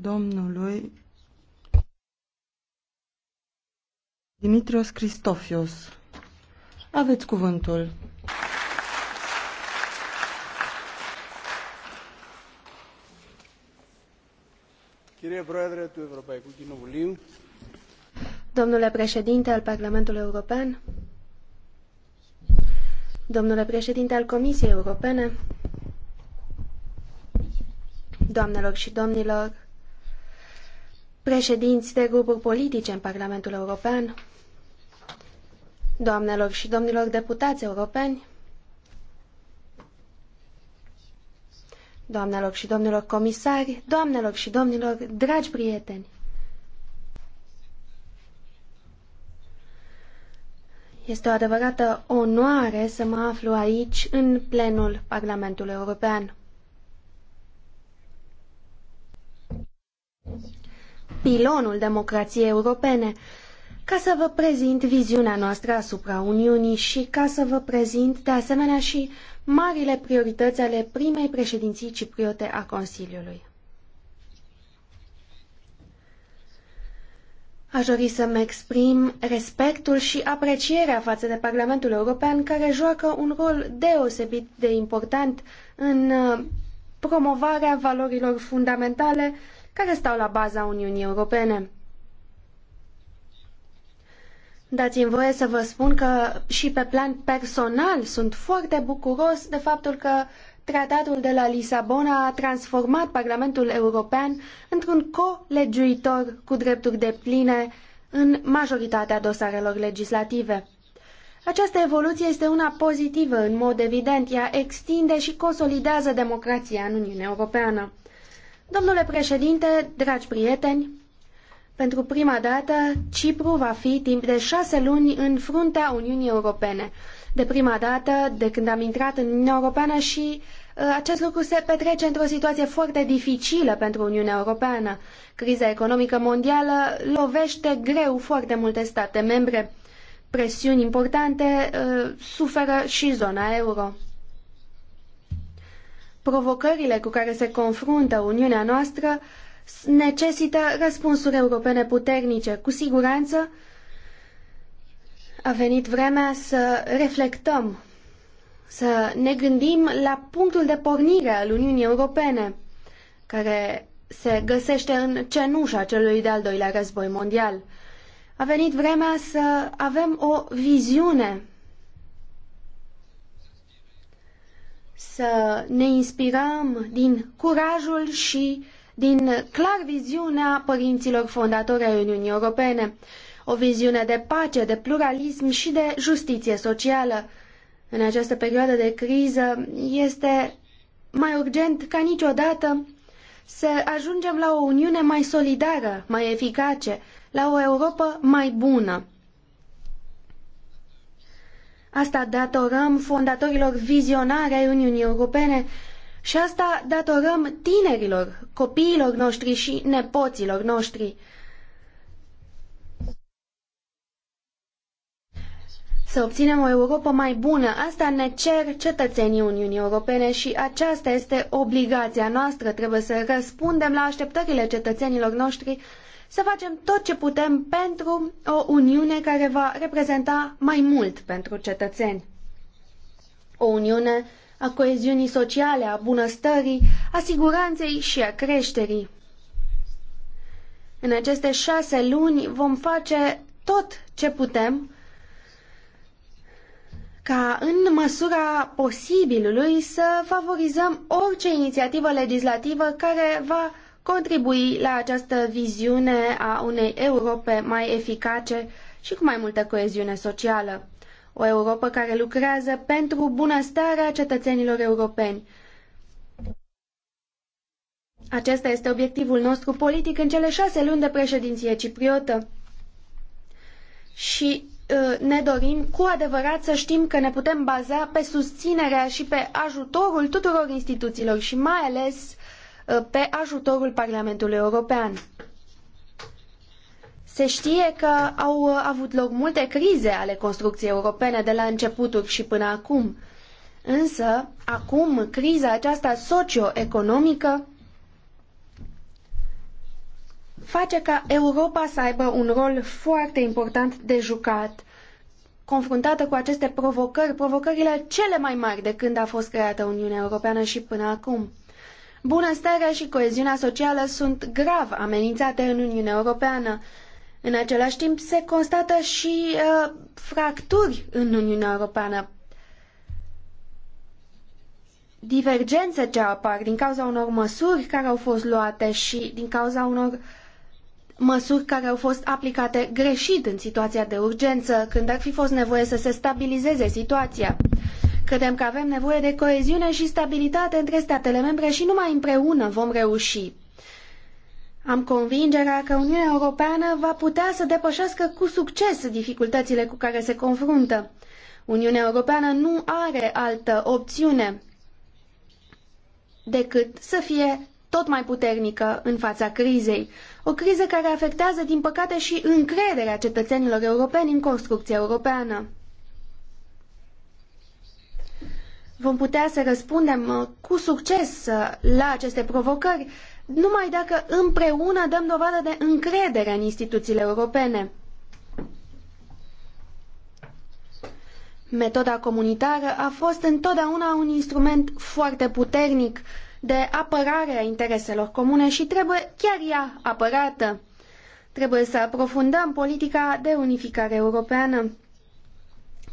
domnului Dimitrios Cristofios. Aveți cuvântul. Domnule președinte al Parlamentului European, domnule președinte al Comisiei Europene, doamnelor și domnilor, președinți de grupuri politice în Parlamentul European, doamnelor și domnilor deputați europeni, doamnelor și domnilor comisari, doamnelor și domnilor dragi prieteni. Este o adevărată onoare să mă aflu aici, în plenul Parlamentului European pilonul democrației europene, ca să vă prezint viziunea noastră asupra Uniunii și ca să vă prezint de asemenea și marile priorități ale primei președinții cipriote a Consiliului. Aș dori să-mi exprim respectul și aprecierea față de Parlamentul European, care joacă un rol deosebit de important în uh, promovarea valorilor fundamentale care stau la baza Uniunii Europene. Dați-mi voie să vă spun că și pe plan personal sunt foarte bucuros de faptul că Tratatul de la Lisabona a transformat Parlamentul European într-un colegiuitor cu drepturi pline în majoritatea dosarelor legislative. Această evoluție este una pozitivă, în mod evident, ea extinde și consolidează democrația în Uniunea Europeană. Domnule președinte, dragi prieteni, pentru prima dată, Cipru va fi timp de șase luni în fruntea Uniunii Europene. De prima dată, de când am intrat în Uniunea Europeană și uh, acest lucru se petrece într-o situație foarte dificilă pentru Uniunea Europeană. Criza economică mondială lovește greu foarte multe state membre. Presiuni importante uh, suferă și zona euro. Provocările cu care se confruntă Uniunea noastră necesită răspunsuri europene puternice. Cu siguranță a venit vremea să reflectăm, să ne gândim la punctul de pornire al Uniunii Europene, care se găsește în cenușa celui de-al doilea război mondial. A venit vremea să avem o viziune să ne inspirăm din curajul și din clar viziunea părinților fondatori ai Uniunii Europene, o viziune de pace, de pluralism și de justiție socială. În această perioadă de criză este mai urgent ca niciodată să ajungem la o Uniune mai solidară, mai eficace, la o Europa mai bună. Asta datorăm fondatorilor vizionare ai Uniunii Europene și asta datorăm tinerilor, copiilor noștri și nepoților noștri. Să obținem o Europa mai bună, asta ne cer cetățenii Uniunii Europene și aceasta este obligația noastră. Trebuie să răspundem la așteptările cetățenilor noștri să facem tot ce putem pentru o Uniune care va reprezenta mai mult pentru cetățeni. O Uniune a coeziunii sociale, a bunăstării, a siguranței și a creșterii. În aceste șase luni vom face tot ce putem ca în măsura posibilului să favorizăm orice inițiativă legislativă care va contribui la această viziune a unei Europe mai eficace și cu mai multă coeziune socială. O Europă care lucrează pentru bunăstarea cetățenilor europeni. Acesta este obiectivul nostru politic în cele șase luni de președinție cipriotă. Și ă, ne dorim cu adevărat să știm că ne putem baza pe susținerea și pe ajutorul tuturor instituțiilor și mai ales Uh, pe ajutorul Parlamentului European. Se știe că au uh, avut loc multe crize ale construcției europene de la începuturi și până acum. Însă, acum, criza aceasta socio-economică face ca Europa să aibă un rol foarte important de jucat, confruntată cu aceste provocări, provocările cele mai mari de când a fost creată Uniunea Europeană și până acum. Bunăstarea și coeziunea socială sunt grav amenințate în Uniunea Europeană. În același timp, se constată și uh, fracturi în Uniunea Europeană. Divergențe ce apar din cauza unor măsuri care au fost luate și din cauza unor măsuri care au fost aplicate greșit în situația de urgență, când ar fi fost nevoie să se stabilizeze situația. Credem că avem nevoie de coeziune și stabilitate între statele membre și numai împreună vom reuși. Am convingerea că Uniunea Europeană va putea să depășească cu succes dificultățile cu care se confruntă. Uniunea Europeană nu are altă opțiune decât să fie tot mai puternică în fața crizei. O criză care afectează, din păcate, și încrederea cetățenilor europeni în construcția europeană. vom putea să răspundem uh, cu succes uh, la aceste provocări numai dacă împreună dăm dovadă de încredere în instituțiile europene. Metoda comunitară a fost întotdeauna un instrument foarte puternic de apărare a intereselor comune și trebuie chiar ea apărată. Trebuie să aprofundăm politica de unificare europeană,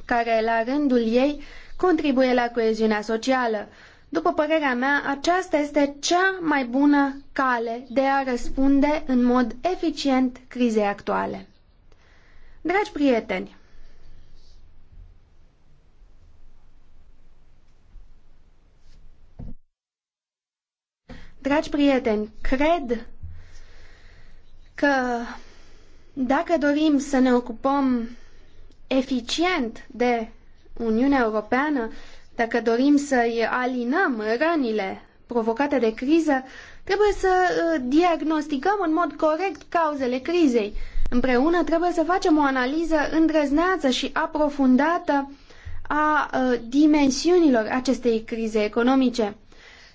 care la rândul ei contribuie la coeziunea socială. După părerea mea, aceasta este cea mai bună cale de a răspunde în mod eficient crizei actuale. Dragi prieteni, Dragi prieteni, cred că dacă dorim să ne ocupăm eficient de Uniunea Europeană, dacă dorim să-i alinăm rănile provocate de criză, trebuie să uh, diagnosticăm în mod corect cauzele crizei. Împreună trebuie să facem o analiză îndrăzneață și aprofundată a uh, dimensiunilor acestei crize economice.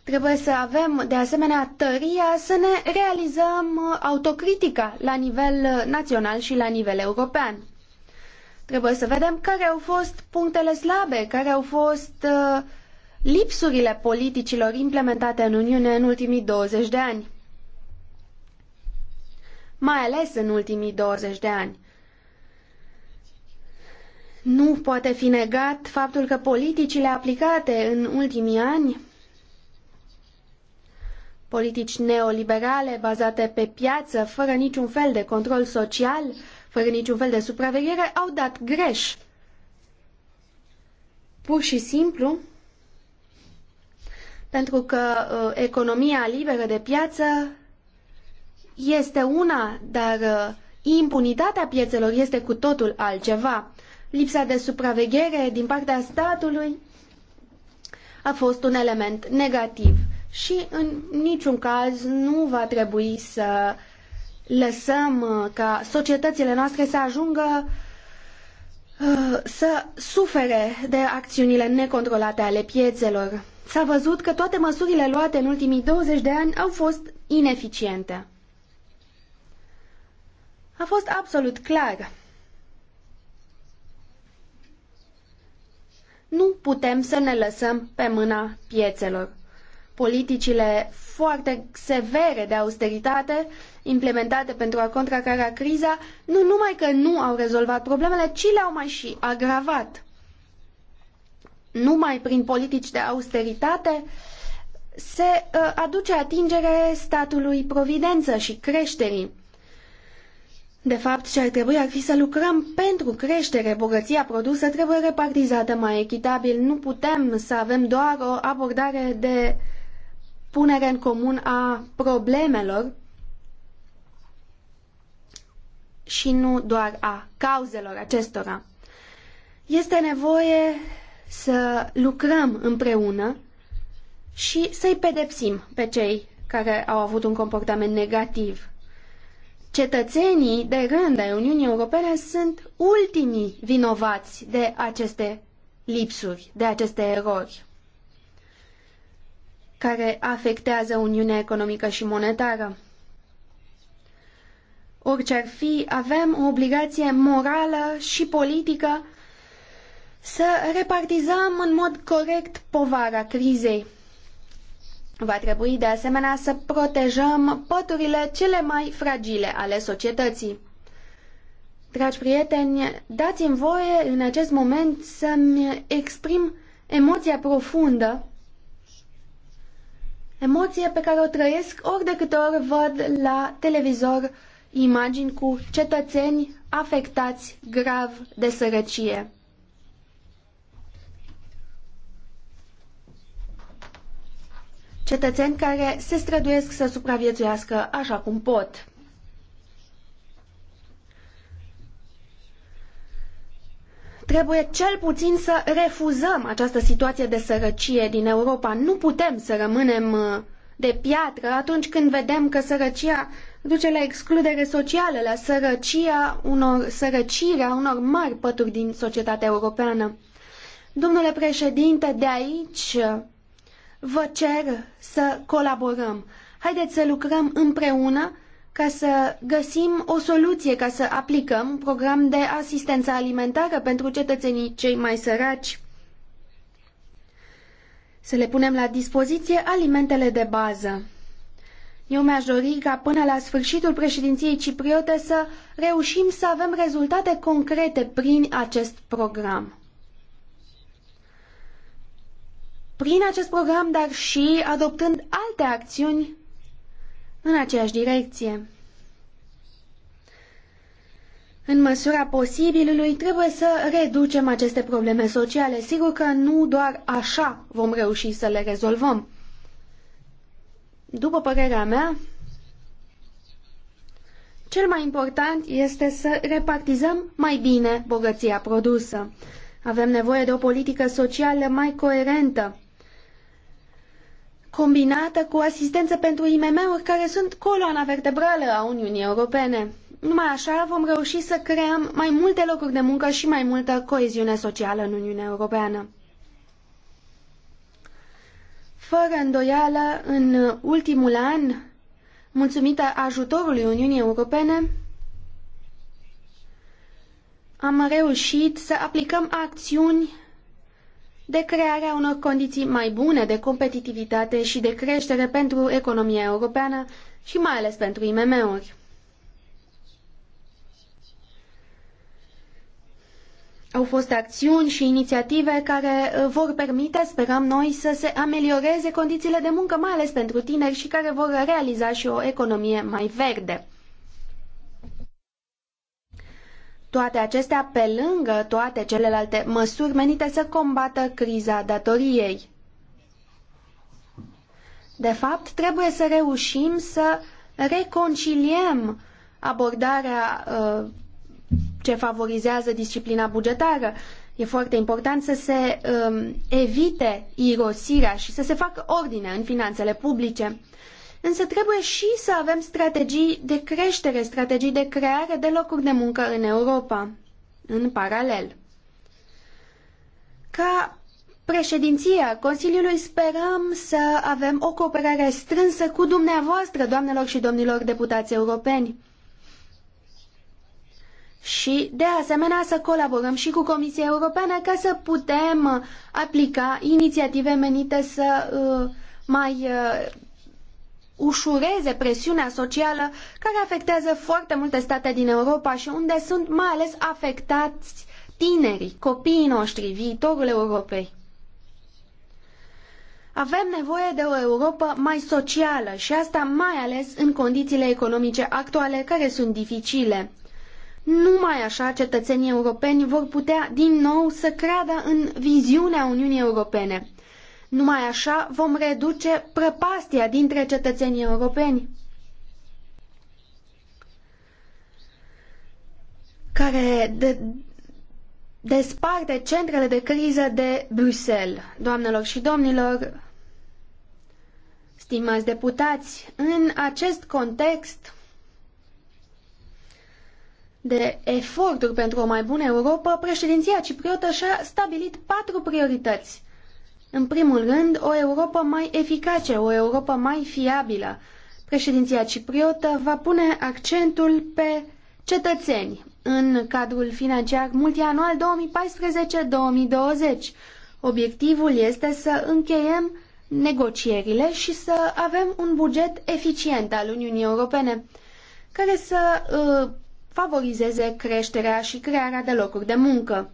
Trebuie să avem, de asemenea, tăria să ne realizăm uh, autocritica la nivel național și la nivel european. Trebuie să vedem care au fost punctele slabe, care au fost uh, lipsurile politicilor implementate în Uniune în ultimii 20 de ani. Mai ales în ultimii 20 de ani. Nu poate fi negat faptul că politicile aplicate în ultimii ani, politici neoliberale bazate pe piață, fără niciun fel de control social, fără niciun fel de supraveghere, au dat greș. Pur și simplu, pentru că uh, economia liberă de piață este una, dar uh, impunitatea piețelor este cu totul altceva. Lipsa de supraveghere din partea statului a fost un element negativ și în niciun caz nu va trebui să uh, lăsăm uh, ca societățile noastre să ajungă uh, să sufere de acțiunile necontrolate ale piețelor. S-a văzut că toate măsurile luate în ultimii 20 de ani au fost ineficiente. A fost absolut clar. Nu putem să ne lăsăm pe mâna piețelor politicile foarte severe de austeritate implementate pentru a contracara criza, nu numai că nu au rezolvat problemele, ci le-au mai și agravat. Numai prin politici de austeritate se uh, aduce atingere statului providență și creșterii. De fapt, ce ar trebui ar fi să lucrăm pentru creștere. Bogăția produsă trebuie repartizată mai echitabil. Nu putem să avem doar o abordare de punere în comun a problemelor și nu doar a cauzelor acestora. Este nevoie să lucrăm împreună și să-i pedepsim pe cei care au avut un comportament negativ. Cetățenii de rând ai Uniunii Europene sunt ultimii vinovați de aceste lipsuri, de aceste erori care afectează Uniunea Economică și Monetară. Orice ar fi, avem o obligație morală și politică să repartizăm în mod corect povara crizei. Va trebui de asemenea să protejăm păturile cele mai fragile ale societății. Dragi prieteni, dați-mi voie în acest moment să-mi exprim emoția profundă emoție pe care o trăiesc ori de câte ori văd la televizor imagini cu cetățeni afectați grav de sărăcie. Cetățeni care se străduiesc să supraviețuiască așa cum pot. Trebuie cel puțin să refuzăm această situație de sărăcie din Europa. Nu putem să rămânem uh, de piatră atunci când vedem că sărăcia duce la excludere socială, la sărăcia unor, sărăcirea unor mari pături din societatea europeană. Domnule președinte, de aici uh, vă cer să colaborăm. Haideți să lucrăm împreună ca să găsim o soluție, ca să aplicăm un program de asistență alimentară pentru cetățenii cei mai săraci. Să le punem la dispoziție alimentele de bază. Eu mi-aș dori ca până la sfârșitul președinției cipriote să reușim să avem rezultate concrete prin acest program. Prin acest program, dar și adoptând alte acțiuni în aceeași direcție. În măsura posibilului, trebuie să reducem aceste probleme sociale. Sigur că nu doar așa vom reuși să le rezolvăm. După părerea mea, cel mai important este să repartizăm mai bine bogăția produsă. Avem nevoie de o politică socială mai coerentă combinată cu asistență pentru IMM-uri care sunt coloana vertebrală a Uniunii Europene. Numai așa vom reuși să creăm mai multe locuri de muncă și mai multă coeziune socială în Uniunea Europeană. Fără îndoială, în ultimul an, mulțumită ajutorului Uniunii Europene, am reușit să aplicăm acțiuni de crearea unor condiții mai bune de competitivitate și de creștere pentru economia europeană și mai ales pentru IMM-uri. Au fost acțiuni și inițiative care uh, vor permite, sperăm noi, să se amelioreze condițiile de muncă, mai ales pentru tineri și care vor realiza și o economie mai verde. Toate acestea pe lângă toate celelalte măsuri menite să combată criza datoriei. De fapt, trebuie să reușim să reconciliem abordarea uh, ce favorizează disciplina bugetară. E foarte important să se um, evite irosirea și să se facă ordine în finanțele publice. Însă trebuie și să avem strategii de creștere, strategii de creare de locuri de muncă în Europa, în paralel. Ca președinția Consiliului sperăm să avem o cooperare strânsă cu dumneavoastră, doamnelor și domnilor deputați europeni. Și, de asemenea, să colaborăm și cu Comisia Europeană ca să putem aplica inițiative menite să uh, mai uh, ușureze presiunea socială care afectează foarte multe state din Europa și unde sunt mai ales afectați tinerii, copiii noștri, viitorul Europei. Avem nevoie de o Europa mai socială și asta mai ales în condițiile economice actuale care sunt dificile. Numai așa cetățenii europeni vor putea din nou să creadă în viziunea Uniunii Europene. Numai așa vom reduce prăpastia dintre cetățenii europeni. care de, desparte centrele de criză de Bruxelles. Doamnelor și domnilor, stimați deputați, în acest context de eforturi pentru o mai bună Europa, președinția cipriotă și-a stabilit patru priorități – în primul rând, o Europa mai eficace, o Europa mai fiabilă. Președinția cipriotă va pune accentul pe cetățeni în cadrul financiar multianual 2014-2020. Obiectivul este să încheiem negocierile și să avem un buget eficient al Uniunii Europene care să uh, favorizeze creșterea și crearea de locuri de muncă.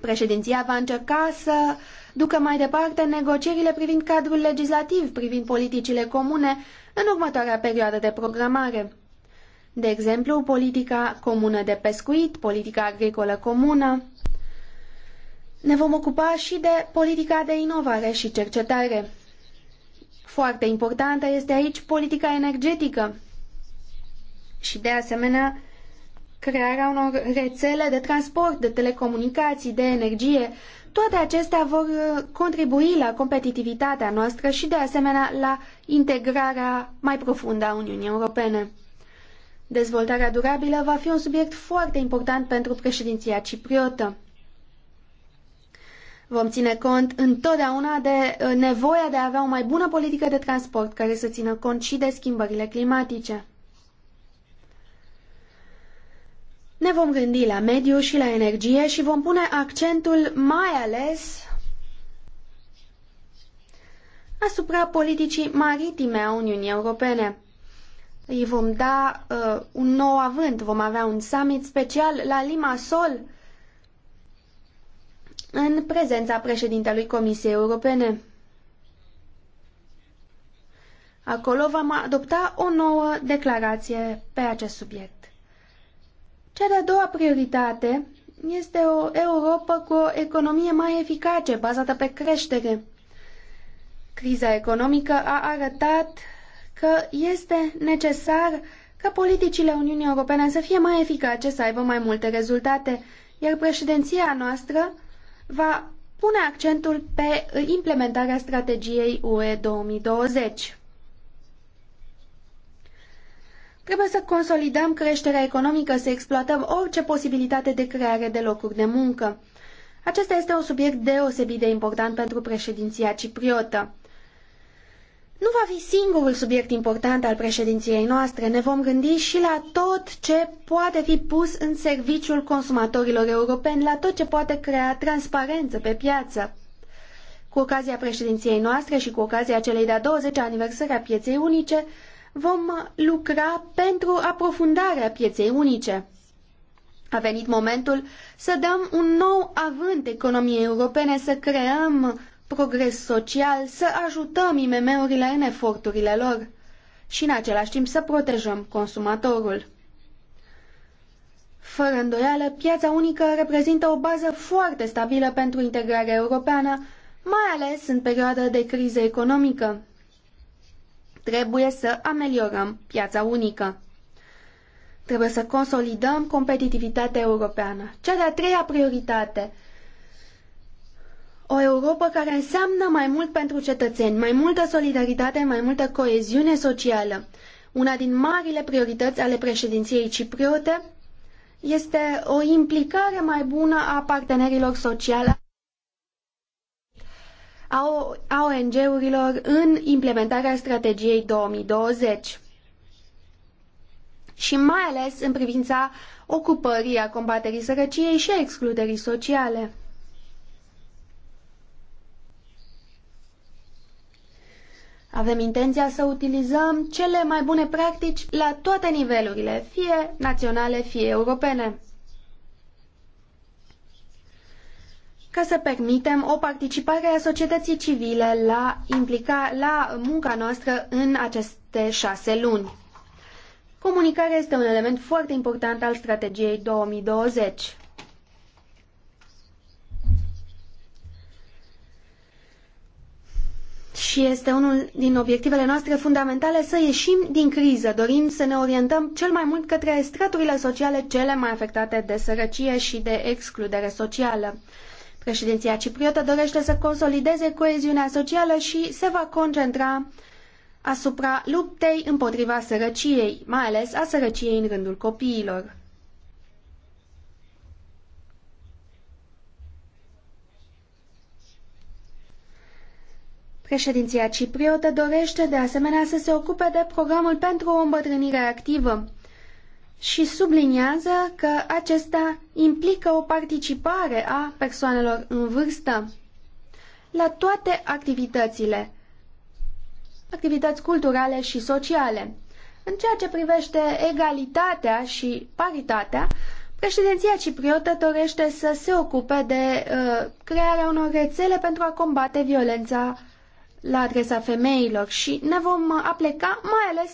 Președinția va încerca să uh, ducă mai departe negocierile privind cadrul legislativ, privind politicile comune, în următoarea perioadă de programare. De exemplu, politica comună de pescuit, politica agricolă comună. Ne vom ocupa și de politica de inovare și cercetare. Foarte importantă este aici politica energetică și, de asemenea, crearea unor rețele de transport, de telecomunicații, de energie, toate acestea vor uh, contribui la competitivitatea noastră și, de asemenea, la integrarea mai profundă a Uniunii Europene. Dezvoltarea durabilă va fi un subiect foarte important pentru președinția cipriotă. Vom ține cont întotdeauna de uh, nevoia de a avea o mai bună politică de transport care să țină cont și de schimbările climatice. Ne vom gândi la mediu și la energie și vom pune accentul mai ales asupra politicii maritime a Uniunii Europene. Îi vom da uh, un nou avânt, vom avea un summit special la Sol, în prezența președintelui Comisiei Europene. Acolo vom adopta o nouă declarație pe acest subiect. Cea de-a doua prioritate este o Europa cu o economie mai eficace, bazată pe creștere. Criza economică a arătat că este necesar ca politicile Uniunii Europene să fie mai eficace, să aibă mai multe rezultate, iar președinția noastră va pune accentul pe implementarea strategiei UE 2020. Trebuie să consolidăm creșterea economică, să exploatăm orice posibilitate de creare de locuri de muncă. Acesta este un subiect deosebit de important pentru președinția cipriotă. Nu va fi singurul subiect important al președinției noastre. Ne vom gândi și la tot ce poate fi pus în serviciul consumatorilor europeni, la tot ce poate crea transparență pe piață. Cu ocazia președinției noastre și cu ocazia celei de-a 20-a aniversări a pieței unice, vom lucra pentru aprofundarea pieței unice. A venit momentul să dăm un nou avânt economiei europene, să creăm progres social, să ajutăm IMM-urile în eforturile lor și în același timp să protejăm consumatorul. Fără îndoială, piața unică reprezintă o bază foarte stabilă pentru integrarea europeană, mai ales în perioada de criză economică. Trebuie să ameliorăm piața unică. Trebuie să consolidăm competitivitatea europeană. Cea de-a treia prioritate. O Europa care înseamnă mai mult pentru cetățeni, mai multă solidaritate, mai multă coeziune socială. Una din marile priorități ale președinției cipriote este o implicare mai bună a partenerilor sociale a ONG-urilor în implementarea strategiei 2020 și mai ales în privința ocupării, a combaterii sărăciei și a excluderii sociale. Avem intenția să utilizăm cele mai bune practici la toate nivelurile, fie naționale, fie europene. ca să permitem o participare a societății civile la, implica, la munca noastră în aceste șase luni. Comunicarea este un element foarte important al strategiei 2020. Și este unul din obiectivele noastre fundamentale să ieșim din criză. Dorim să ne orientăm cel mai mult către straturile sociale cele mai afectate de sărăcie și de excludere socială. Președinția cipriotă dorește să consolideze coeziunea socială și se va concentra asupra luptei împotriva sărăciei, mai ales a sărăciei în rândul copiilor. Președinția cipriotă dorește de asemenea să se ocupe de programul pentru o îmbătrânire activă și subliniază că acesta implică o participare a persoanelor în vârstă la toate activitățile, activități culturale și sociale. În ceea ce privește egalitatea și paritatea, președinția cipriotă dorește să se ocupe de uh, crearea unor rețele pentru a combate violența la adresa femeilor și ne vom apleca mai ales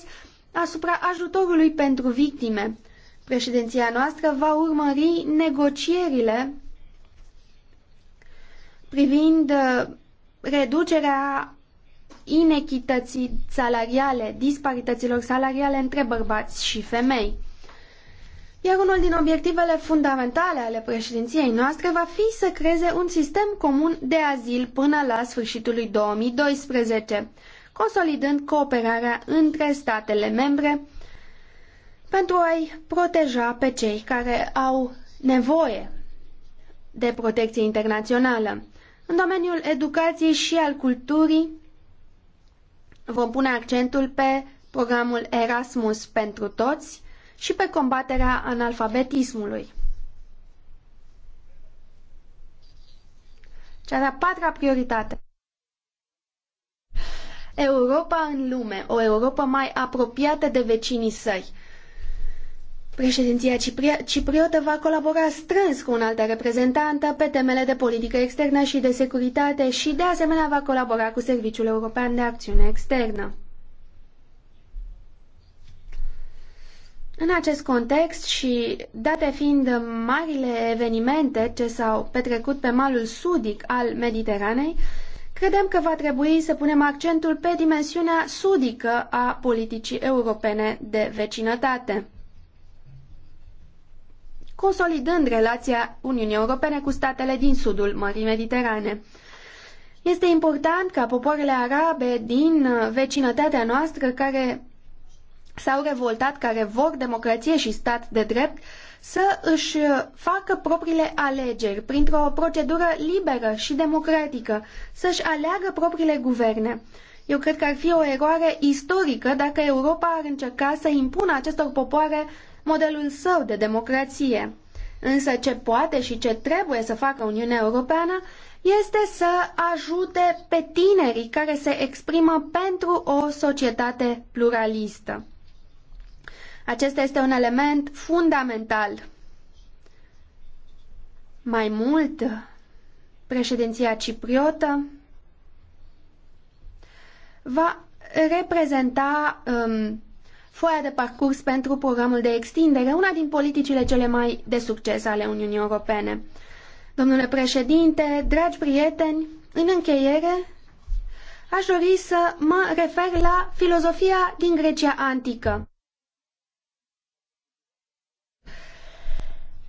asupra ajutorului pentru victime. Președinția noastră va urmări negocierile privind uh, reducerea inechității salariale, disparităților salariale între bărbați și femei. Iar unul din obiectivele fundamentale ale președinției noastre va fi să creeze un sistem comun de azil până la sfârșitul lui 2012 consolidând cooperarea între statele membre pentru a-i proteja pe cei care au nevoie de protecție internațională. În domeniul educației și al culturii vom pune accentul pe programul Erasmus pentru toți și pe combaterea analfabetismului. Cea de-a patra prioritate Europa în lume, o Europa mai apropiată de vecinii săi. Președinția cipri cipriotă va colabora strâns cu un altă reprezentantă pe temele de politică externă și de securitate și de asemenea va colabora cu Serviciul European de Acțiune Externă. În acest context și date fiind marile evenimente ce s-au petrecut pe malul sudic al Mediteranei, Credem că va trebui să punem accentul pe dimensiunea sudică a politicii europene de vecinătate, consolidând relația Uniunii Europene cu statele din sudul Mării Mediterane. Este important ca popoarele arabe din vecinătatea noastră care s-au revoltat, care vor democrație și stat de drept, să își facă propriile alegeri printr-o procedură liberă și democratică, să-și aleagă propriile guverne. Eu cred că ar fi o eroare istorică dacă Europa ar încerca să impună acestor popoare modelul său de democrație. Însă ce poate și ce trebuie să facă Uniunea Europeană este să ajute pe tinerii care se exprimă pentru o societate pluralistă. Acesta este un element fundamental. Mai mult, președinția cipriotă va reprezenta um, foaia de parcurs pentru programul de extindere, una din politicile cele mai de succes ale Uniunii Europene. Domnule președinte, dragi prieteni, în încheiere, aș dori să mă refer la filozofia din Grecia antică.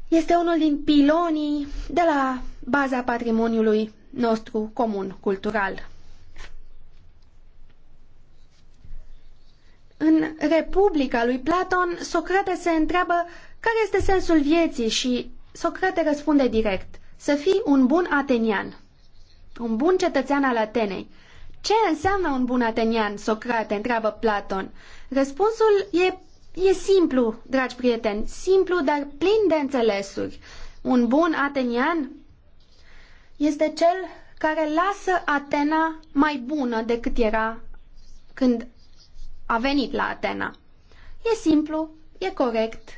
Este unul din pilonii de la baza patrimoniului nostru comun cultural. În Republica lui Platon, Socrate se întreabă care este sensul vieții și Socrate răspunde direct, să fii un bun atenian, un bun cetățean al Atenei. Ce înseamnă un bun atenian, Socrate? întreabă Platon. Răspunsul e E simplu, dragi prieteni, simplu, dar plin de înțelesuri. Un bun atenian este cel care lasă Atena mai bună decât era când a venit la Atena. E simplu, e corect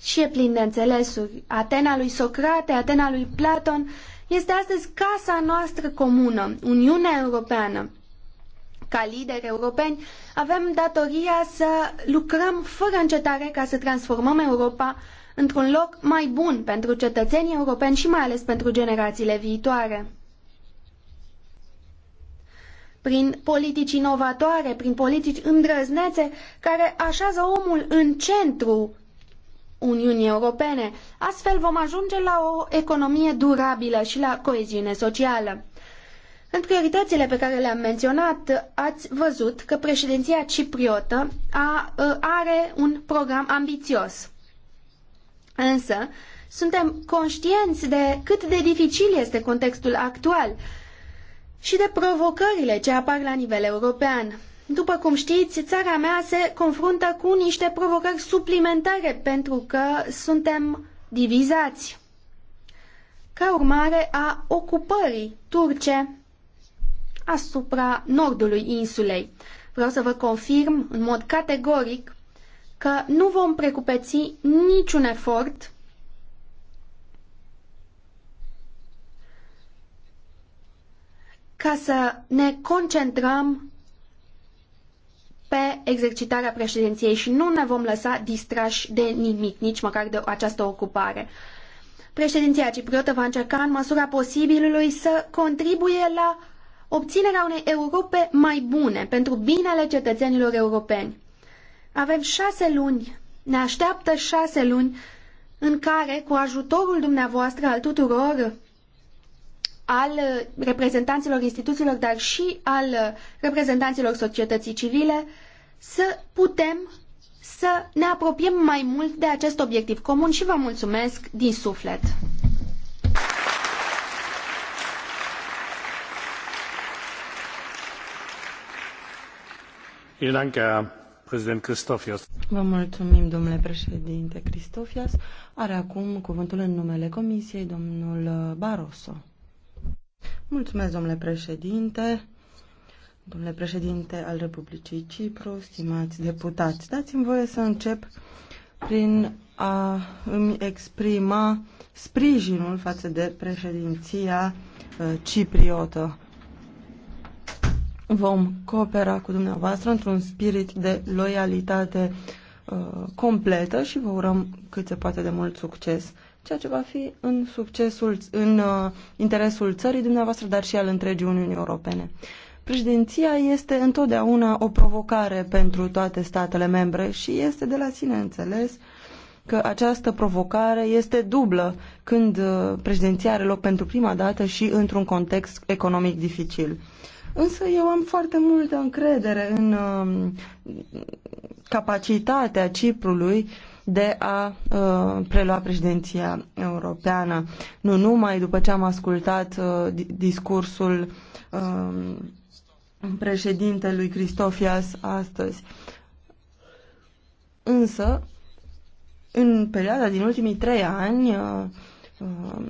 și e plin de înțelesuri. Atena lui Socrate, Atena lui Platon este astăzi casa noastră comună, Uniunea Europeană ca lideri europeni, avem datoria să lucrăm fără încetare ca să transformăm Europa într-un loc mai bun pentru cetățenii europeni și mai ales pentru generațiile viitoare. Prin politici inovatoare, prin politici îndrăznețe care așează omul în centru Uniunii Europene. Astfel vom ajunge la o economie durabilă și la coeziune socială. În prioritățile pe care le-am menționat, ați văzut că președinția cipriotă a, ă, are un program ambițios. Însă, suntem conștienți de cât de dificil este contextul actual și de provocările ce apar la nivel european. După cum știți, țara mea se confruntă cu niște provocări suplimentare pentru că suntem divizați. Ca urmare a ocupării turce asupra nordului insulei. Vreau să vă confirm în mod categoric că nu vom precupeți niciun efort ca să ne concentrăm pe exercitarea președinției și nu ne vom lăsa distrași de nimic, nici măcar de această ocupare. Președinția cipriotă va încerca în măsura posibilului să contribuie la obținerea unei Europe mai bune pentru binele cetățenilor europeni. Avem șase luni, ne așteaptă șase luni în care, cu ajutorul dumneavoastră al tuturor, al reprezentanților instituțiilor, dar și al reprezentanților societății civile, să putem să ne apropiem mai mult de acest obiectiv comun și vă mulțumesc din suflet. Vă mulțumim, domnule președinte Christofias. Are acum cuvântul în numele Comisiei, domnul Barroso. Mulțumesc, domnule președinte. Domnule președinte al Republicii Cipru, stimați deputați, dați-mi voie să încep prin a îmi exprima sprijinul față de președinția uh, cipriotă. Vom coopera cu dumneavoastră într-un spirit de loialitate uh, completă și vă urăm cât se poate de mult succes, ceea ce va fi în succesul, în uh, interesul țării dumneavoastră, dar și al întregii Uniunii Europene. Președinția este întotdeauna o provocare pentru toate statele membre și este de la sine înțeles că această provocare este dublă când uh, președinția are loc pentru prima dată și într-un context economic dificil. Însă eu am foarte multă încredere în um, capacitatea Ciprului de a uh, prelua președinția europeană. Nu numai după ce am ascultat uh, discursul uh, președintelui Cristofias astăzi. Însă, în perioada din ultimii trei ani, uh, Um,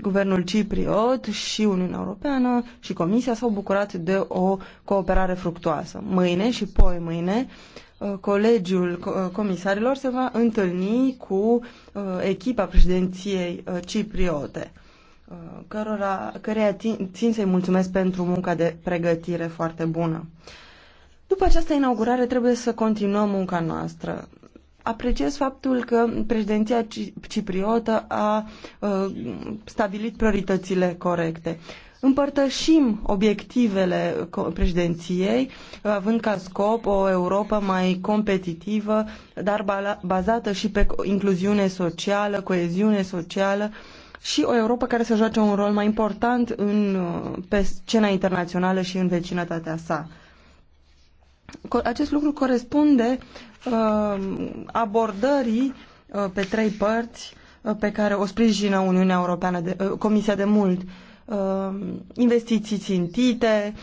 guvernul cipriot și Uniunea Europeană și Comisia s-au bucurat de o cooperare fructuoasă. Mâine și poi mâine uh, colegiul uh, comisarilor se va întâlni cu uh, echipa președinției cipriote cărora, căreia țin, țin să-i mulțumesc pentru munca de pregătire foarte bună. După această inaugurare trebuie să continuăm munca noastră. Apreciez faptul că președinția cipriotă a ă, stabilit prioritățile corecte. Împărtășim obiectivele președinției, având ca scop o Europa mai competitivă, dar bazată și pe incluziune socială, coeziune socială și o Europa care să joace un rol mai important în, pe scena internațională și în vecinătatea sa acest lucru corespunde uh, abordării uh, pe trei părți uh, pe care o sprijină Uniunea Europeană de, Comisia de mult. Investiții țintite,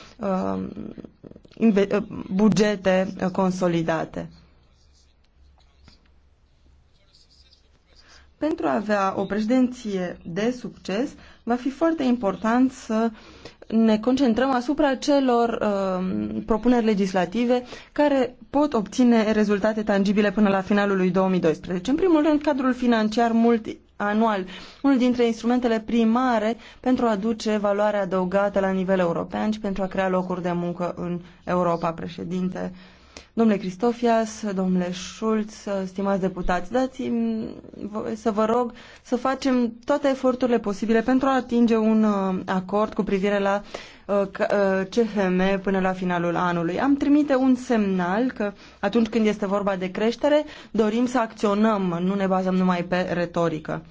bugete consolidate. Pentru a avea o președinție de succes, va fi foarte important să ne concentrăm asupra celor uh, propuneri legislative care pot obține rezultate tangibile până la finalul lui 2012. În primul rând, cadrul financiar anual, unul dintre instrumentele primare pentru a aduce valoare adăugată la nivel european și pentru a crea locuri de muncă în Europa, președinte. Uh, Domnule Cristofias, domnule Schulz, stimați deputați, dați-mi să vă rog să facem toate eforturile posibile pentru a atinge un uh, acord cu privire la uh, CFM uh, până la finalul anului. Am trimite un semnal că atunci când este vorba de creștere, dorim să acționăm, nu ne bazăm numai pe retorică.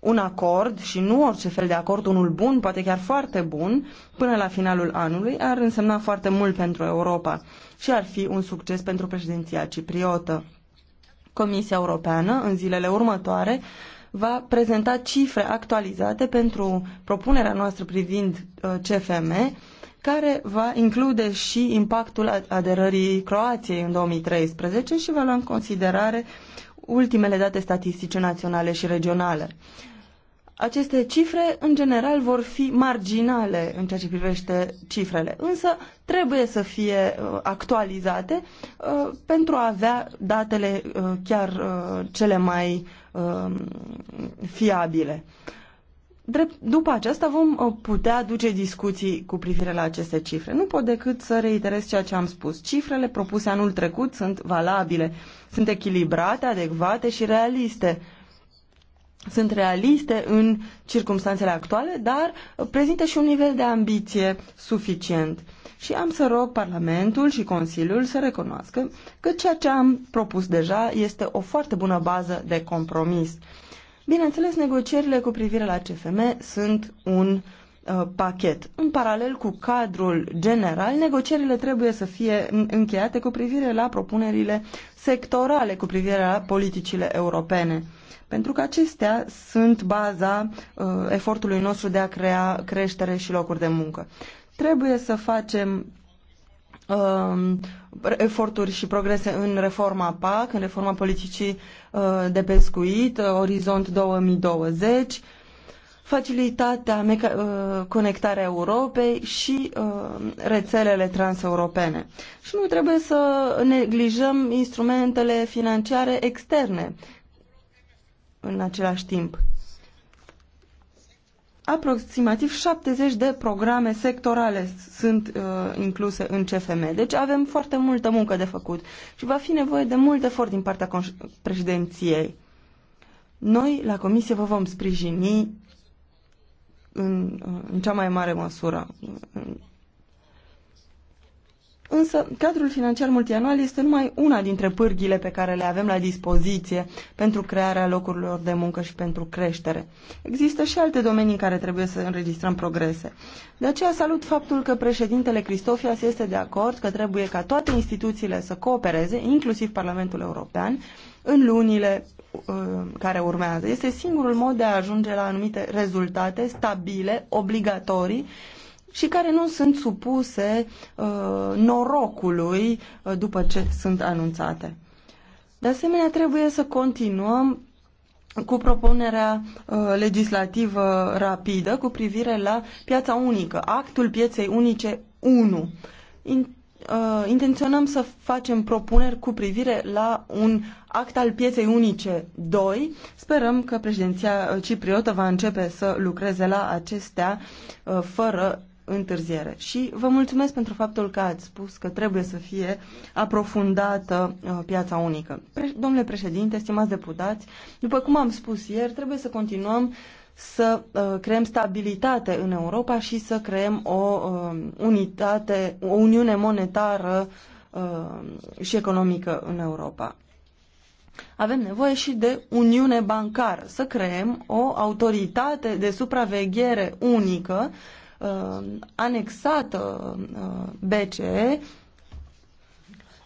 Un acord și nu orice fel de acord, unul bun, poate chiar foarte bun, până la finalul anului, ar însemna foarte mult pentru Europa și ar fi un succes pentru președinția cipriotă. Comisia Europeană, în zilele următoare, va prezenta cifre actualizate pentru propunerea noastră privind uh, CFM, care va include și impactul aderării Croației în 2013 și va lua în considerare ultimele date statistice naționale și regionale aceste cifre, în general, vor fi marginale în ceea ce privește cifrele, însă trebuie să fie uh, actualizate uh, pentru a avea datele uh, chiar uh, cele mai uh, fiabile. Drept, după aceasta vom uh, putea duce discuții cu privire la aceste cifre. Nu pot decât să reiterez ceea ce am spus. Cifrele propuse anul trecut sunt valabile, sunt echilibrate, adecvate și realiste. Uh, sunt realiste în circumstanțele actuale, dar prezintă și un nivel de ambiție suficient. Și am să rog Parlamentul și Consiliul să recunoască că ceea ce am propus deja este o foarte bună bază de compromis. Bineînțeles, negocierile cu privire la CFM sunt un uh, pachet. În paralel cu cadrul general, negocierile trebuie să fie încheiate cu privire la propunerile sectorale cu privire la politicile europene pentru că acestea sunt baza uh, efortului nostru de a crea creștere și locuri de muncă. Trebuie să facem uh, eforturi și progrese în reforma PAC, în reforma politicii uh, de pescuit, uh, Orizont 2020, facilitatea meca- uh, conectarea Europei și uh, rețelele transeuropene. Și nu trebuie să neglijăm instrumentele financiare externe în același timp. Aproximativ 70 de programe sectorale sunt uh, incluse în CFM, deci avem foarte multă muncă de făcut și va fi nevoie de mult efort din partea președinției. Noi, la Comisie, vă vom sprijini în, uh, în cea mai mare măsură Însă, cadrul financiar multianual este numai una dintre pârghile pe care le avem la dispoziție pentru crearea locurilor de muncă și pentru creștere. Există și alte domenii în care trebuie să înregistrăm progrese. De aceea salut faptul că președintele Cristofias este de acord că trebuie ca toate instituțiile să coopereze, inclusiv Parlamentul European, în lunile uh, care urmează. Este singurul mod de a ajunge la anumite rezultate stabile, obligatorii, și care nu sunt supuse uh, norocului uh, după ce sunt anunțate. De asemenea, trebuie să continuăm cu propunerea uh, legislativă rapidă cu privire la piața unică, actul pieței unice 1. In, uh, intenționăm să facem propuneri cu privire la un act al pieței unice 2. Sperăm că președinția uh, cipriotă va începe să lucreze la acestea uh, fără întârziere. Și vă mulțumesc pentru faptul că ați spus că trebuie să fie aprofundată uh, piața unică. Pre- domnule președinte, stimați deputați, după cum am spus ieri, trebuie să continuăm să uh, creăm stabilitate în Europa și să creăm o uh, unitate, o uniune monetară uh, și economică în Europa. Avem nevoie și de uniune bancară, să creăm o autoritate de supraveghere unică uh, anexată uh, BCE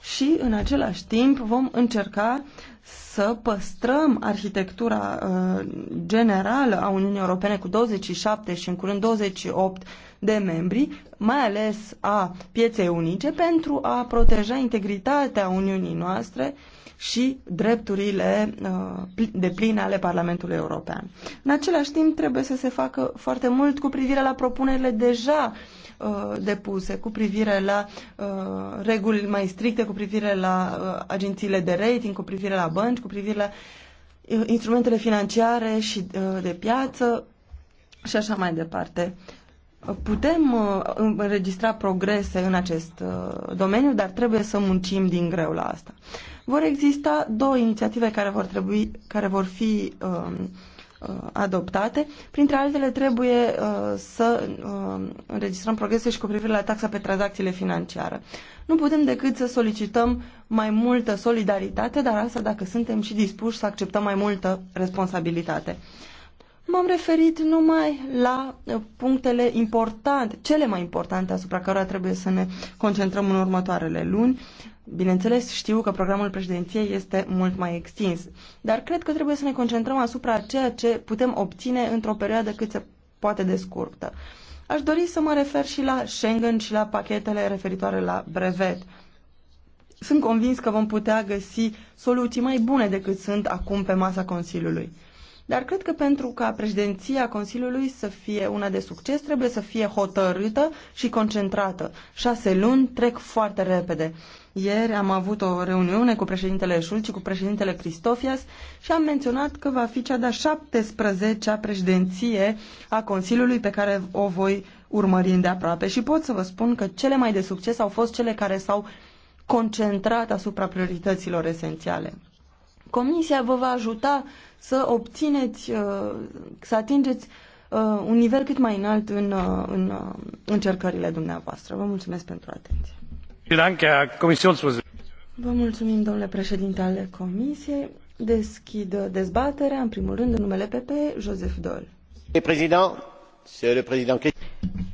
și în același timp vom încerca să păstrăm arhitectura uh, generală a Uniunii Europene cu 27 și în curând 28 de membri, mai ales a pieței unice, pentru a proteja integritatea Uniunii noastre uh, și drepturile uh, de pline ale Parlamentului European. În același timp, trebuie să se facă foarte mult cu privire la propunerile deja uh, depuse cu privire la uh, reguli mai stricte, cu privire la agențiile de rating, cu privire la bănci, cu privire la instrumentele financiare și de piață și așa mai departe. Putem înregistra progrese în acest domeniu, dar trebuie să muncim din greu la asta. Vor exista două inițiative care vor, trebui, care vor fi um, uh, adoptate. Printre altele, trebuie uh, să uh, înregistrăm progrese și cu privire la taxa pe tranzacțiile financiare. Nu putem decât să solicităm mai multă solidaritate, dar asta dacă suntem și dispuși să acceptăm mai multă responsabilitate. M-am referit numai la uh, punctele importante, cele mai importante asupra cărora trebuie să ne concentrăm în următoarele luni. Bineînțeles, știu că programul președinției este mult mai extins, dar cred că trebuie să ne concentrăm asupra ceea ce putem obține într-o perioadă cât se poate de scurtă. Aș dori să mă refer și la Schengen și la pachetele referitoare la brevet. Sunt convins că vom putea găsi soluții mai bune decât sunt acum pe masa Consiliului. Dar cred că pentru ca președinția Consiliului să fie una de succes, trebuie să fie hotărâtă și concentrată. Șase luni trec foarte repede ieri am avut o reuniune cu președintele Schulz și cu președintele Cristofias și am menționat că va fi cea de-a 17-a președinție a Consiliului pe care o voi urmări îndeaproape și pot să vă spun că cele mai de succes au fost cele care s-au concentrat asupra priorităților esențiale. Comisia vă va ajuta să obțineți, uh, să atingeți uh, un nivel cât mai înalt în, uh, în încercările dumneavoastră. Vă mulțumesc pentru atenție. Vă mulțumim, domnule președinte ale Comisiei. Deschid dezbaterea, în primul rând, în numele PP, Joseph Dol.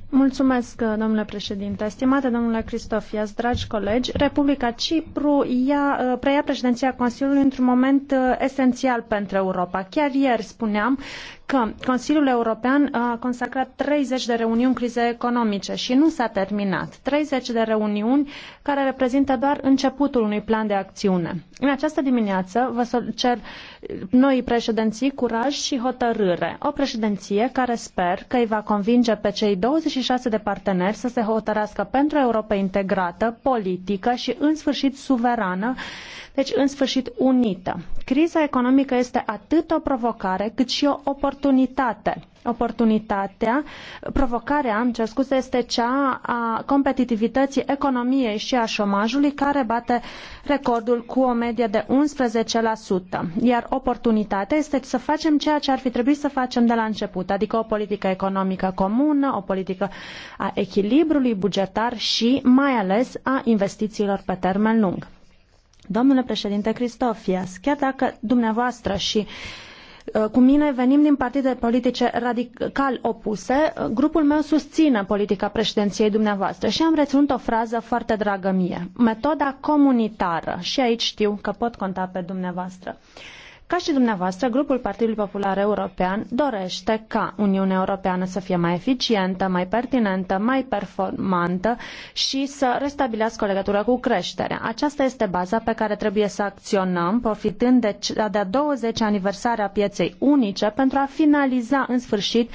Mulțumesc, domnule președinte. Stimate domnule Cristofias, dragi colegi, Republica Cipru ia, preia președinția Consiliului într-un moment uh, esențial pentru Europa. Chiar ieri spuneam că Consiliul European a consacrat 30 de reuniuni crize economice și nu s-a terminat. 30 de reuniuni care reprezintă doar începutul unui plan de acțiune. În această dimineață vă cer noi președinții curaj și hotărâre. O președinție care sper că îi va convinge pe cei 26 de parteneri să se hotărască pentru o Europa integrată, politică și în sfârșit suverană deci în sfârșit unită. Criza economică este atât o provocare cât și o oportunitate. Oportunitatea, provocarea, am cer scuze, este cea a competitivității economiei și a șomajului care bate recordul cu o medie de 11%. Iar oportunitatea este să facem ceea ce ar fi trebuit să facem de la început, adică o politică economică comună, o politică a echilibrului bugetar și mai ales a investițiilor pe termen lung. Domnule președinte Cristofias, chiar dacă dumneavoastră și uh, cu mine venim din partide politice radical opuse, uh, grupul meu susține politica președinției dumneavoastră și am reținut o frază foarte dragă mie, metoda comunitară și aici știu că pot conta pe dumneavoastră. Uh, ca și dumneavoastră, grupul Partidului Popular European dorește ca Uniunea Europeană să fie mai eficientă, mai pertinentă, mai performantă și să restabilească o legătură cu creșterea. Aceasta este baza pe care trebuie să acționăm, profitând de cea de-a 20 aniversare a pieței unice pentru a finaliza în sfârșit uh,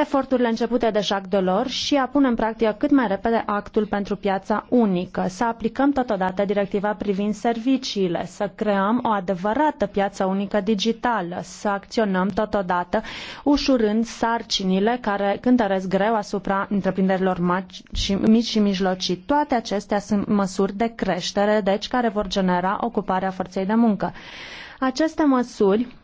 eforturile începute de Jacques Delors și a pune în practică cât mai repede actul pentru piața unică, să aplicăm totodată directiva privind serviciile, să creăm o adevărată piață unică digitală, să acționăm totodată ușurând sarcinile care cântăresc greu asupra întreprinderilor și mici și mijlocii. Toate acestea sunt măsuri de creștere, deci care vor genera ocuparea forței de muncă. Aceste măsuri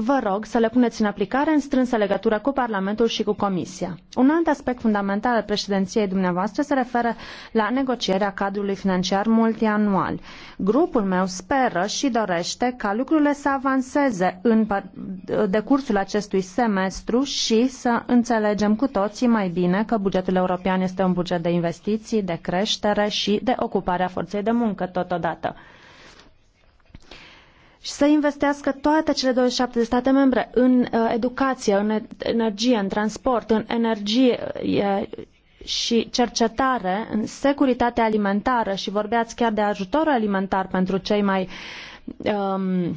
vă rog să le puneți în aplicare în strânsă legătură cu Parlamentul și cu Comisia. Un alt aspect fundamental al președinției dumneavoastră se referă la negocierea cadrului financiar multianual. Grupul meu speră și dorește ca lucrurile să avanseze în decursul acestui semestru și să înțelegem cu toții mai bine că bugetul european este un buget de investiții, de creștere și de ocupare a forței de muncă totodată și să investească toate cele 27 de state membre în uh, educație, în energie, în transport, în energie și cercetare, în securitate alimentară și vorbeați chiar de ajutor alimentar pentru cei mai um,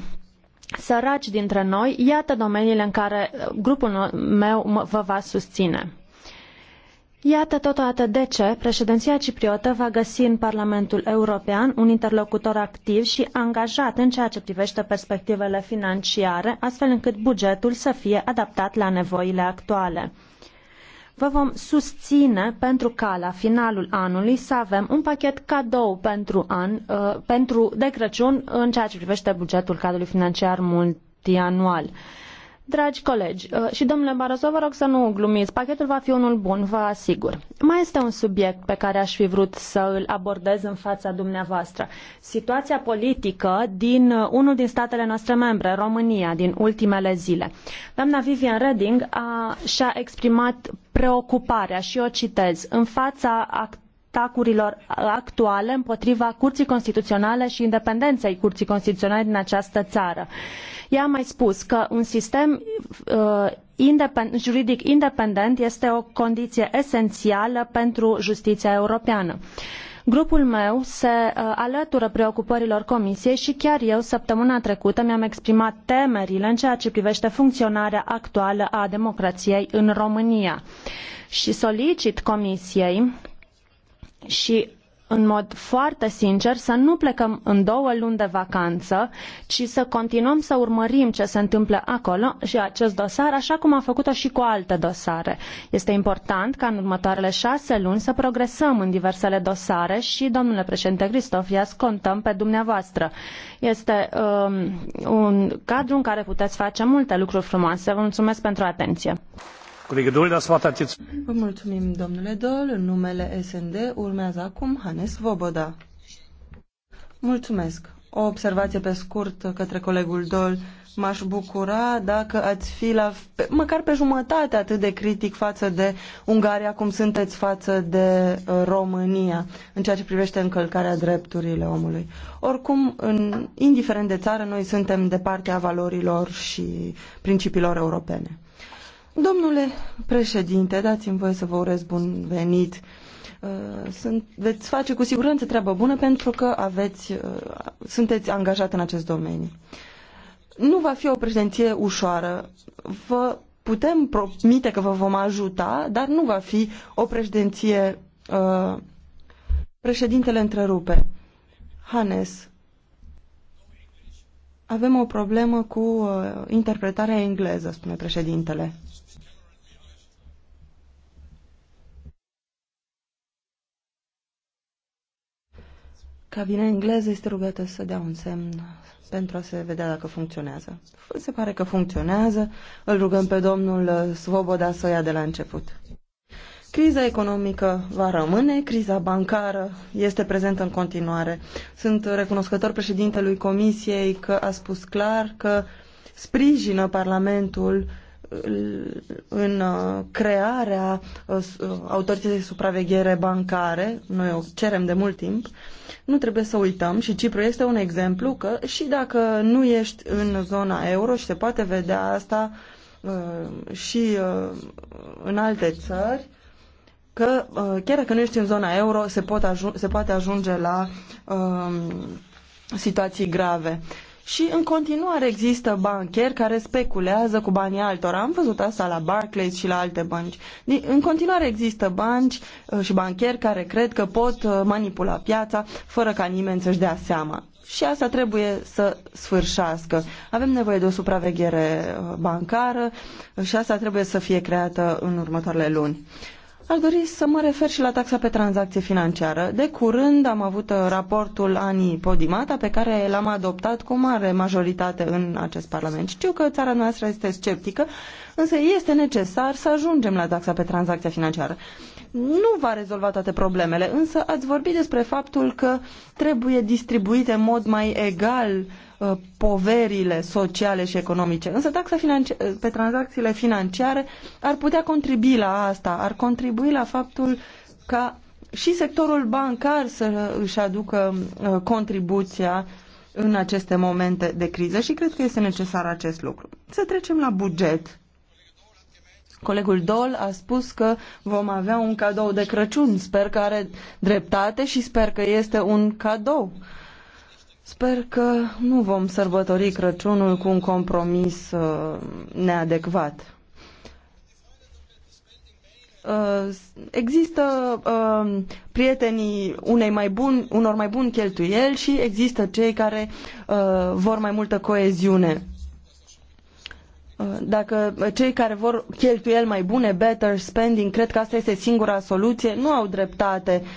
săraci dintre noi, iată domeniile în care uh, grupul meu vă va susține. Iată totodată de ce președinția cipriotă va găsi în Parlamentul European un interlocutor activ și angajat în ceea ce privește perspectivele financiare, astfel încât bugetul să fie adaptat la nevoile actuale. Vă vom susține pentru ca la finalul anului să avem un pachet cadou pentru, an, uh, pentru de Crăciun în ceea ce privește bugetul cadrului financiar multianual. Uh, Dragi colegi uh, și domnule Barroso, vă rog să nu glumiți. Pachetul va fi unul bun, vă asigur. Mai este un subiect pe care aș fi vrut să îl abordez în fața dumneavoastră. Situația politică din uh, unul din statele noastre membre, România, din ultimele zile. Doamna Vivian Reding a, și-a exprimat preocuparea și o citez în fața act- atacurilor actuale împotriva Curții Constituționale și independenței Curții Constituționale din această țară. Uh, ea a mai spus că un sistem uh, juridic independent este o condiție esențială pentru justiția europeană. Grupul meu se uh, alătură preocupărilor Comisiei și chiar eu săptămâna trecută mi-am exprimat temerile în ceea ce privește funcționarea actuală a democrației în România. Și solicit Comisiei și în mod foarte sincer să nu plecăm în două luni de vacanță, ci să continuăm să urmărim ce se întâmplă acolo și acest dosar, așa cum am făcut-o și cu alte dosare. Este important ca în următoarele șase luni să progresăm în diversele dosare și, domnule președinte Cristof, ias contăm pe dumneavoastră. Este um, un cadru în care puteți face multe lucruri frumoase. Vă mulțumesc pentru atenție. Vă mulțumim, domnule Dol. numele SND urmează acum Hannes Voboda. Mulțumesc. O observație pe scurt către colegul Dol. M-aș bucura dacă ați fi la, măcar pe jumătate atât de critic față de Ungaria cum sunteți față de uh, România în ceea ce privește încălcarea drepturile omului. Oricum, în, indiferent de țară, noi suntem de partea valorilor și principiilor europene. Domnule președinte, dați-mi voie să vă urez bun venit. Uh, sunt, veți face cu siguranță treabă bună pentru că aveți, uh, sunteți angajat în acest domeniu. Nu va fi o președinție ușoară. Vă putem promite că vă vom ajuta, dar nu va fi o președinție. Uh, președintele întrerupe. Hannes, avem o problemă cu uh, interpretarea engleză, spune președintele. Cabina engleză este rugată să dea un semn pentru a se vedea dacă funcționează. Se pare că funcționează. Îl rugăm pe domnul Svoboda să o ia de la început. Criza economică va rămâne, criza bancară este prezentă în continuare. Sunt recunoscător președintelui Comisiei că a spus clar că sprijină Parlamentul uh, Uh, în uh, crearea uh, autorității de supraveghere bancare, noi o cerem de mult timp, nu trebuie să uităm și Cipru este un exemplu că și dacă nu ești în zona euro și se poate vedea asta și în alte țări, că chiar dacă nu ești în zona euro, se, pot ajun- se poate ajunge la um, situații grave. Uh, și în continuare există bancheri care speculează cu banii altora. Am văzut asta la Barclays și la alte bănci. În continuare există bănci uh, și bancheri care cred că pot uh, manipula piața fără ca nimeni să-și dea seama. Și asta trebuie să sfârșească. Avem nevoie de o supraveghere uh, bancară și asta trebuie să fie creată în următoarele luni. Aș dori să mă refer și la taxa pe tranzacție financiară. De curând am avut uh, raportul anii Podimata pe care l-am adoptat cu mare majoritate în acest Parlament. Știu că țara noastră este sceptică, însă este necesar să ajungem la taxa pe tranzacție financiară. Nu va rezolva toate problemele, însă ați vorbit despre faptul că trebuie distribuite în mod mai egal uh, Uh, poverile sociale și economice. Însă taxa uh, pe tranzacțiile financiare ar putea contribui la asta, ar contribui la faptul ca și sectorul bancar să își aducă uh, contribuția în aceste momente de criză și cred că este necesar acest lucru. Să trecem la buget. Colegul Dol a spus că vom avea un cadou de Crăciun. Sper că are dreptate și sper că este un cadou. Uh, Sper că nu vom sărbători Crăciunul cu un compromis uh, neadecvat. Uh, există uh, prietenii unei mai bun, unor mai buni cheltuieli și există cei care uh, vor mai multă coeziune. Uh, dacă cei care vor cheltuieli mai bune, better spending, cred că asta este singura soluție, nu au dreptate uh,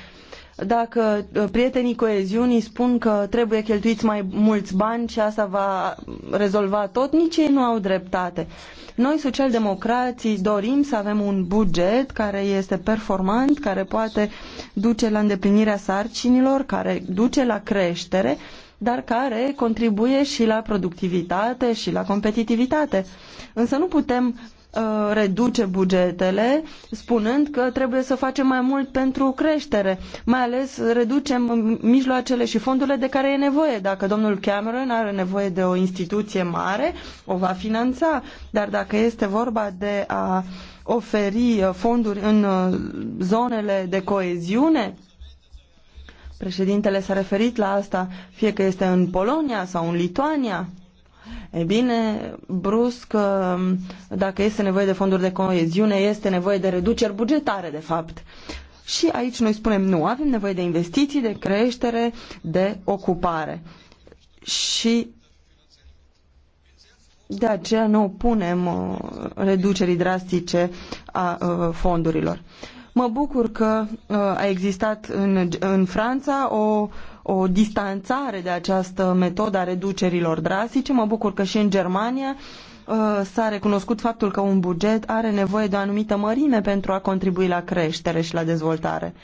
dacă uh, prietenii coeziunii spun că trebuie cheltuiți mai mulți bani și asta va rezolva tot, nici ei nu au dreptate. Noi, socialdemocrații, dorim să avem un buget care este performant, care poate duce la îndeplinirea sarcinilor, care duce la creștere, dar care contribuie și la productivitate și la competitivitate. Însă nu putem Uh, reduce bugetele, spunând că trebuie să facem mai mult pentru creștere, mai ales reducem mijloacele și fondurile de care e nevoie. Dacă domnul Cameron are nevoie de o instituție mare, o va finanța, dar dacă este vorba de a oferi uh, fonduri în uh, zonele de coeziune, președintele s-a referit la asta, fie că este în Polonia sau în Lituania, E bine, brusc, dacă este nevoie de fonduri de coeziune, este nevoie de reduceri bugetare, de fapt. Și aici noi spunem nu, avem nevoie de investiții, de creștere, de ocupare. Și de aceea nu punem uh, reducerii drastice a uh, fondurilor. Mă bucur că uh, a existat în, în Franța o o distanțare de această metodă a reducerilor drastice. Mă bucur că și în Germania uh, s-a recunoscut faptul că un buget are nevoie de o anumită mărime pentru a contribui la creștere și la dezvoltare.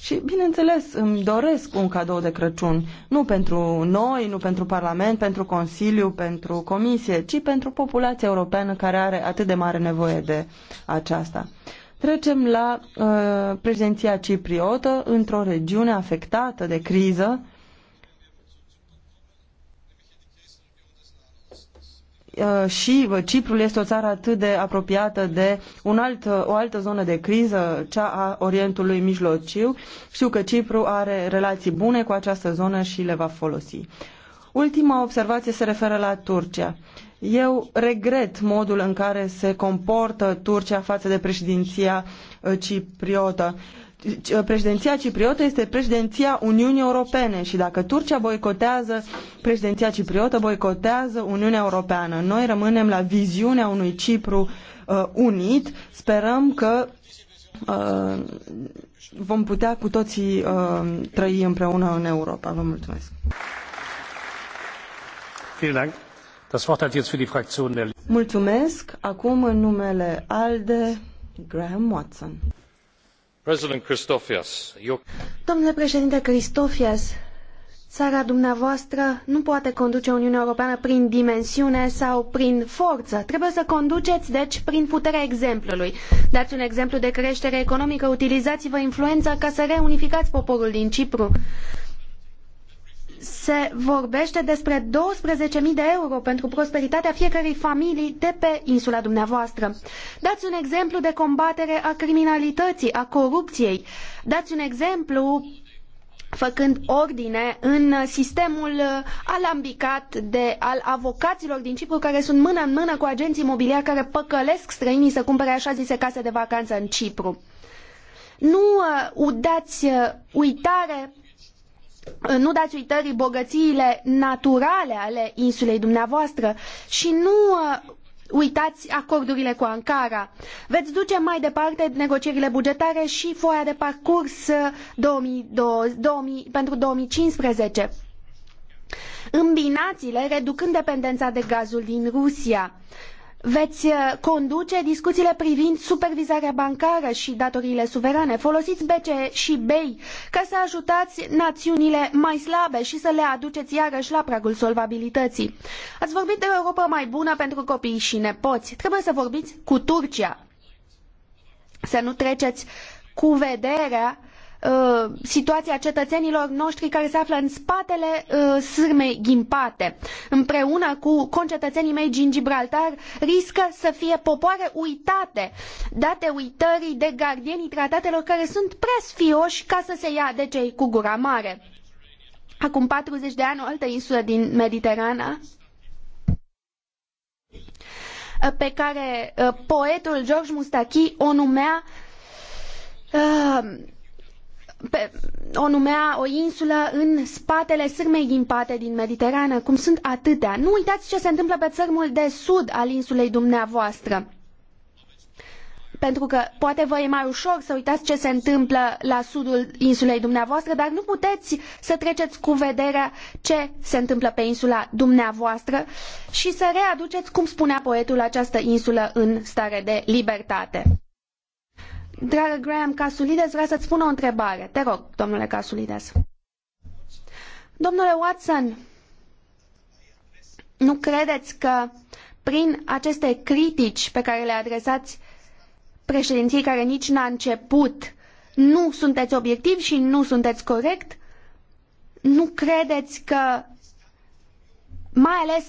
Și, bineînțeles, îmi doresc un cadou de Crăciun, nu pentru noi, nu pentru Parlament, pentru Consiliu, pentru Comisie, ci pentru populația europeană care are atât de mare nevoie de aceasta. Trecem la uh, prezenția cipriotă într-o regiune afectată de criză. Uh, și Ciprul este o țară atât de apropiată de un alt, o altă zonă de criză, cea a Orientului Mijlociu. Știu că Cipru are relații bune cu această zonă și le va folosi. Ultima observație se referă la Turcia. Uh, eu regret modul în care se comportă Turcia față de președinția uh, cipriotă. Uh, președinția cipriotă este președinția Uniunii Europene și dacă Turcia boicotează președinția cipriotă, boicotează Uniunea Europeană. Noi rămânem la viziunea unui Cipru uh, unit. Sperăm că uh, vom putea cu toții uh, trăi împreună în Europa. Vă mulțumesc! Mulțumesc! Mulțumesc. Acum, în numele ALDE, Graham Watson. Domnule președinte Christofias, țara dumneavoastră nu poate conduce Uniunea Europeană prin dimensiune sau prin forță. Trebuie să conduceți, deci, prin puterea exemplului. Dați un exemplu de creștere economică, utilizați-vă influența ca să reunificați poporul din Cipru se vorbește despre 12.000 de euro pentru prosperitatea fiecărei familii de pe insula dumneavoastră. Dați un exemplu de combatere a criminalității, a corupției. Dați un exemplu făcând ordine în sistemul alambicat de, al avocaților din Cipru care sunt mână în mână cu agenții imobiliari care păcălesc străinii să cumpere așa zise case de vacanță în Cipru. Nu uh, uh uitare nu dați uitării bogățiile naturale ale insulei dumneavoastră și nu uh, uitați acordurile cu Ankara. Veți duce mai departe negocierile bugetare și foaia de parcurs 2020, uh, 2000, pentru 2015. Îmbinați-le reducând dependența de gazul din Rusia veți uh, conduce discuțiile privind supervizarea bancară și datoriile suverane. Folosiți BCE și BEI ca să ajutați națiunile mai slabe și să le aduceți iarăși la pragul solvabilității. Ați vorbit de o Europa mai bună pentru copii și nepoți. Trebuie să vorbiți cu Turcia. Să nu treceți cu vederea Uh, situația cetățenilor noștri care se află în spatele uh, sârmei ghimpate. Împreună cu concetățenii mei din Gibraltar riscă să fie popoare uitate, date uitării de gardienii tratatelor care sunt prea sfioși ca să se ia de cei cu gura mare. Acum 40 de ani, o altă insulă din Mediterana, uh, pe care uh, poetul George Mustachi o numea uh, pe, o numea o insulă în spatele sârmei ghimpate din Mediterană, cum sunt atâtea. Nu uitați ce se întâmplă pe țărmul de sud al insulei dumneavoastră. Pentru că poate vă e mai ușor să uitați ce se întâmplă la sudul insulei dumneavoastră, dar nu puteți să treceți cu vederea ce se întâmplă pe insula dumneavoastră și să readuceți, cum spunea poetul, această insulă în stare de libertate. Dragă Graham Casulides, vreau să-ți spun o întrebare. Te rog, domnule Casulides. Domnule Watson, nu credeți că prin aceste critici pe care le adresați președinției care nici n-a început, nu sunteți obiectiv și nu sunteți corect? Nu credeți că, mai ales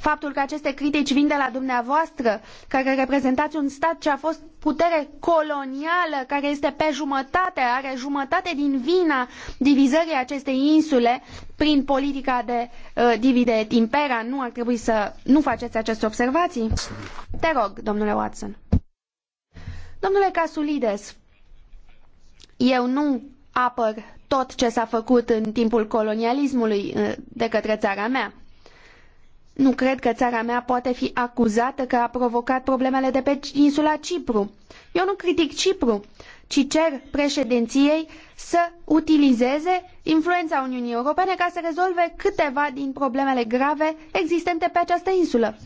Faptul că aceste critici vin de la dumneavoastră, care reprezentați un stat ce a fost putere colonială, care este pe jumătate, are jumătate din vina divizării acestei insule prin politica de uh, divide et impera, nu ar trebui să nu faceți aceste observații? Te rog, domnule Watson. Domnule Casulides, eu nu apăr tot ce s-a făcut în timpul colonialismului uh, de către țara mea. Nu cred că țara mea poate fi acuzată că a provocat problemele de pe insula Cipru. Eu nu critic Cipru, ci cer președinției să utilizeze influența Uniunii Europene ca să rezolve câteva din problemele grave existente pe această insulă.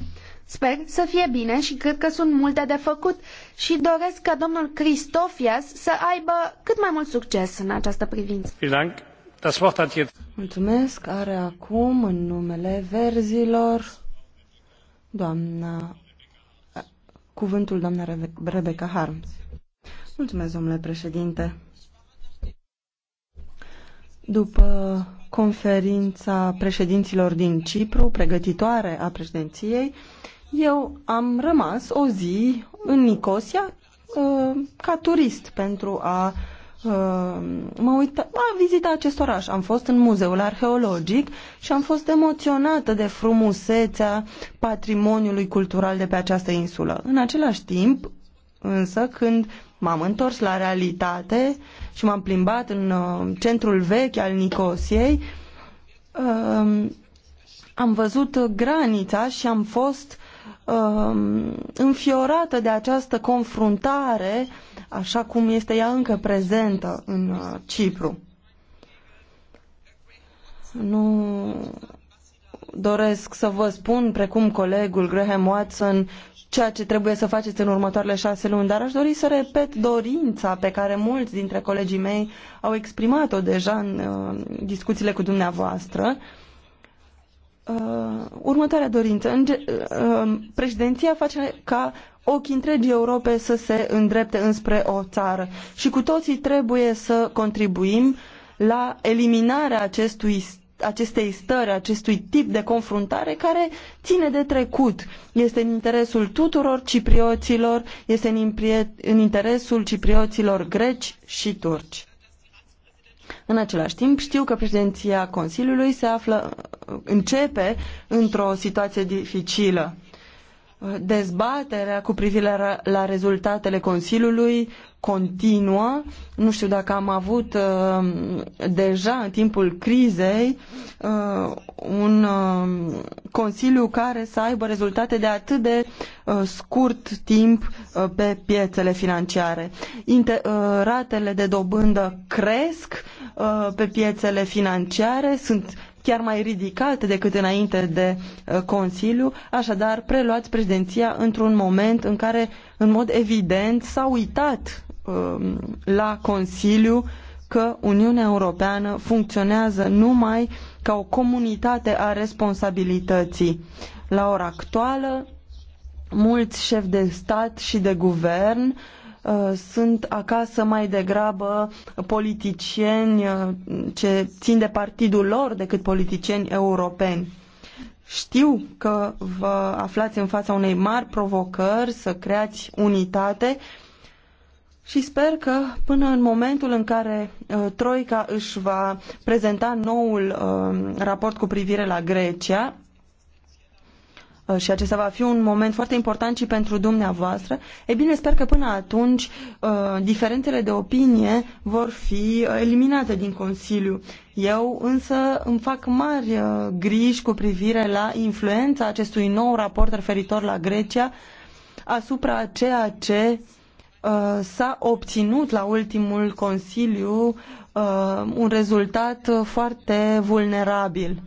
Sper să fie bine și cred că sunt multe de făcut și doresc ca domnul Cristofias să aibă cât mai mult succes în această privință. Mulțumesc. Das Wort hat jetzt... Mulțumesc. Are acum, în numele verzilor, doamna, cuvântul doamna Rebecca Harms. Mulțumesc, domnule președinte. După conferința președinților din Cipru, pregătitoare a președinției, eu am rămas o zi în Nicosia uh, ca turist pentru a mă uit, am vizitat acest oraș, am fost în muzeul arheologic și am fost emoționată de frumusețea patrimoniului cultural de pe această insulă. În același timp, însă, când m-am întors la realitate și m-am plimbat în uh, centrul vechi al Nicosiei, um, am văzut granița și am fost um, înfiorată de această confruntare uh, așa cum este ea încă prezentă în uh, Cipru. Nu doresc să vă spun, precum colegul Graham Watson, ceea ce trebuie să faceți în următoarele șase luni, dar aș dori să repet dorința pe care mulți dintre colegii mei au exprimat-o deja în uh, discuțiile cu dumneavoastră uh, uh, următoarea dorință. Înge- uh, um, președinția face ca ochii întregii Europe să se îndrepte înspre o țară și cu toții trebuie să contribuim la eliminarea acestui acestei stări, acestui tip de confruntare care ține de trecut. Este în interesul tuturor ciprioților, este în, în interesul ciprioților greci și turci. În același timp, știu că președinția Consiliului se află, începe într-o situație dificilă. Dezbaterea cu privire la rezultatele Consiliului continuă. Nu știu dacă am avut uh, deja în timpul crizei uh, un uh, consiliu care să aibă rezultate de atât de uh, scurt timp uh, pe piețele financiare. Inter uh, ratele de dobândă cresc pe piețele financiare, sunt chiar mai ridicate decât înainte de Consiliu, așadar preluați președinția într-un moment în care, în mod evident, s-a uitat Um, la Consiliu că Uniunea Europeană funcționează numai ca o comunitate a responsabilității. La ora actuală, mulți șefi de stat și de guvern uh, sunt acasă mai degrabă politicieni uh, ce țin de partidul lor decât politicieni europeni. Știu că vă aflați în fața unei mari provocări să creați unitate și sper că până în momentul în care uh, Troica își va prezenta noul uh, raport cu privire la Grecia, uh, și acesta va fi un moment foarte important și pentru dumneavoastră, e bine, sper că până atunci uh, diferențele de opinie vor fi uh, eliminate din Consiliu. Eu însă îmi fac mari griji cu privire la influența acestui nou raport referitor la Grecia asupra ceea ce uh, Uh, s-a obținut la ultimul Consiliu uh, un rezultat foarte vulnerabil.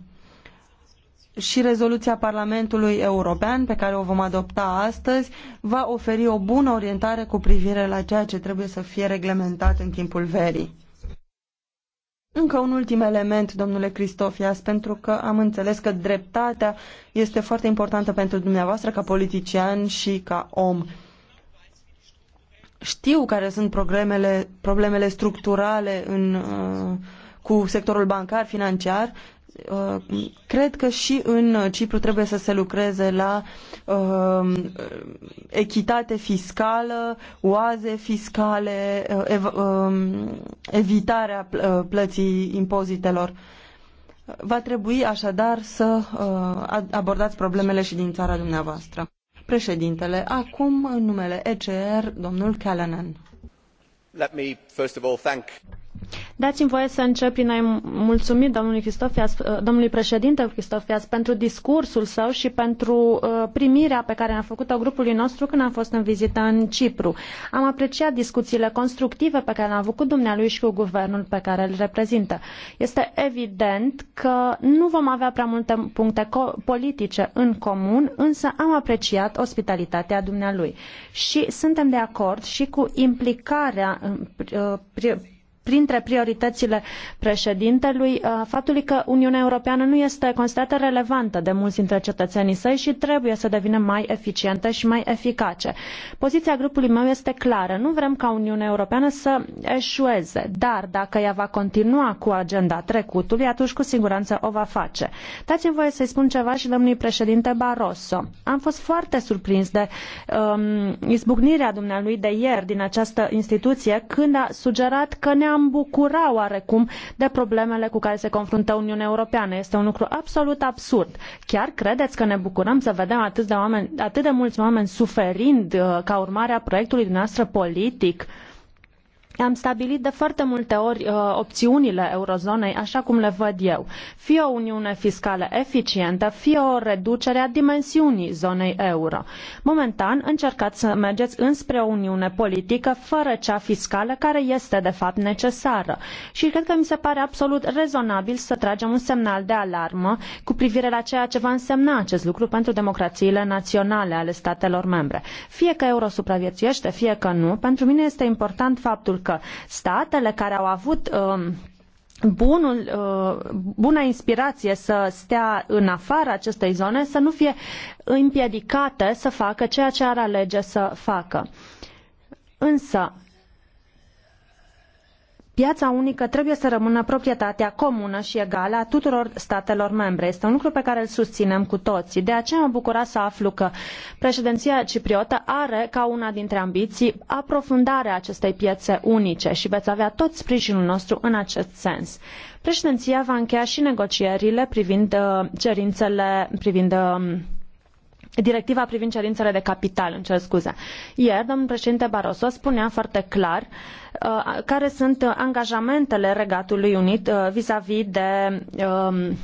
Și rezoluția Parlamentului European, pe care o vom adopta astăzi, va oferi o bună orientare cu privire la ceea ce trebuie să fie reglementat în timpul verii. Încă un ultim element, domnule Cristofias, pentru că am înțeles că dreptatea este foarte importantă pentru dumneavoastră ca politician și ca om știu care sunt problemele, problemele structurale în, uh, cu sectorul bancar, financiar, uh, cred că și în Cipru trebuie să se lucreze la uh, echitate fiscală, oaze fiscale, um, evitarea plății impozitelor. Va trebui așadar să uh, abordați problemele și din țara dumneavoastră. Președintele, acum în numele ECR, domnul Callanan. Let me, first of all, thank... Dați-mi voie să încep prin a-i mulțumi domnului, Cristofias, uh, domnului președinte Cristofias pentru discursul său și pentru uh, primirea pe care ne-a făcut-o grupului nostru când am fost în vizită în Cipru. Am apreciat discuțiile constructive pe care le-am avut cu dumnealui și cu guvernul pe care îl reprezintă. Este evident că nu vom avea prea multe puncte politice în comun, însă am apreciat ospitalitatea dumnealui. Și suntem de acord și cu implicarea uh, printre prioritățile președintelui uh, faptului că Uniunea Europeană nu este considerată relevantă de muli dintre cetăenii săi și trebuie să devină mai eficientă și mai eficace. Poziția grupului meu este clară. Nu vrem ca Uniunea Europeană să eșueze, dar dacă ea va continua cu agenda trecutului, atunci cu siguranță o va face. Dați-mi voie să-i spun ceva și domnului președinte Barroso. Am fost foarte surprins de um, izbucnirea dumnealui de ieri din această instituție când a sugerat că ne ne-am bucura oarecum de problemele cu care se confruntă Uniunea Europeană. Este un lucru absolut absurd. Chiar credeți că ne bucurăm să vedem atât de, oameni, atât de mulți oameni suferind uh, ca urmare a proiectului dumneavoastră politic? Uh, am stabilit de foarte multe ori uh, opțiunile eurozonei așa cum le văd eu. Fie o uniune fiscală eficientă, fie o reducere a dimensiunii zonei euro. Momentan încercați să mergeți înspre o uniune politică fără cea fiscală care este de fapt necesară. Și cred că mi se pare absolut rezonabil să tragem un semnal de alarmă cu privire la ceea ce va însemna acest lucru pentru democrațiile naționale ale statelor membre. Fie că euro supraviețuiește, fie că nu, pentru mine este important faptul că statele care au avut um, bunul, uh, bună inspirație să stea în afara acestei zone, să nu fie împiedicate să facă ceea ce ar alege să facă. Însă, Piața unică trebuie să rămână proprietatea comună și egală a tuturor statelor membre. Este un lucru pe care îl susținem cu toții. De aceea mă bucura să aflu că președinția cipriotă are ca una dintre ambiții aprofundarea acestei piețe unice și veți avea tot sprijinul nostru în acest sens. Președinția va încheia și negocierile privind uh, cerințele privind uh, directiva privind cerințele de capital, în cer scuze. Ieri, domnul președinte Barroso spunea foarte clar uh, care sunt angajamentele Regatului Unit uh, vis-a-vis -vis de um,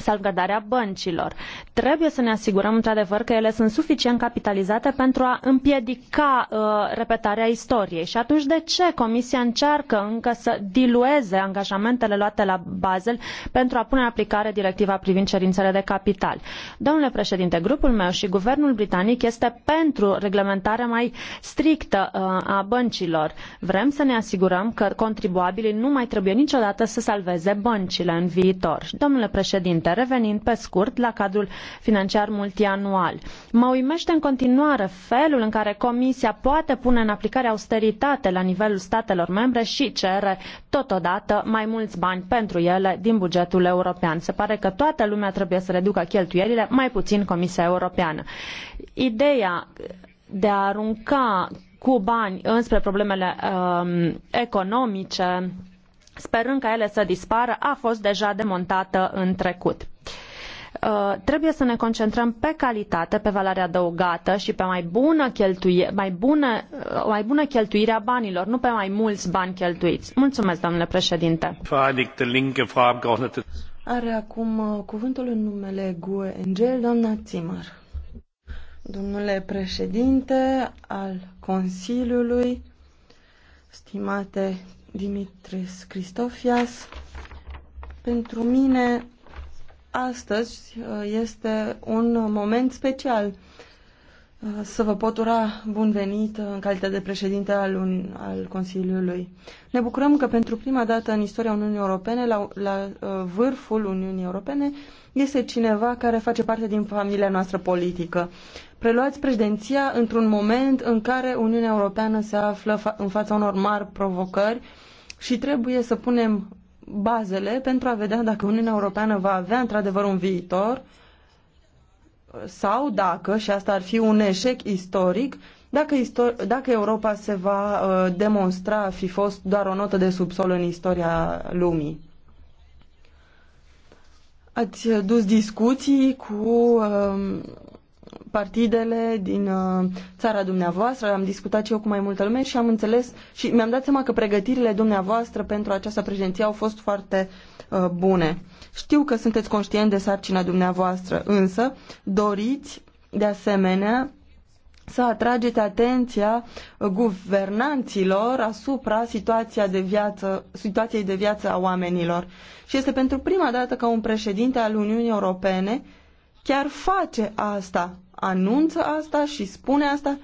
salvgardarea băncilor. Trebuie să ne asigurăm într-adevăr că ele sunt suficient capitalizate pentru a împiedica uh, repetarea istoriei. Și atunci de ce Comisia încearcă încă să dilueze angajamentele luate la Basel pentru a pune în aplicare directiva privind cerințele de capital? Domnule președinte, grupul meu și guvernul britanic este pentru reglementare mai strictă uh, a băncilor. Vrem să ne asigurăm că contribuabilii nu mai trebuie niciodată să salveze băncile în viitor. Domnule președinte, președinte. Revenind pe scurt la cadrul financiar multianual. Mă uimește în continuare felul în care Comisia poate pune în aplicare austeritate la nivelul statelor membre și cere totodată mai mulți bani pentru ele din bugetul european. Se pare că toată lumea trebuie să reducă cheltuielile, mai puțin Comisia Europeană. Ideea de a arunca cu bani înspre problemele um, economice sperând ca ele să dispară, a fost deja demontată în trecut. Uh, trebuie să ne concentrăm pe calitate, pe valoarea adăugată și pe mai bună, cheltuie, mai, bună, uh, mai bună cheltuire a banilor, nu pe mai mulți bani cheltuiți. Mulțumesc, domnule președinte. Are acum uh, cuvântul în numele GUE NGL, doamna Zimmer. Domnule președinte al Consiliului, stimate Dimitris Cristofias. Pentru mine astăzi uh, este un moment special uh, să vă pot ura bun venit în calitate de președinte al, un, al Consiliului. Ne bucurăm că pentru prima dată în istoria Uniunii Europene, la, la uh, vârful Uniunii Europene, este cineva care face parte din familia noastră politică. Preluați președinția într-un moment în care Uniunea Europeană se află fa- în fața unor mari provocări uh, și trebuie să punem bazele pentru a vedea dacă Uniunea Europeană va avea într-adevăr un viitor sau dacă, și asta ar fi un eșec istoric, dacă, istor- dacă Europa se va uh, demonstra a fi fost doar o notă de subsol în istoria lumii. Ați uh, dus discuții cu uh, partidele din uh, țara dumneavoastră, am discutat și eu cu mai multă lume și am înțeles și mi-am dat seama că pregătirile dumneavoastră pentru această președinție au fost foarte uh, bune. Știu că sunteți conștient de sarcina dumneavoastră, însă doriți de asemenea să atrageți atenția uh, guvernanților asupra situația de viață, situației de viață a oamenilor. Și este pentru prima dată că un președinte al Uniunii Europene chiar face asta anunță asta și spune asta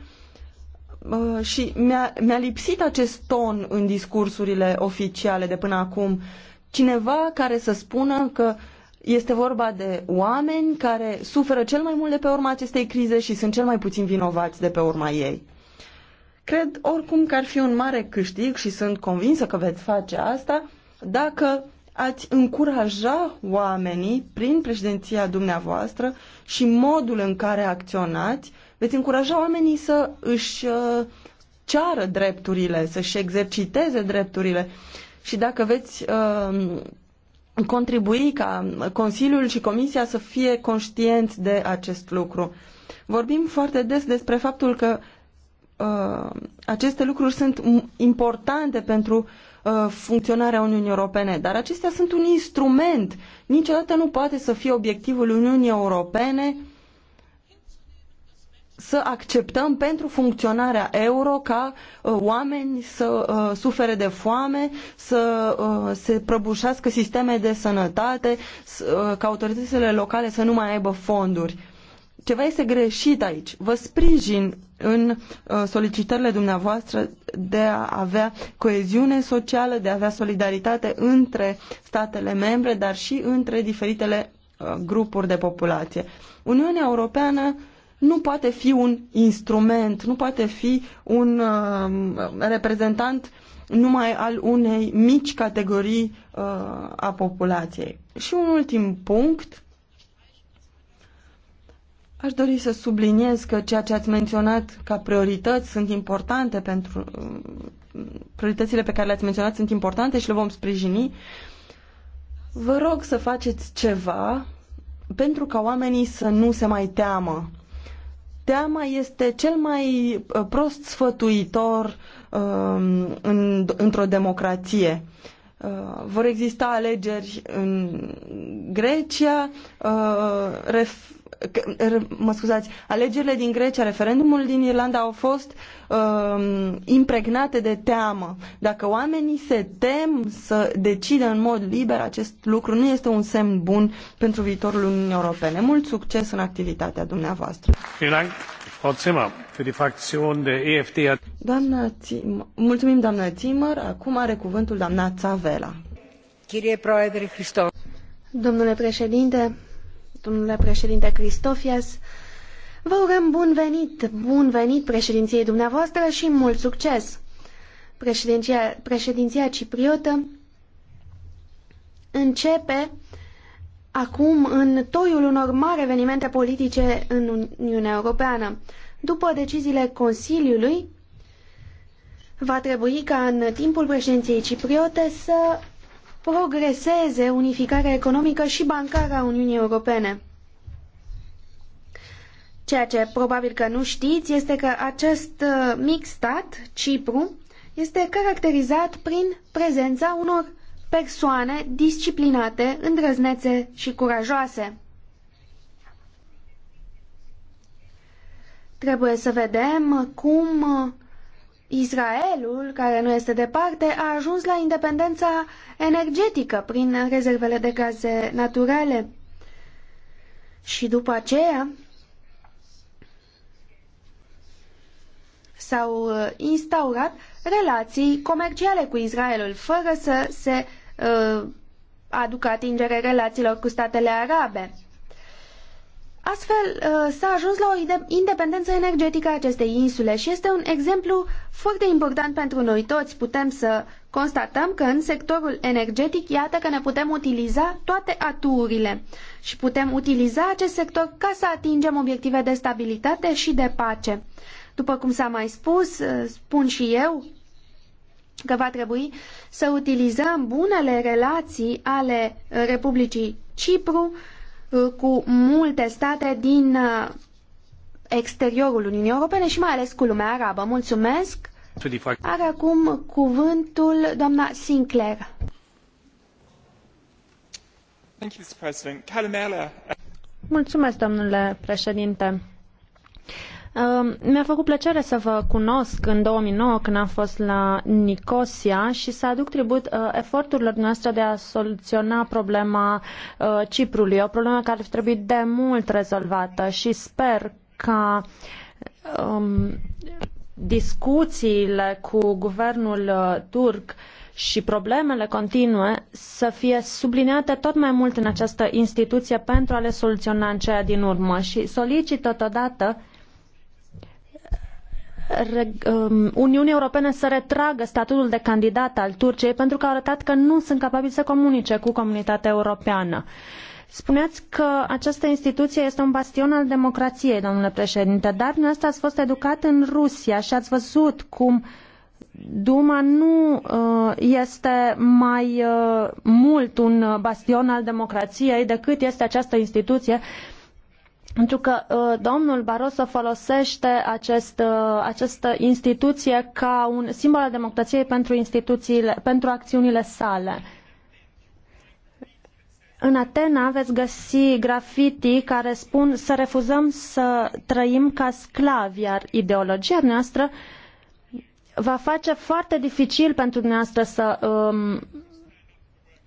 uh, și mi-a, mi-a lipsit acest ton în discursurile oficiale de până acum. Cineva care să spună că este vorba de oameni care suferă cel mai mult de pe urma acestei crize și sunt cel mai puțin vinovați de pe urma ei. Cred oricum că ar fi un mare câștig și sunt convinsă că veți face asta dacă ați încuraja oamenii prin președinția dumneavoastră și modul în care acționați, veți încuraja oamenii să își uh, ceară drepturile, să-și exerciteze drepturile și dacă veți um, contribui ca Consiliul și Comisia să fie conștienți de acest lucru. Vorbim foarte des despre faptul că Uh, aceste lucruri sunt importante pentru uh, funcționarea Uniunii Europene, dar acestea sunt un instrument. Niciodată nu poate să fie obiectivul Uniunii Europene să acceptăm pentru funcționarea euro ca uh, oameni să uh, sufere de foame, să uh, se prăbușească sisteme de sănătate, să, uh, ca autoritățile locale să nu mai aibă fonduri. Ceva este greșit aici. Vă sprijin în uh, solicitările dumneavoastră de a avea coeziune socială, de a avea solidaritate între statele membre, dar și între diferitele uh, grupuri de populație. Uniunea Europeană nu poate fi un instrument, nu poate fi un uh, reprezentant numai al unei mici categorii uh, a populației. Și un ultim punct Aș dori să subliniez că ceea ce ați menționat ca priorități sunt importante pentru prioritățile pe care le-ați menționat sunt importante și le vom sprijini. Vă rog să faceți ceva pentru ca oamenii să nu se mai teamă. Teama este cel mai uh, prost sfătuitor um, în, într-o democrație. Uh, vor exista alegeri în Grecia, uh, ref, mă scuzați, alegerile din Grecia, referendumul din Irlanda au fost um, uh, impregnate de teamă. Dacă oamenii se tem să decidă în mod liber acest lucru, nu este un semn bun pentru viitorul Uniunii Europene. Mult succes în activitatea dumneavoastră. Doamna Zimmer, mulțumim, doamna Zimmer. Acum are cuvântul doamna Țavela. Domnule președinte, domnule președinte Cristofias. Vă urăm bun venit, bun venit președinției dumneavoastră și mult succes! Președinția, președinția cipriotă începe acum în toiul unor mari evenimente politice în Uniunea Europeană. După deciziile Consiliului, va trebui ca în timpul președinției cipriote să progreseze unificarea economică și bancară a Uniunii Europene. Ceea ce probabil că nu știți este că acest uh, mic stat, Cipru, este caracterizat prin prezența unor persoane disciplinate, îndrăznețe și curajoase. Trebuie să vedem cum uh, Israelul, care nu este departe, a ajuns la independența energetică prin rezervele de gaze naturale. Și după aceea s-au uh, instaurat relații comerciale cu Israelul, fără să se uh, aducă atingere relațiilor cu statele arabe. Astfel uh, s-a ajuns la o independență energetică a acestei insule și este un exemplu foarte important pentru noi toți. Putem să constatăm că în sectorul energetic, iată că ne putem utiliza toate aturile și putem utiliza acest sector ca să atingem obiective de stabilitate și de pace. După cum s-a mai spus, uh, spun și eu că va trebui să utilizăm bunele relații ale Republicii Cipru cu multe state din uh, exteriorul Uniunii Europene și mai ales cu lumea arabă. Mulțumesc! Are acum cuvântul doamna Sinclair. Uh, Mulțumesc, domnule președinte. Um, mi-a făcut plăcere să vă cunosc în 2009 când am fost la Nicosia și să aduc tribut uh, eforturilor noastre de a soluționa problema uh, Ciprului, o problemă care ar trebui de mult rezolvată și sper ca um, discuțiile cu guvernul uh, turc și problemele continue să fie subliniate tot mai mult în această instituție pentru a le soluționa în ceea din urmă și solicit totodată Um, Uniunii Europene să retragă statutul de candidat al Turciei pentru că au arătat că nu sunt capabili să comunice cu comunitatea europeană. Spuneați că această instituție este un bastion al democrației, domnule președinte, dar dumneavoastră ați fost educat în Rusia și ați văzut cum Duma nu uh, este mai uh, mult un bastion al democrației decât este această instituție uh, pentru că uh, domnul Barroso folosește acest, uh, această instituție ca un simbol al democrației pentru, instituțiile, pentru acțiunile sale. În Atena veți găsi grafiti care spun să refuzăm să trăim ca sclavi, iar ideologia noastră va face foarte dificil pentru dumneavoastră să um,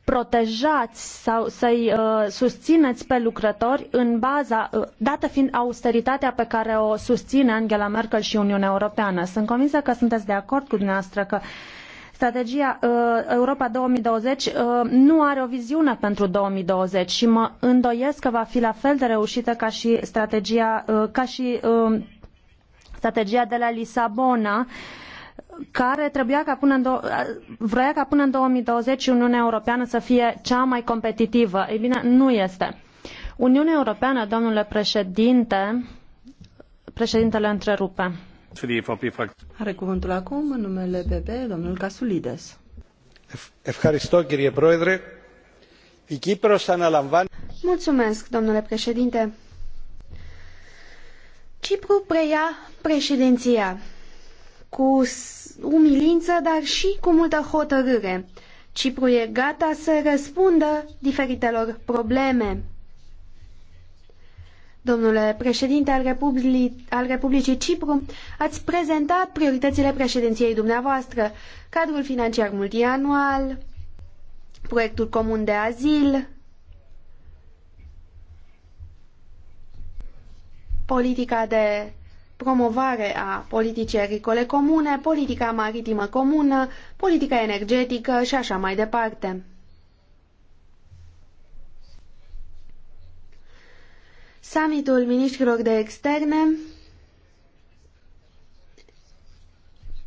protejați sau să-i uh, susțineți pe lucrători în baza, uh, dată fiind austeritatea pe care o susține Angela Merkel și Uniunea Europeană. Sunt convinsă că sunteți de acord cu dumneavoastră că strategia uh, Europa 2020 uh, nu are o viziune pentru 2020 și mă îndoiesc că va fi la fel de reușită ca și strategia, uh, ca și, um, strategia de la Lisabona, uh, care trebuia ca până în vrea ca până în 2020 Uniunea Europeană să fie cea mai competitivă. Ei bine, nu este. Uniunea Europeană, domnule președinte, președintele întrerupe. Are cuvântul acum în numele BB, domnul Casulides. Mulțumesc, domnule președinte. Cipru preia președinția cu umilință, dar și cu multă hotărâre. Cipru e gata să răspundă diferitelor probleme. Domnule președinte al, Republi- al Republicii Cipru, ați prezentat prioritățile președinției dumneavoastră, cadrul financiar multianual, proiectul comun de azil, politica de promovare a politicii agricole comune, politica maritimă comună, politica energetică și așa mai departe. Summitul ministrilor de externe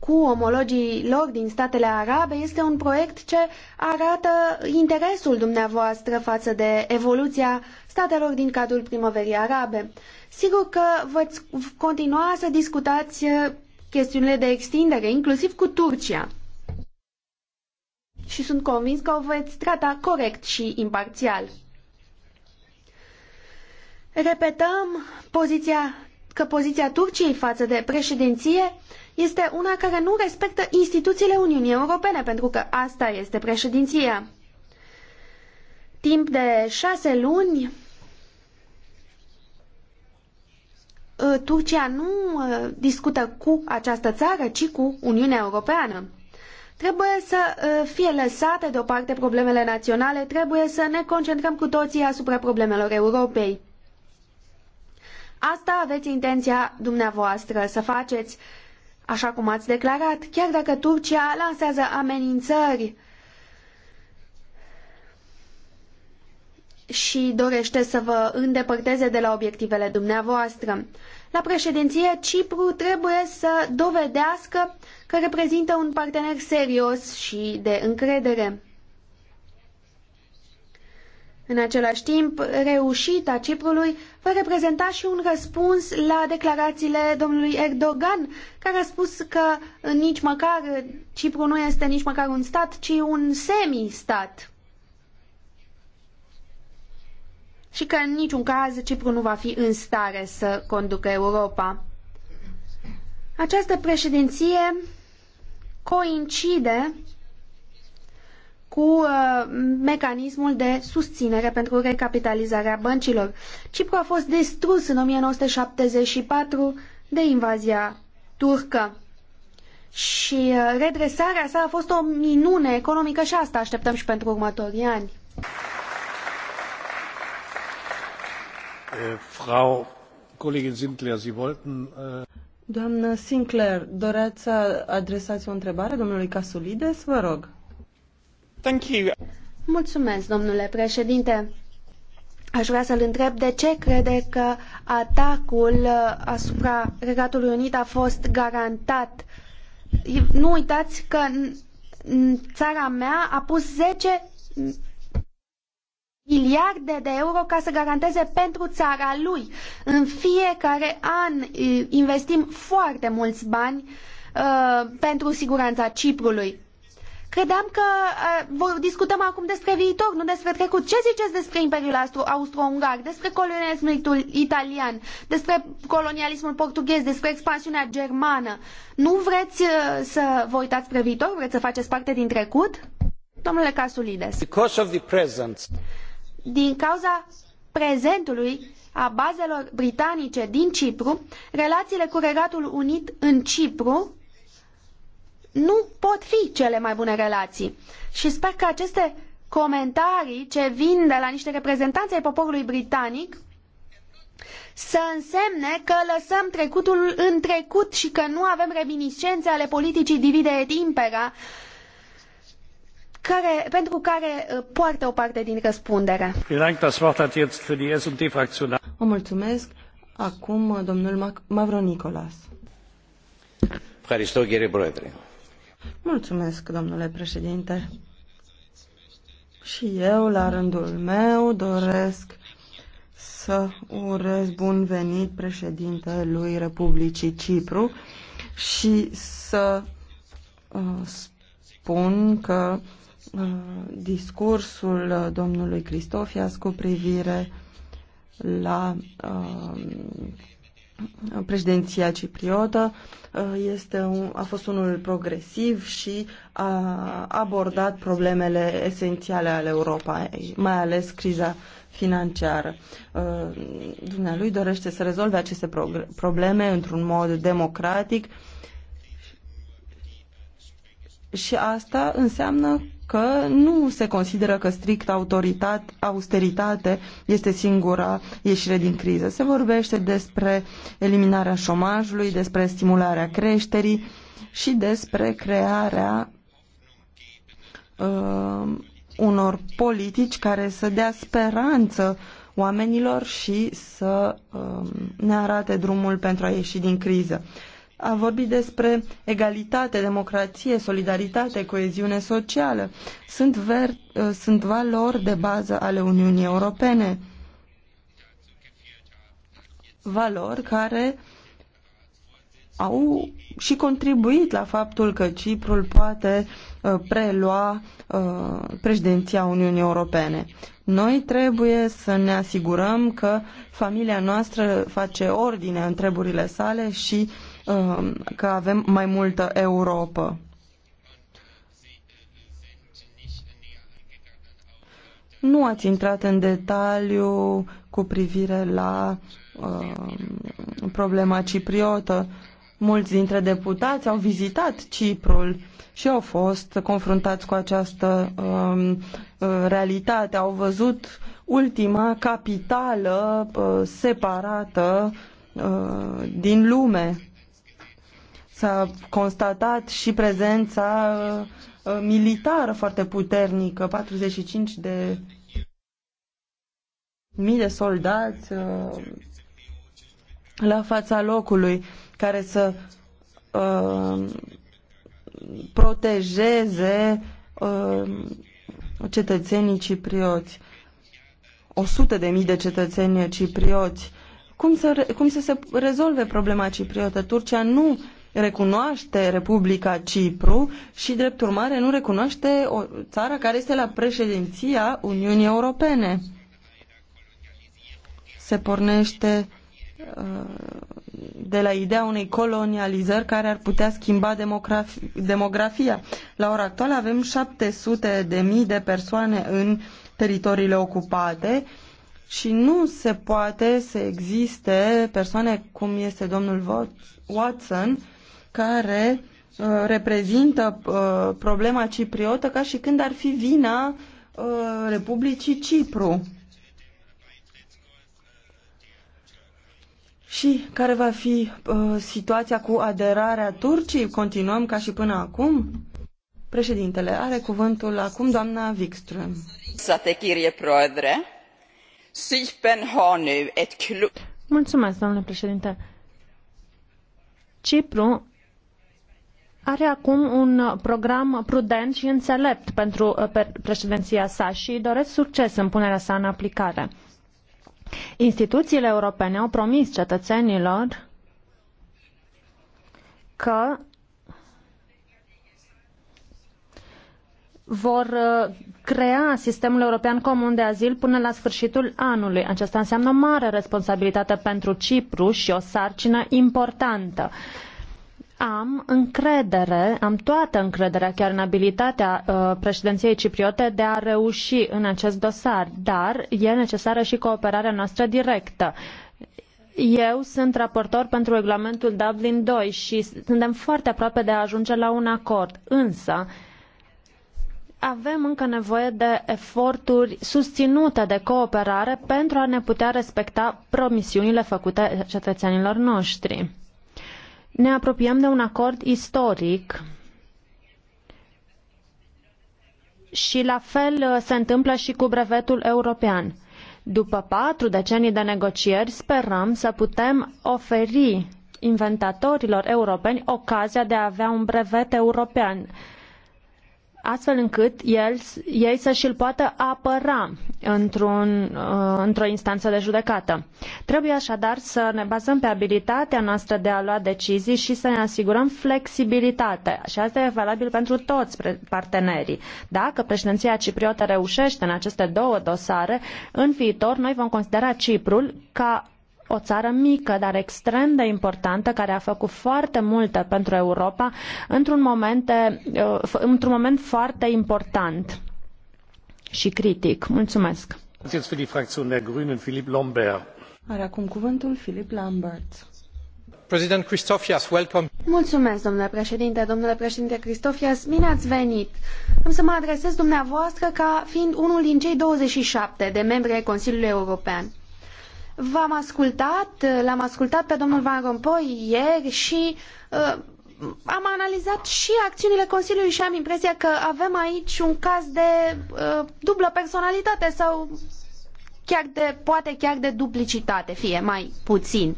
cu omologii lor din statele arabe este un proiect ce arată interesul dumneavoastră față de evoluția statelor din cadrul primăverii arabe. Sigur că veți continua să discutați uh, chestiunile de extindere, inclusiv cu Turcia. Și sunt convins că o veți trata corect și imparțial. Repetăm poziția, că poziția Turciei față de președinție este una care nu respectă instituțiile Uniunii Europene, pentru că asta este președinția. Timp de șase luni, ă, Turcia nu ă, discută cu această țară, ci cu Uniunea Europeană. Trebuie să ă, fie lăsate deoparte problemele naționale, trebuie să ne concentrăm cu toții asupra problemelor Europei. Asta aveți intenția dumneavoastră să faceți așa cum ați declarat, chiar dacă Turcia lansează amenințări și dorește să vă îndepărteze de la obiectivele dumneavoastră. La președinție, Cipru trebuie să dovedească că reprezintă un partener serios și de încredere. În același timp, reușita Ciprului va reprezenta și un răspuns la declarațiile domnului Erdogan, care a spus că nici măcar Cipru nu este nici măcar un stat, ci un semi-stat. Și că în niciun caz Cipru nu va fi în stare să conducă Europa. Această președinție coincide cu uh, mecanismul de susținere pentru recapitalizarea băncilor. Cipru a fost distrus în 1974 de invazia turcă. Și uh, redresarea sa a fost o minune economică și asta așteptăm și pentru următorii ani. Eh, Frau Kollegin Sinclair, Sie wollten Doamnă Sinclair, doreați să adresați o întrebare domnului Casulides? Vă rog. Mulțumesc, domnule președinte. Aș vrea să-l întreb de ce crede că atacul asupra Regatului Unit a fost garantat. Nu uitați că țara mea a pus zece miliarde de euro ca să garanteze pentru țara lui. În fiecare an investim foarte mulți bani uh, pentru siguranța Ciprului. Credeam că uh, discutăm acum despre viitor, nu despre trecut. Ce ziceți despre Imperiul Austro-Ungar, despre colonialismul italian, despre colonialismul portughez, despre expansiunea germană? Nu vreți uh, să vă uitați spre viitor? Vreți să faceți parte din trecut? Domnule Casulides. Din cauza prezentului a bazelor britanice din Cipru, relațiile cu Regatul Unit în Cipru nu pot fi cele mai bune relații. Și sper că aceste comentarii ce vin de la niște reprezentanți ai poporului britanic să însemne că lăsăm trecutul în trecut și că nu avem reminiscențe ale politicii divide et impera care, pentru care uh, poartă o parte din răspundere. mulțumesc. Acum domnul Mavronicolas. Mavronicolas. Mulțumesc, domnule președinte. Și eu, la rândul meu, doresc să urez bun venit președintelui Republicii Cipru și să uh, spun că uh, discursul domnului Cristofias cu privire la uh, președinția cipriotă uh, este un, a fost unul progresiv și a abordat problemele esențiale ale Europei, mai ales criza financiară. Uh, dumnealui dorește să rezolve aceste probleme într-un mod democratic și asta înseamnă că nu se consideră că strict autoritate, austeritate este singura ieșire din criză. Se vorbește despre eliminarea șomajului, despre stimularea creșterii și despre crearea uh, unor politici care să dea speranță oamenilor și să uh, ne arate drumul pentru a ieși din criză a vorbit despre egalitate, democrație, solidaritate, coeziune socială. Sunt, ver, uh, sunt valori de bază ale Uniunii Europene. Valori care au și contribuit la faptul că Ciprul poate uh, prelua uh, președinția Uniunii Europene. Noi trebuie să ne asigurăm că familia noastră face ordine în treburile sale și uh, Um, că avem mai multă Europa. Nu ați intrat în detaliu cu privire la uh, problema cipriotă. Mulți dintre deputați au vizitat Ciprul și au fost confruntați cu această uh, realitate. Au văzut ultima capitală uh, separată uh, din lume. S-a constatat și prezența uh, uh, militară foarte puternică, 45 de mii de soldați uh, la fața locului care să protejeze cetățenii ciprioți. O sută de mii de cetățeni ciprioți. Cum să, cum să se rezolve problema cipriotă? Turcia nu recunoaște Republica Cipru și, drept urmare, nu recunoaște o țară care este la președinția Uniunii Europene. Se pornește uh, de la ideea unei colonializări care ar putea schimba demografia. La ora actuală avem 700 de mii de persoane în teritoriile ocupate și nu se poate să existe persoane cum este domnul Watson care uh, reprezintă uh, problema cipriotă ca și când ar fi vina uh, Republicii Cipru. Și care va fi situația cu aderarea Turciei? Continuăm ca și până acum? Președintele, are cuvântul acum doamna Wikström. Mulțumesc, domnule președinte. Cipru are acum un program prudent și înțelept pentru uh, președinția sa și doresc succes în punerea sa în aplicare. Instituțiile europene au promis cetățenilor că vor uh, crea sistemul european comun de azil până la sfârșitul anului. Aceasta înseamnă o mare responsabilitate pentru Cipru și o sarcină importantă. Uh, am încredere, am toată încrederea chiar în abilitatea uh, președinției cipriote de a reuși în acest dosar, dar e necesară și cooperarea noastră directă. Eu sunt raportor pentru regulamentul Dublin 2 și suntem foarte aproape de a ajunge la un acord, însă avem încă nevoie de eforturi susținute de cooperare pentru a ne putea respecta promisiunile făcute cetățenilor noștri. Ne apropiem de un acord istoric și la fel uh, se întâmplă și cu brevetul european. După patru decenii de negocieri, sperăm să putem oferi inventatorilor europeni ocazia de a avea un brevet european astfel încât el, ei să și-l poată apăra într-un, uh, într-o instanță de judecată. Trebuie așadar să ne bazăm pe abilitatea noastră de a lua decizii și să ne asigurăm flexibilitate. Și asta e valabil pentru toți partenerii. Dacă președinția cipriotă reușește în aceste două dosare, în viitor noi vom considera Ciprul ca o țară mică, dar extrem de importantă, care a făcut foarte multe pentru Europa într-un moment, eh, într moment foarte important și critic. Mulțumesc! Are acum cuvântul Philip Lambert. President Christofias, welcome. Mulțumesc, domnule președinte, domnule președinte Cristofias, bine ați venit. Am să mă adresez dumneavoastră ca fiind unul din cei 27 de membri ai Consiliului European. V-am ascultat, l-am ascultat pe domnul Van Rompuy ieri și uh, am analizat și acțiunile Consiliului și am impresia că avem aici un caz de uh, dublă personalitate sau chiar de, poate chiar de duplicitate, fie mai puțin.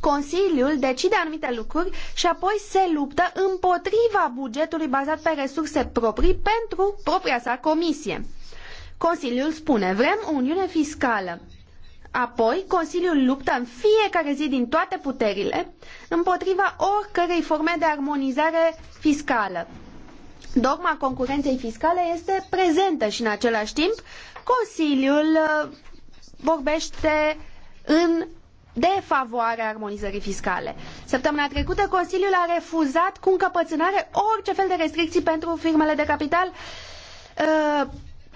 Consiliul decide anumite lucruri și apoi se luptă împotriva bugetului bazat pe resurse proprii pentru propria sa comisie. Consiliul spune, vrem o uniune fiscală. Apoi, Consiliul luptă în fiecare zi din toate puterile împotriva oricărei forme de armonizare fiscală. Dogma concurenței fiscale este prezentă și în același timp Consiliul uh, vorbește în defavoarea armonizării fiscale. Săptămâna trecută, Consiliul a refuzat cu încăpățânare orice fel de restricții pentru firmele de capital uh,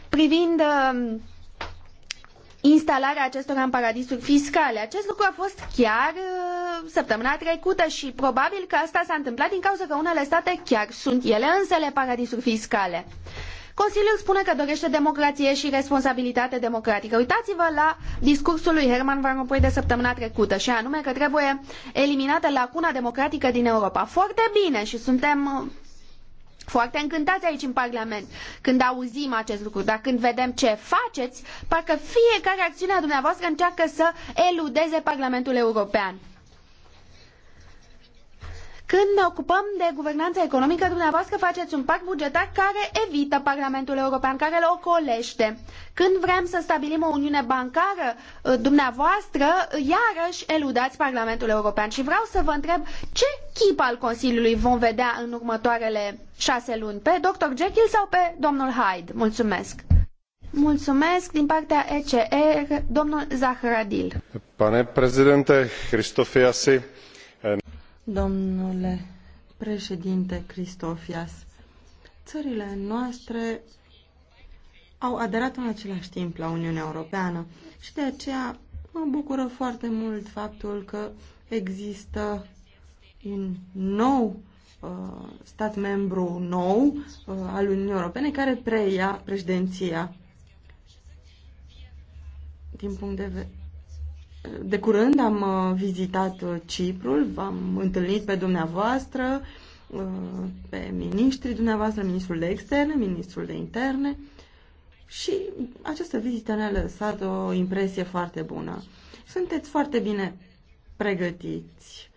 privind uh, instalarea acestora în paradisuri fiscale. Acest lucru a fost chiar uh, săptămâna trecută și probabil că asta s-a întâmplat din cauza că unele state chiar sunt ele însele paradisuri fiscale. Consiliul spune că dorește democrație și responsabilitate democratică. Uitați-vă la discursul lui Herman Van Rompuy de săptămâna trecută și anume că trebuie eliminată lacuna democratică din Europa. Foarte bine și suntem uh, foarte încântați aici în Parlament când auzim acest lucru, dar când vedem ce faceți, parcă fiecare acțiune a dumneavoastră încearcă să eludeze Parlamentul European. Când ne ocupăm de guvernanța economică, dumneavoastră faceți un pact bugetar care evită Parlamentul European, care îl ocolește. Când vrem să stabilim o uniune bancară, ă, dumneavoastră iarăși eludați Parlamentul European. Și vreau să vă întreb ce chip al Consiliului vom vedea în următoarele șase luni, pe Dr. Jekyll sau pe domnul Hyde? Mulțumesc! Mulțumesc din partea ECR, domnul Zahradil. Pane președinte Cristofiasi, Domnule președinte Cristofias, țările noastre au aderat în același timp la Uniunea Europeană și de aceea mă bucură foarte mult faptul că există un nou uh, stat membru nou uh, al Uniunii Europene care preia președinția din punct de vedere de curând am uh, vizitat uh, Ciprul, v-am întâlnit pe dumneavoastră, uh, pe ministrii dumneavoastră, ministrul de externe, ministrul de interne și această vizită ne-a lăsat o impresie foarte bună. Sunteți foarte bine pregătiți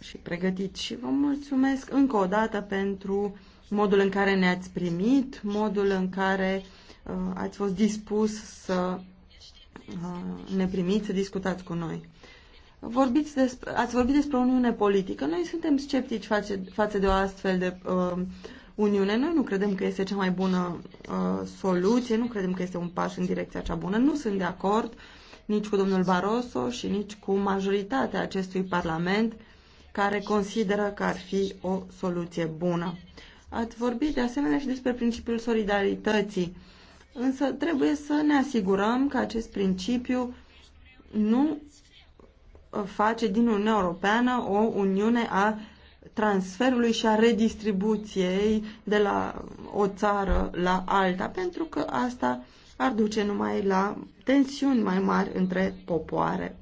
și pregătiți și vă mulțumesc încă o dată pentru modul în care ne-ați primit, modul în care uh, ați fost dispus să Uh, ne primiți să discutați cu noi. Vorbiți despre, ați vorbit despre Uniune politică. Noi suntem sceptici face, față de o astfel de uh, Uniune. Noi nu credem că este cea mai bună uh, soluție, nu credem că este un pas în direcția cea bună. Nu sunt de acord nici cu domnul Barroso și nici cu majoritatea acestui Parlament care consideră că ar fi o soluție bună. Ați vorbit de asemenea și despre principiul solidarității. Uh, Însă trebuie să ne asigurăm că acest principiu nu face din Uniunea Europeană o uniune a transferului și a redistribuției de la o țară la alta, pentru că asta ar duce numai la tensiuni mai mari între popoare.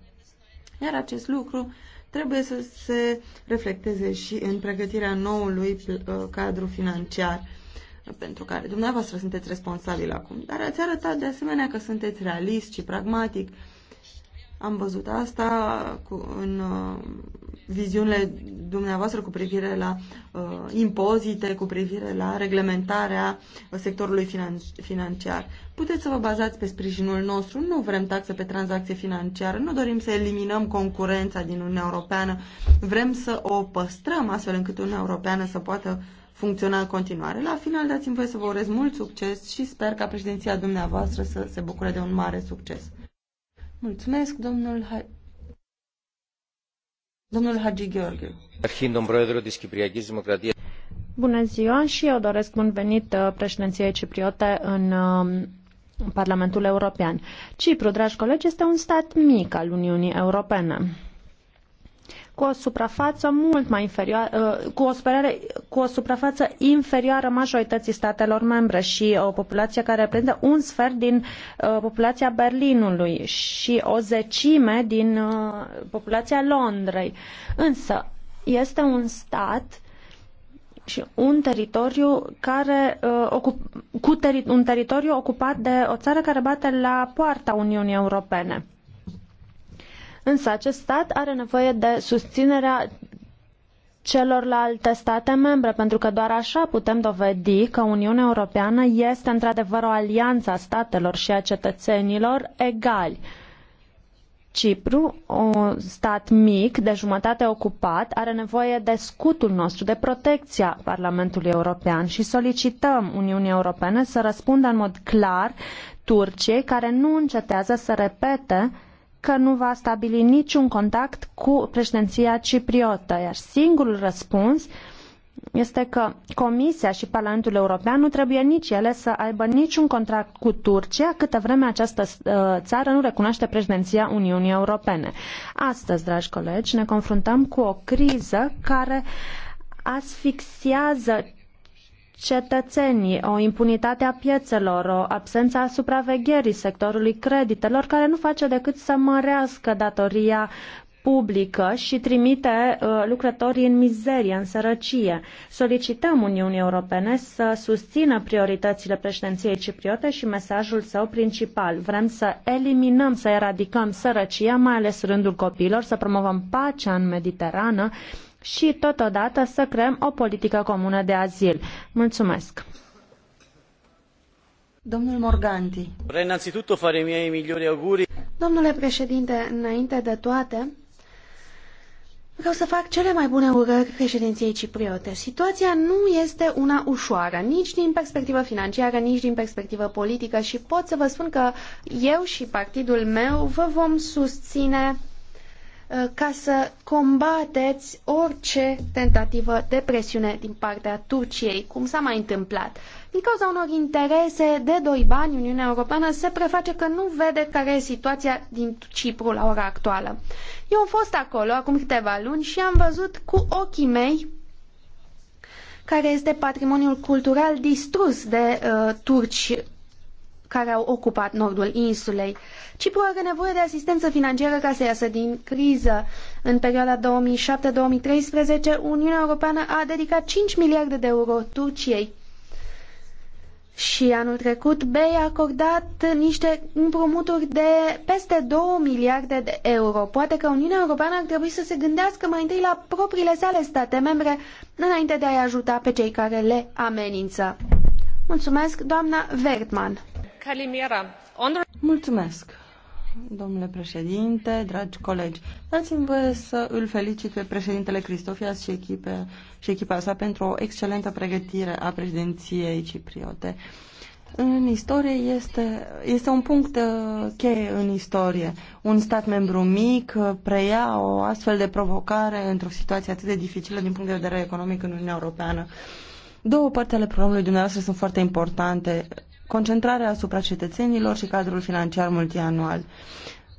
Iar acest lucru trebuie să se reflecteze și în pregătirea noului uh, cadru financiar pentru care dumneavoastră sunteți responsabil acum, dar ați arătat de asemenea că sunteți realist și pragmatic. Am văzut asta cu, în uh, viziunile dumneavoastră cu privire la uh, impozite, cu privire la reglementarea sectorului finan- financiar. Puteți să vă bazați pe sprijinul nostru. Nu vrem taxe pe tranzacție financiară, nu dorim să eliminăm concurența din Uniunea Europeană. Vrem să o păstrăm astfel încât Uniunea Europeană să poată uh, funcționa în continuare. La final, dați-mi voie să vă urez mult succes și sper ca președinția dumneavoastră să se bucure de un mare succes. Mulțumesc, domnul, ha domnul Hagi Gheorghiu. Bună ziua și eu doresc bun venit uh, președinției cipriote în um, Parlamentul European. Cipru, dragi colegi, este un stat mic al Uniunii Europene cu o suprafață mult mai inferioară, uh, cu o, superare, cu o suprafață inferioară majorității statelor membre și o populație care reprezintă un sfert din uh, populația Berlinului și o zecime din uh, populația Londrei. Însă, este un stat și un teritoriu care uh, ocup, cu teri, un teritoriu ocupat de o țară care bate la poarta Uniunii Europene. Însă acest stat are nevoie de susținerea celorlalte state membre, pentru că doar așa putem dovedi că Uniunea Europeană este într-adevăr o alianță a statelor și a cetățenilor egali. Cipru, un stat mic, de jumătate ocupat, are nevoie de scutul nostru, de protecția Parlamentului European și solicităm Uniunii Europene să răspundă în mod clar Turciei, care nu încetează să repete că nu va stabili niciun contact cu președinția cipriotă, iar singurul răspuns este că Comisia și Parlamentul European nu trebuie nici ele să aibă niciun contract cu Turcia câtă vreme această ă, țară nu recunoaște președinția Uniunii Europene. Astăzi, dragi colegi, ne confruntăm cu o criză care asfixiază cetățenii, o impunitate a piețelor, o absență a supravegherii sectorului creditelor, care nu face decât să mărească datoria publică și trimite uh, lucrătorii în mizerie, în sărăcie. Solicităm Uniunii Europene să susțină prioritățile președinției cipriote și mesajul său principal. Vrem să eliminăm, să eradicăm sărăcia, mai ales rândul copiilor, să promovăm pacea în Mediterană și totodată să creăm o politică comună de azil. Mulțumesc! Domnul Morganti. Vreau înainte fare miei migliori auguri. Domnule președinte, înainte de toate, Vreau să fac cele mai bune urări președinției cipriote. Situația nu este una ușoară, nici din perspectivă financiară, nici din perspectivă politică și pot să vă spun că eu și partidul meu vă vom susține Uh, ca să combateți orice tentativă de presiune din partea Turciei, cum s-a mai întâmplat. Din cauza unor interese de doi bani, Uniunea Europeană se preface că nu vede care e situația din Cipru la ora actuală. Eu am fost acolo acum câteva luni și am văzut cu ochii mei care este patrimoniul cultural distrus de uh, turci care au ocupat nordul insulei. Cipru are nevoie de asistență financiară ca să iasă din criză. În perioada 2007-2013, Uniunea Europeană a dedicat 5 miliarde de euro Turciei. Și anul trecut, BEI a acordat niște împrumuturi de peste 2 miliarde de euro. Poate că Uniunea Europeană ar trebui să se gândească mai întâi la propriile sale state membre, înainte de a-i ajuta pe cei care le amenință. Mulțumesc, doamna Vertman. Mulțumesc, domnule președinte, dragi colegi. Dați-mi voie să îl felicit pe președintele Cristofias și, echipe, și echipa sa pentru o excelentă pregătire a președinției cipriote. În istorie este, este un punct uh, cheie în istorie. Un stat membru mic uh, preia o astfel de provocare într-o situație atât de dificilă din punct de vedere economic în Uniunea Europeană. Două părți ale programului dumneavoastră sunt foarte importante concentrarea asupra cetățenilor și cadrul financiar multianual.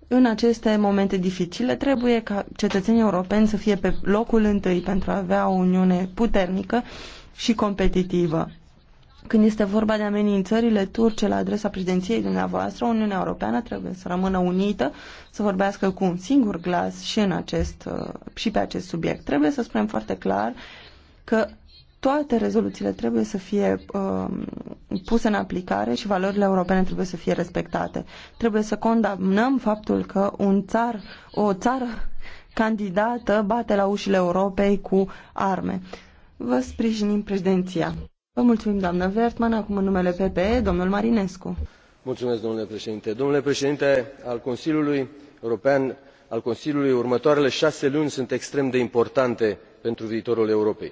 În aceste momente dificile trebuie ca cetățenii europeni să fie pe locul întâi pentru a avea o uniune puternică și competitivă. Când este vorba de amenințările turce la adresa președinției dumneavoastră, Uniunea Europeană trebuie să rămână unită, să vorbească cu un singur glas și, în acest, uh, și pe acest subiect. Trebuie să spunem foarte clar că toate rezoluțiile trebuie să fie uh, puse în aplicare și valorile europene trebuie să fie respectate. Trebuie să condamnăm faptul că un țar, o țară candidată bate la ușile Europei cu arme. Vă sprijinim președinția. Vă mulțumim, doamnă Vertman. Acum în numele PPE, domnul Marinescu. Mulțumesc, domnule președinte. Domnule președinte al Consiliului European, al Consiliului, următoarele șase luni sunt extrem de importante pentru viitorul Europei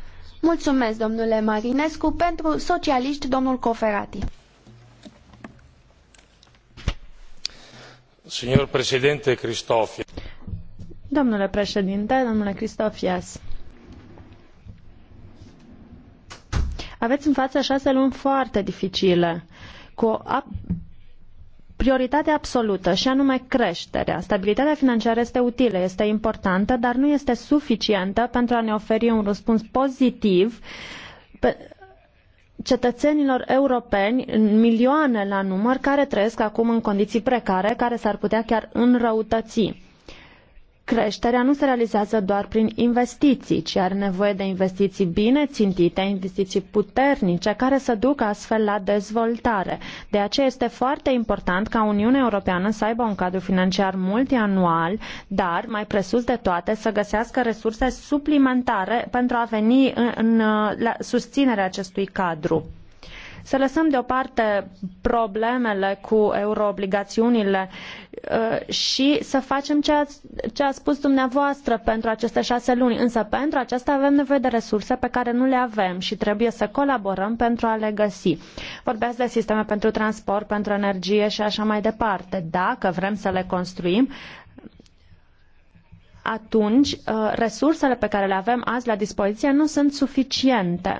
Mulțumesc, domnule Marinescu, pentru socialiști, domnul Coferati. Signor președinte Cristofias. Domnule președinte, domnule Cristofias. Aveți în față șase luni foarte dificile, cu prioritate absolută și anume creșterea. Stabilitatea financiară este utilă, este importantă, dar nu este suficientă pentru a ne oferi un răspuns pozitiv pe cetățenilor europeni, milioane la număr, care trăiesc acum în condiții precare, care s-ar putea chiar înrăutăți. Creșterea nu se realizează doar prin investiții, ci are nevoie de investiții bine țintite, investiții puternice, care să ducă astfel la dezvoltare. De aceea este foarte important ca Uniunea Europeană să aibă un cadru financiar multianual, dar, mai presus de toate, să găsească resurse suplimentare pentru a veni în, în la susținerea acestui cadru. Să lăsăm deoparte problemele cu euroobligațiunile uh, și să facem ce ați, ce ați spus dumneavoastră pentru aceste șase luni. Însă pentru aceasta avem nevoie de resurse pe care nu le avem și trebuie să colaborăm pentru a le găsi. Vorbeați de sisteme pentru transport, pentru energie și așa mai departe. Dacă vrem să le construim, atunci uh, resursele pe care le avem azi la dispoziție nu sunt suficiente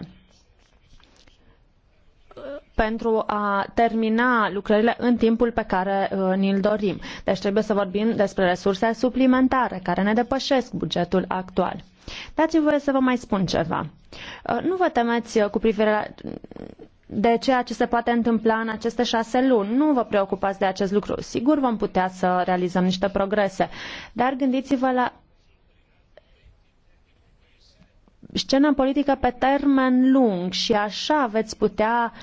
pentru a termina lucrările în timpul pe care uh, ni-l dorim. Deci trebuie să vorbim despre resurse suplimentare care ne depășesc bugetul actual. Dați-mi voie să vă mai spun ceva. Uh, nu vă temeți uh, cu privire la de ceea ce se poate întâmpla în aceste șase luni. Nu vă preocupați de acest lucru. Sigur vom putea să realizăm niște progrese, dar gândiți-vă la scenă politică pe termen lung și așa veți putea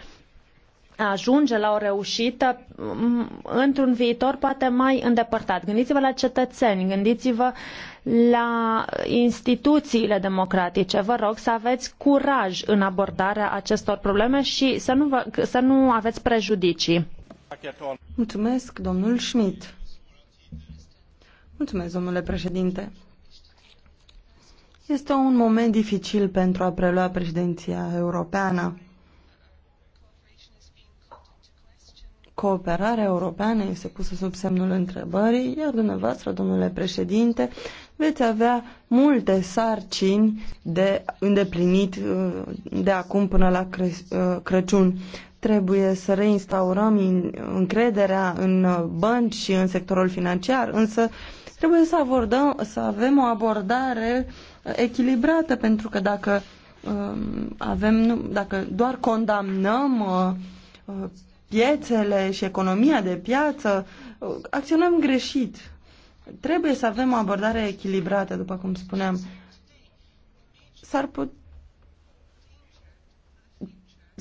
ajunge la o reușită mm, într-un viitor poate mai îndepărtat. Gândiți-vă la cetățeni, gândiți-vă la instituțiile democratice. Vă rog să aveți curaj în abordarea acestor probleme și să nu, vă, să nu aveți prejudicii. Mulțumesc, domnul Schmidt. Mulțumesc, domnule președinte. Este un moment dificil pentru a prelua președinția europeană. Cooperarea europeană este pusă sub semnul întrebării, iar dumneavoastră, domnule președinte, veți avea multe sarcini de îndeplinit uh, de acum până la uh, Crăciun. Trebuie să reinstaurăm încrederea în uh, bănci și în sectorul financiar, însă trebuie să, abordăm, să avem o abordare echilibrată, pentru că dacă um, avem, dacă doar condamnăm uh, uh, piețele și economia de piață, uh, acționăm greșit. Trebuie să avem o abordare echilibrată, după cum spuneam. S-ar putea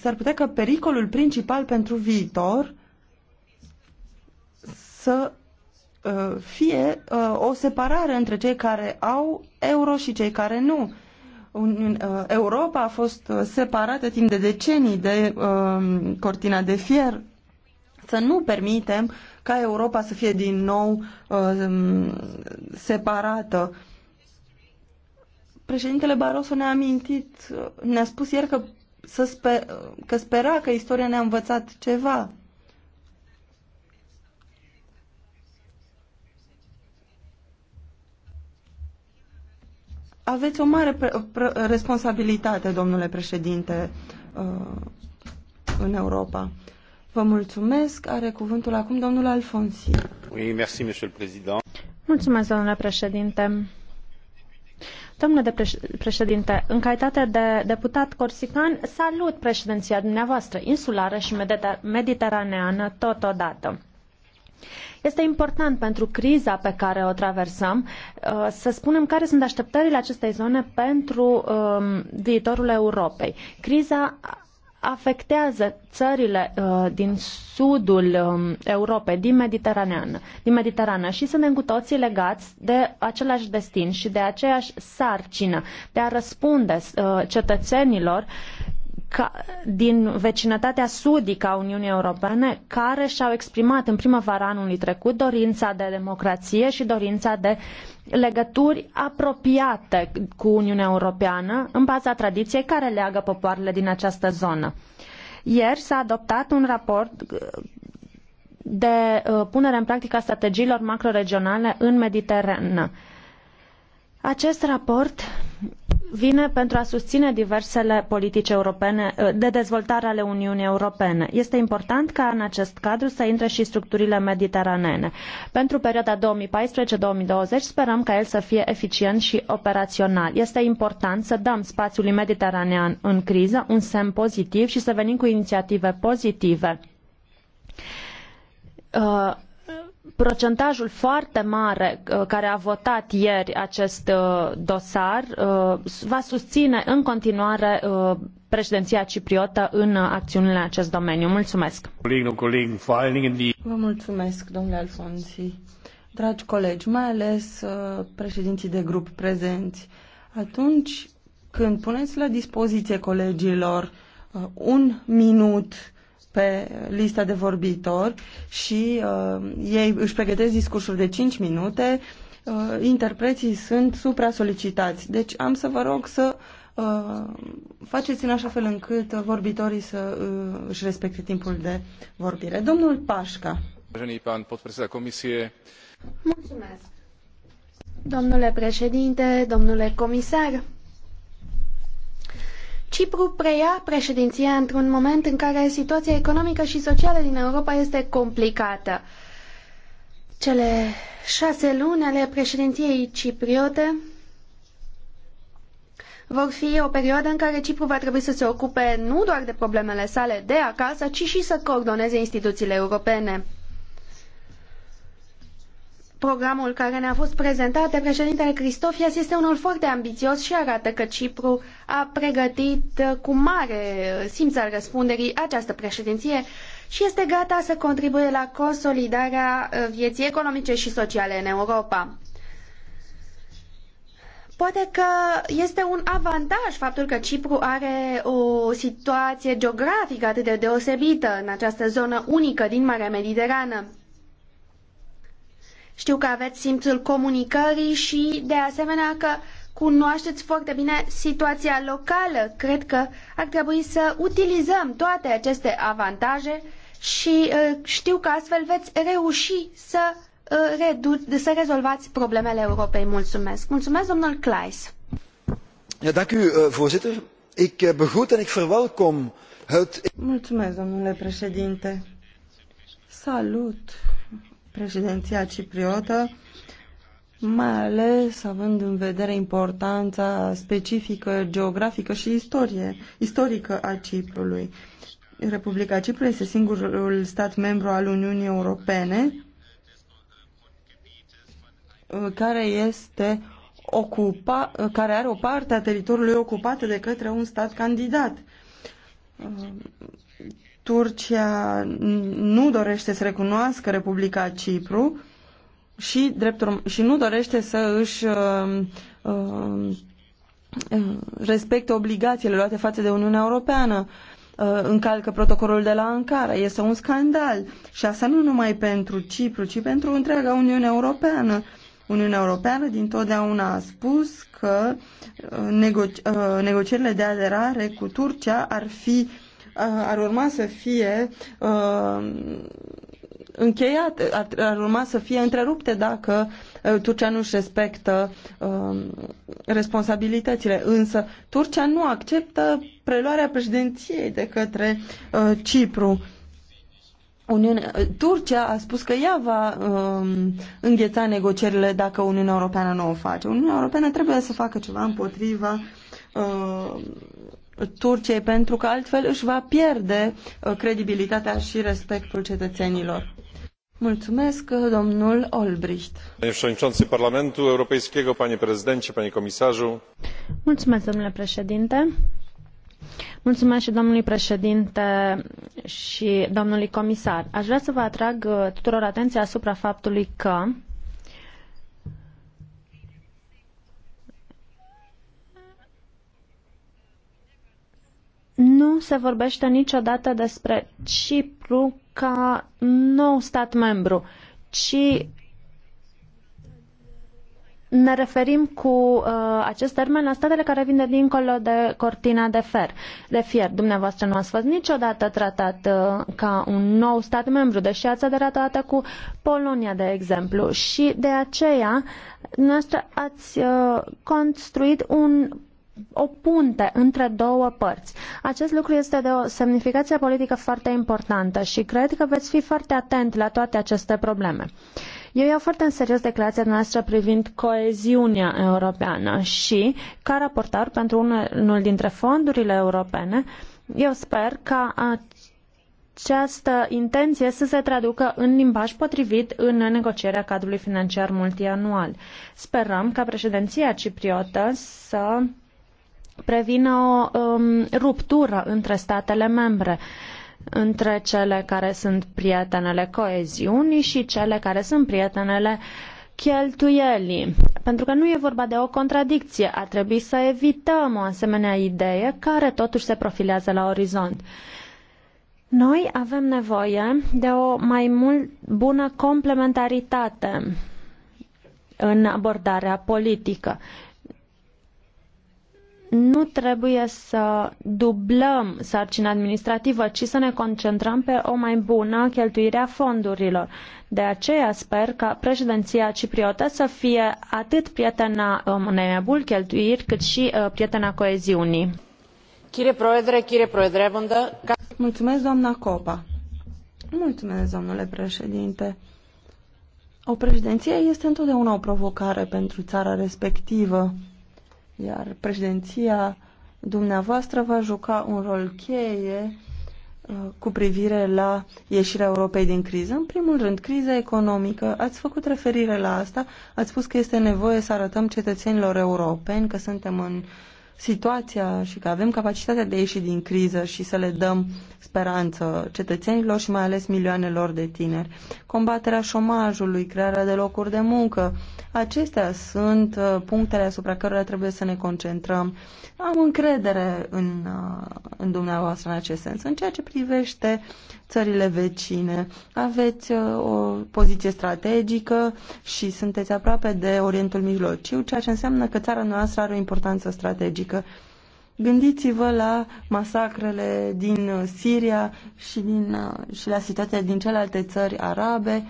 S-ar putea că pericolul principal pentru viitor să Uh, fie uh, o separare între cei care au euro și cei care nu. Uh, Europa a fost separată timp de decenii de cortina de fier. Să nu permitem ca Europa să fie din nou separată. Președintele Barroso ne-a amintit, ne-a spus ieri că, să sper, că spera că istoria ne-a învățat ceva. Aveți o mare responsabilitate, domnule președinte, uh, în Europa. Vă mulțumesc. Are cuvântul acum domnul Alfonsi. Oui, merci, monsieur le président. Mulțumesc, domnule președinte. Domnule președinte, în calitate de deputat corsican, salut președinția dumneavoastră, insulară și mediteraneană totodată. Este important pentru criza pe care o traversăm uh, să spunem care sunt așteptările acestei zone pentru um, viitorul Europei. Criza afectează țările uh, din sudul um, Europei, din Mediterană, din Mediterană și suntem cu toții legați de același destin și de aceeași sarcină de a răspunde uh, cetățenilor ca, din vecinătatea sudică a Uniunii Europene care și-au exprimat în primăvara anului trecut dorința de democrație și dorința de legături apropiate cu Uniunea Europeană în baza tradiției care leagă popoarele din această zonă. Ieri s-a adoptat un raport de uh, punere în practică a strategiilor macroregionale în Mediterană. Acest raport vine pentru a susține diversele politici europene ă, de dezvoltare ale Uniunii Europene. Este important ca în acest cadru să intre și structurile mediteranene. Pentru perioada 2014-2020 sperăm ca el să fie eficient și operațional. Este important să dăm spațiului mediteranean în criză un semn pozitiv și să venim cu inițiative pozitive. Uh, procentajul foarte mare uh, care a votat ieri acest uh, dosar uh, va susține în continuare președinția cipriotă în acțiunile în acest domeniu. Mulțumesc! Vă mulțumesc, domnule Alfonsi. Dragi colegi, mai ales președinții de grup prezenți, atunci când puneți la dispoziție colegilor un minut pe lista de vorbitori și uh, ei își pregătesc discursuri de 5 minute, uh, interpreții sunt supra-solicitați. Deci am să vă rog să uh, faceți în așa fel încât vorbitorii să uh, își respecte timpul de vorbire. Domnul Pașca. Mulțumesc. Domnule președinte, domnule comisar, Cipru preia președinția într-un moment în care situația economică și socială din Europa este complicată. Cele șase luni ale președinției cipriote vor fi o perioadă în care Cipru va trebui să se ocupe nu doar de problemele sale de acasă, ci și să coordoneze instituțiile europene. Programul care ne-a fost prezentat de președintele Cristofias este unul foarte ambițios și arată că Cipru a pregătit uh, cu mare uh, simț al răspunderii această președinție și este gata să contribuie la consolidarea uh, vieții economice și sociale în Europa. Poate că este un avantaj faptul că Cipru are o situație geografică atât de deosebită în această zonă unică din Marea Mediterană. Știu că aveți simțul comunicării și, de asemenea, că cunoașteți foarte bine situația locală. Cred că ar trebui să utilizăm toate aceste avantaje și uh, știu că astfel veți reuși să, uh, redu- să rezolvați problemele Europei. Mulțumesc. Mulțumesc, domnul Kleis. Ja, dank u, eh, voorzitter. Ik eh, begroet en ik verwelkom het... Mulțumesc, domnule președinte. Salut președinția cipriotă, mai ales având în vedere importanța specifică, geografică și istorie, istorică a Ciprului. Republica Cipru este singurul stat membru al Uniunii Europene care este ocupa, care are o parte a teritoriului ocupată de către un stat candidat. Turcia nu dorește să recunoască Republica Cipru și, drept și nu dorește să își uh, uh, uh, respecte obligațiile luate față de Uniunea Europeană uh, încalcă protocolul de la Ankara. Este un scandal. Și asta nu numai pentru Cipru, ci pentru întreaga Uniune Europeană. Uniunea Europeană dintotdeauna a spus că uh, nego negocierile de aderare cu Turcia ar fi ar urma să fie uh, încheiate, ar, ar urma să fie întrerupte dacă uh, Turcia nu și respectă uh, responsabilitățile. Însă Turcia nu acceptă preluarea președinției de către uh, Cipru. Uniunea Turcia a spus că ea va um, îngheța negocierile dacă Uniunea Europeană nu o face. Uniunea Europeană trebuie să facă ceva împotriva uh, Turciei, pentru că altfel își va pierde uh, credibilitatea și respectul cetățenilor. Mulțumesc, uh, domnul Olbricht. Panie Przewodniczący Parlamentu Europejskiego, Panie președinte, Panie Komisarzu. Mulțumesc, domnule președinte. Mulțumesc și domnului președinte și domnului comisar. Aș vrea să vă atrag uh, tuturor atenția asupra faptului că nu se vorbește niciodată despre Cipru ca nou stat membru, ci ne referim cu uh, acest termen la statele care vin de dincolo de cortina de fer, de fier. Dumneavoastră nu ați fost niciodată tratat uh, ca un nou stat membru, deși ați aderat odată cu Polonia, de exemplu. Și de aceea, dumneavoastră ați uh, construit un o punte între două părți. Acest lucru este de o semnificație politică foarte importantă și cred că veți fi foarte atent la toate aceste probleme. Eu iau foarte în serios declarația noastră privind coeziunea europeană și, ca raportar pentru unul dintre fondurile europene, eu sper ca această intenție să se traducă în limbaj potrivit în negocierea cadrului financiar multianual. Sperăm ca președinția cipriotă să prevină o um, ruptură între statele membre, între cele care sunt prietenele coeziunii și cele care sunt prietenele cheltuielii. Pentru că nu e vorba de o contradicție, ar trebui să evităm o asemenea idee care totuși se profilează la orizont. Noi avem nevoie de o mai mult bună complementaritate în abordarea politică nu trebuie să dublăm sarcina administrativă, ci să ne concentrăm pe o mai bună cheltuire a fondurilor. De aceea sper ca președinția cipriotă să fie atât prietena um, unei mai buni cheltuiri, cât și uh, prietena coeziunii. Mulțumesc, doamna Copa. Mulțumesc, domnule președinte. O președinție este întotdeauna o provocare pentru țara respectivă iar președinția dumneavoastră va juca un rol cheie uh, cu privire la ieșirea Europei din criză. În primul rând, criza economică. Ați făcut referire la asta, ați spus că este nevoie să arătăm cetățenilor europeni că suntem în uh, situația și că avem capacitatea de a ieși din criză și să le dăm speranță cetățenilor și mai ales milioanelor de tineri. Combaterea șomajului, crearea de locuri de muncă, acestea sunt uh, punctele asupra cărora trebuie să ne concentrăm. Am încredere în, uh, în dumneavoastră în acest sens. În ceea ce privește uh, țările vecine. Aveți uh, o poziție strategică și sunteți aproape de Orientul Mijlociu, ceea ce înseamnă că țara noastră are o importanță strategică. Gândiți-vă la masacrele din uh, Siria și, din, uh, și la situația din celelalte țări arabe.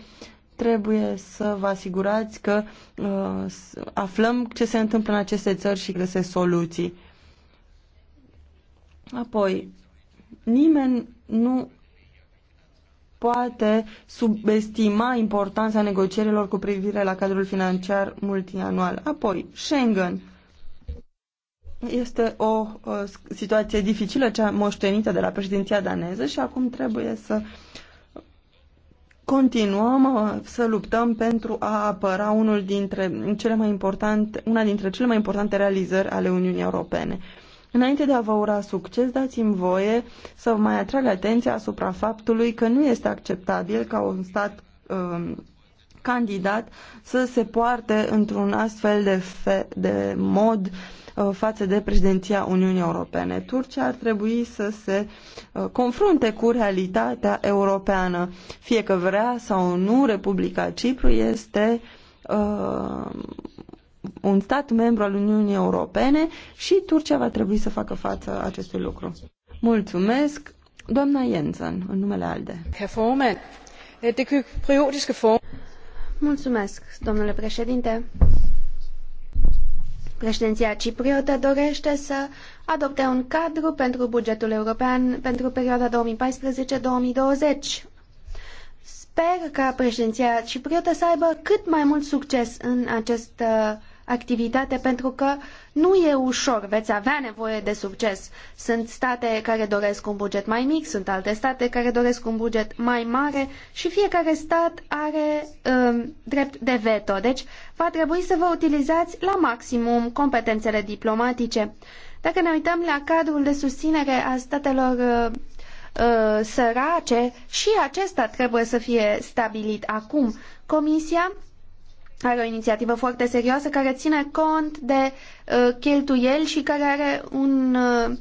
Trebuie să vă asigurați că uh, aflăm ce se întâmplă în aceste țări și găsesc soluții. Apoi, nimeni nu poate subestima importanța negocierilor cu privire la cadrul financiar multianual. Apoi, Schengen. Este o, o uh, situație dificilă cea moștenită de la președinția daneză și acum trebuie să continuăm uh, să luptăm pentru a apăra unul dintre cele mai importante, una dintre cele mai importante realizări ale Uniunii Europene. Înainte de a vă ura succes, dați-mi voie să vă mai atrag atenția asupra faptului că nu este acceptabil ca un stat um, candidat să se poarte într-un astfel de, fe- de mod uh, față de președinția Uniunii Europene. Turcia ar trebui să se uh, confrunte cu realitatea europeană. Fie că vrea sau nu, Republica Cipru este uh, un stat membru al Uniunii Europene și Turcia va trebui să facă față acestui lucru. Mulțumesc, doamna Jensen, în numele ALDE. Eh, Mulțumesc, domnule președinte. Președinția cipriotă dorește să adopte un cadru pentru bugetul european pentru perioada 2014-2020. Sper ca președinția cipriotă să aibă cât mai mult succes în acest uh, activitate pentru că nu e ușor, veți avea nevoie de succes. Sunt state care doresc un buget mai mic, sunt alte state care doresc un buget mai mare și fiecare stat are um, drept de veto. Deci va trebui să vă utilizați la maximum competențele diplomatice. Dacă ne uităm la cadrul de susținere a statelor uh, uh sărace și acesta trebuie să fie stabilit acum. Comisia are o inițiativă foarte serioasă care ține cont de uh, cheltuieli și care are un uh,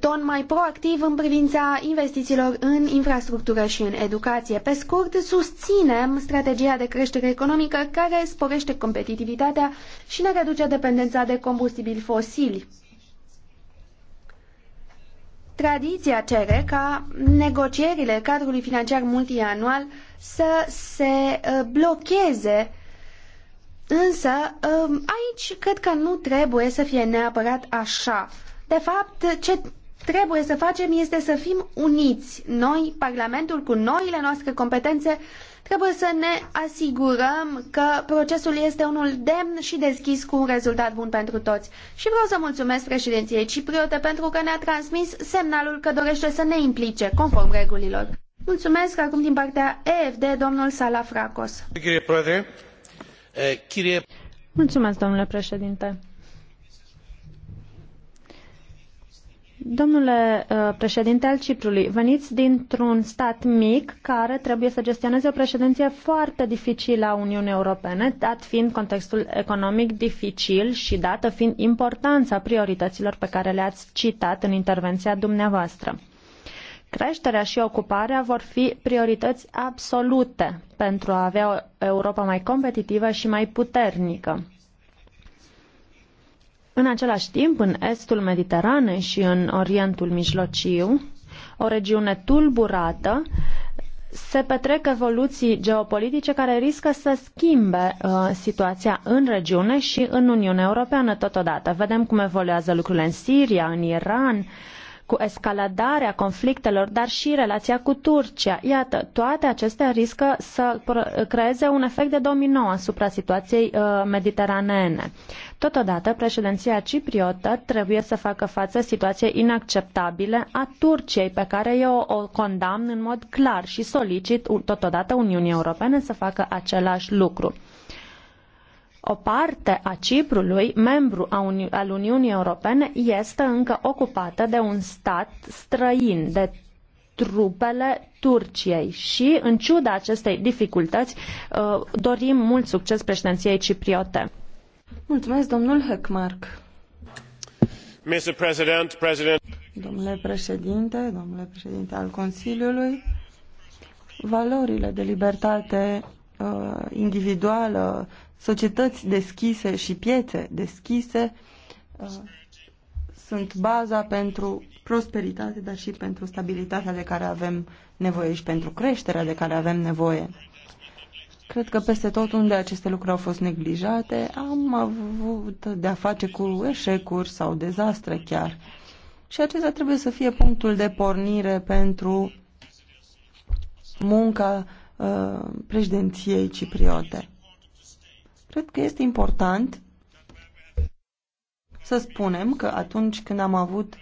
ton mai proactiv în privința investițiilor în infrastructură și în educație. Pe scurt, susținem strategia de creștere economică care sporește competitivitatea și ne reduce dependența de combustibili fosili. Tradiția cere ca negocierile cadrului financiar multianual să se uh, blocheze, însă um, aici cred că nu trebuie să fie neapărat așa. De fapt, ce trebuie să facem este să fim uniți, noi, Parlamentul, cu noile noastre competențe, Trebuie să ne asigurăm că procesul este unul demn și deschis cu un rezultat bun pentru toți. Și vreau să mulțumesc președinției cipriote pentru că ne-a transmis semnalul că dorește să ne implice conform regulilor. Mulțumesc acum din partea EFD, domnul Salafracos. Mulțumesc, domnule președinte. Domnule uh, președinte al Ciprului, veniți dintr-un stat mic care trebuie să gestioneze o președinție foarte dificilă a Uniunii Europene, dat fiind contextul economic dificil și dată fiind importanța priorităților pe care le-ați citat în intervenția dumneavoastră. Creșterea și ocuparea vor fi priorități absolute pentru a avea o Europa mai competitivă și mai puternică. În același timp, în estul Mediteranei și în Orientul Mijlociu, o regiune tulburată, se petrec evoluții geopolitice care riscă să schimbe uh, situația în regiune și în Uniunea Europeană totodată. Vedem cum evoluează lucrurile în Siria, în Iran, uh, cu escaladarea conflictelor, dar și relația cu Turcia. Iată, toate acestea riscă să creeze un efect de domino asupra situației uh, mediteraneene. Totodată, președinția cipriotă trebuie să facă față situației inacceptabile a Turciei, pe care eu o condamn în mod clar și solicit totodată Uniunii Europene să facă același lucru. O parte a Ciprului, membru al Uniunii Europene, este încă ocupată de un stat străin, de trupele Turciei și, în ciuda acestei dificultăți, uh, dorim mult succes președinției cipriote. Mulțumesc, domnul Heckmark. Mr. President, President... Domnule președinte, domnule președinte al Consiliului, valorile de libertate uh, individuală, Societăți deschise și piețe deschise uh, sunt baza pentru prosperitate, dar și pentru stabilitatea de care avem nevoie și pentru creșterea de care avem nevoie. Cred că peste tot unde aceste lucruri au fost neglijate, am avut de-a face cu eșecuri sau dezastre chiar. Și acesta trebuie să fie punctul de pornire pentru munca uh, președinției cipriote. Cred că este important să spunem că atunci când am avut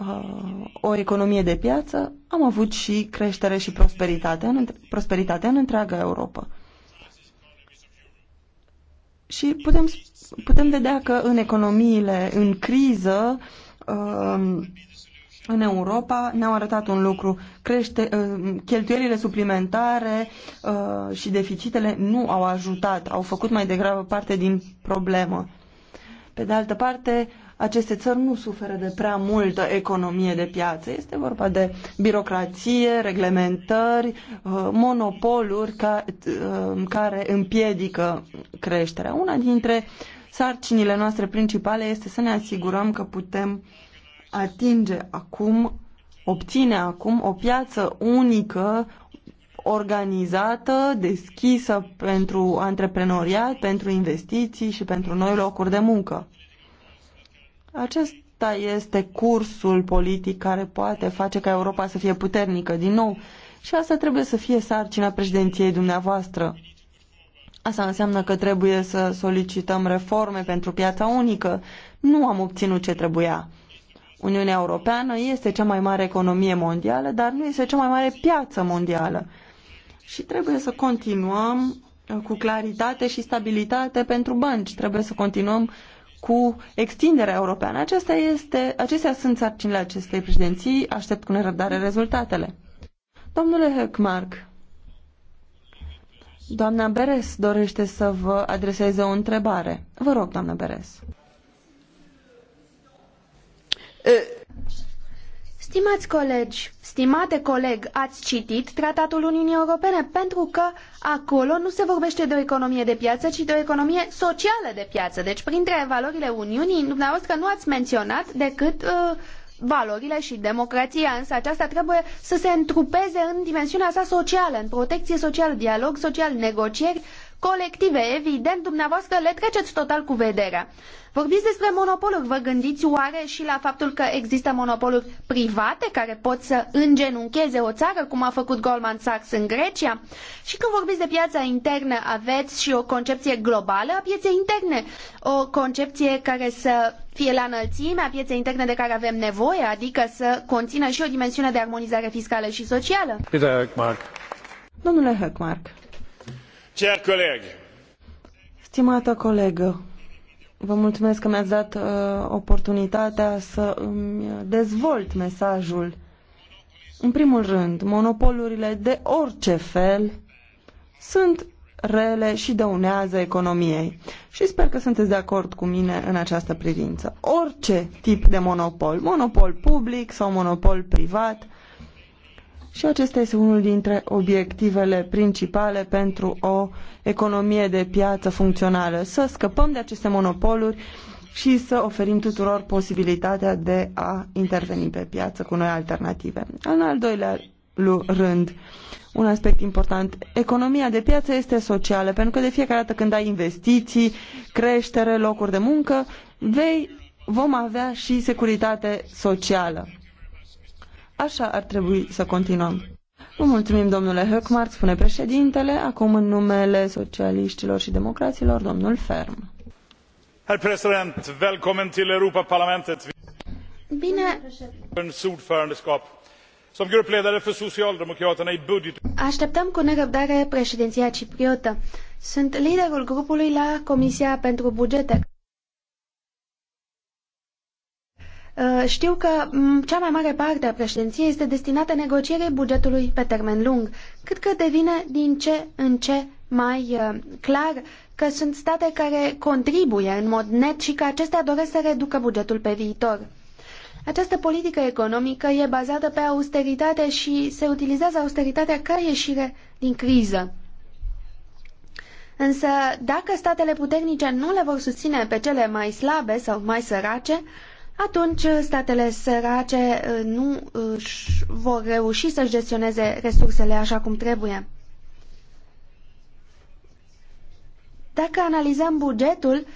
uh, o economie de piață, am avut și creștere și prosperitate în, prosperitate în întreaga Europa. Și putem, putem vedea că în economiile în criză, uh, în Europa ne-au arătat un lucru. Crește, uh, cheltuielile suplimentare uh, și deficitele nu au ajutat, au făcut mai degrabă parte din problemă. Pe de altă parte, aceste țări nu suferă de prea multă economie de piață. Este vorba de birocrație, reglementări, uh, monopoluri care împiedică creșterea. Una dintre sarcinile noastre principale este să ne asigurăm că putem uh, atinge acum, obține acum o piață unică organizată, deschisă pentru antreprenoriat, pentru investiții și pentru noi locuri de muncă. Acesta este cursul politic care poate face ca Europa să fie puternică din nou și asta trebuie să fie sarcina președinției dumneavoastră. Asta înseamnă că trebuie să solicităm reforme pentru piața unică. Nu am obținut ce trebuia. Uniunea Europeană este cea mai mare economie mondială, dar nu este cea mai mare piață mondială. Și trebuie să continuăm uh, cu claritate și stabilitate pentru bănci. Trebuie să continuăm cu extinderea europeană. Acesta este, acestea sunt sarcinile acestei președinții. Aștept cu nerăbdare rezultatele. Domnule Heckmark, doamna Beres dorește să vă adreseze o întrebare. Vă rog, doamna Beres. Stimați colegi, stimate coleg, ați citit Tratatul Uniunii Europene pentru că acolo nu se vorbește de o economie de piață, ci de o economie socială de piață. Deci, printre valorile Uniunii, dumneavoastră nu ați menționat decât uh, valorile și democrația, însă aceasta trebuie să se întrupeze în dimensiunea sa socială, în protecție socială, dialog social, negocieri colective. Evident, dumneavoastră le treceți total cu vederea. Vorbiți despre monopoluri. Vă gândiți oare și la faptul că există monopoluri private care pot să îngenuncheze o țară, cum a făcut Goldman Sachs în Grecia? Și când vorbiți de piața internă, aveți și o concepție globală a pieței interne, o concepție care să fie la înălțimea pieței interne de care avem nevoie, adică să conțină și o dimensiune de armonizare fiscală și socială? Peter Höckmark. Domnule Höckmark. Stimată colegă, vă mulțumesc că mi-ați dat uh, oportunitatea să îmi dezvolt mesajul. În primul rând, monopolurile de orice fel sunt rele și dăunează economiei. Și sper că sunteți de acord cu mine în această privință. Orice tip de monopol, monopol public sau monopol privat, și acesta este unul dintre obiectivele principale pentru o economie de piață funcțională. Să scăpăm de aceste monopoluri și să oferim tuturor posibilitatea de a interveni pe piață cu noi alternative. În al doilea rând, un aspect important, economia de piață este socială, pentru că de fiecare dată când ai investiții, creștere, locuri de muncă, vei, vom avea și securitate socială Așa ar trebui să continuăm. Vă mulțumim, domnule Höckmark, spune președintele, acum în numele socialiștilor și democraților, domnul Ferm. Herr Präsident, willkommen till Europaparlamentet. Bine. Som gruppledare för Socialdemokraterna i budget... Așteptăm cu nerăbdare președinția cipriotă. Sunt liderul grupului la Comisia pentru Bugete. Uh, știu că mm, cea mai mare parte a președinției este destinată negocierii bugetului pe termen lung. cât că devine din ce în ce mai uh, clar că sunt state care contribuie în mod net și că acestea doresc să reducă bugetul pe viitor. Această politică economică e bazată pe austeritate și se utilizează austeritatea ca ieșire din criză. Însă, dacă statele puternice nu le vor susține pe cele mai slabe sau mai sărace, atunci statele sărace uh, nu vor reuși să gestioneze resursele așa cum trebuie. Dacă analizăm bugetul,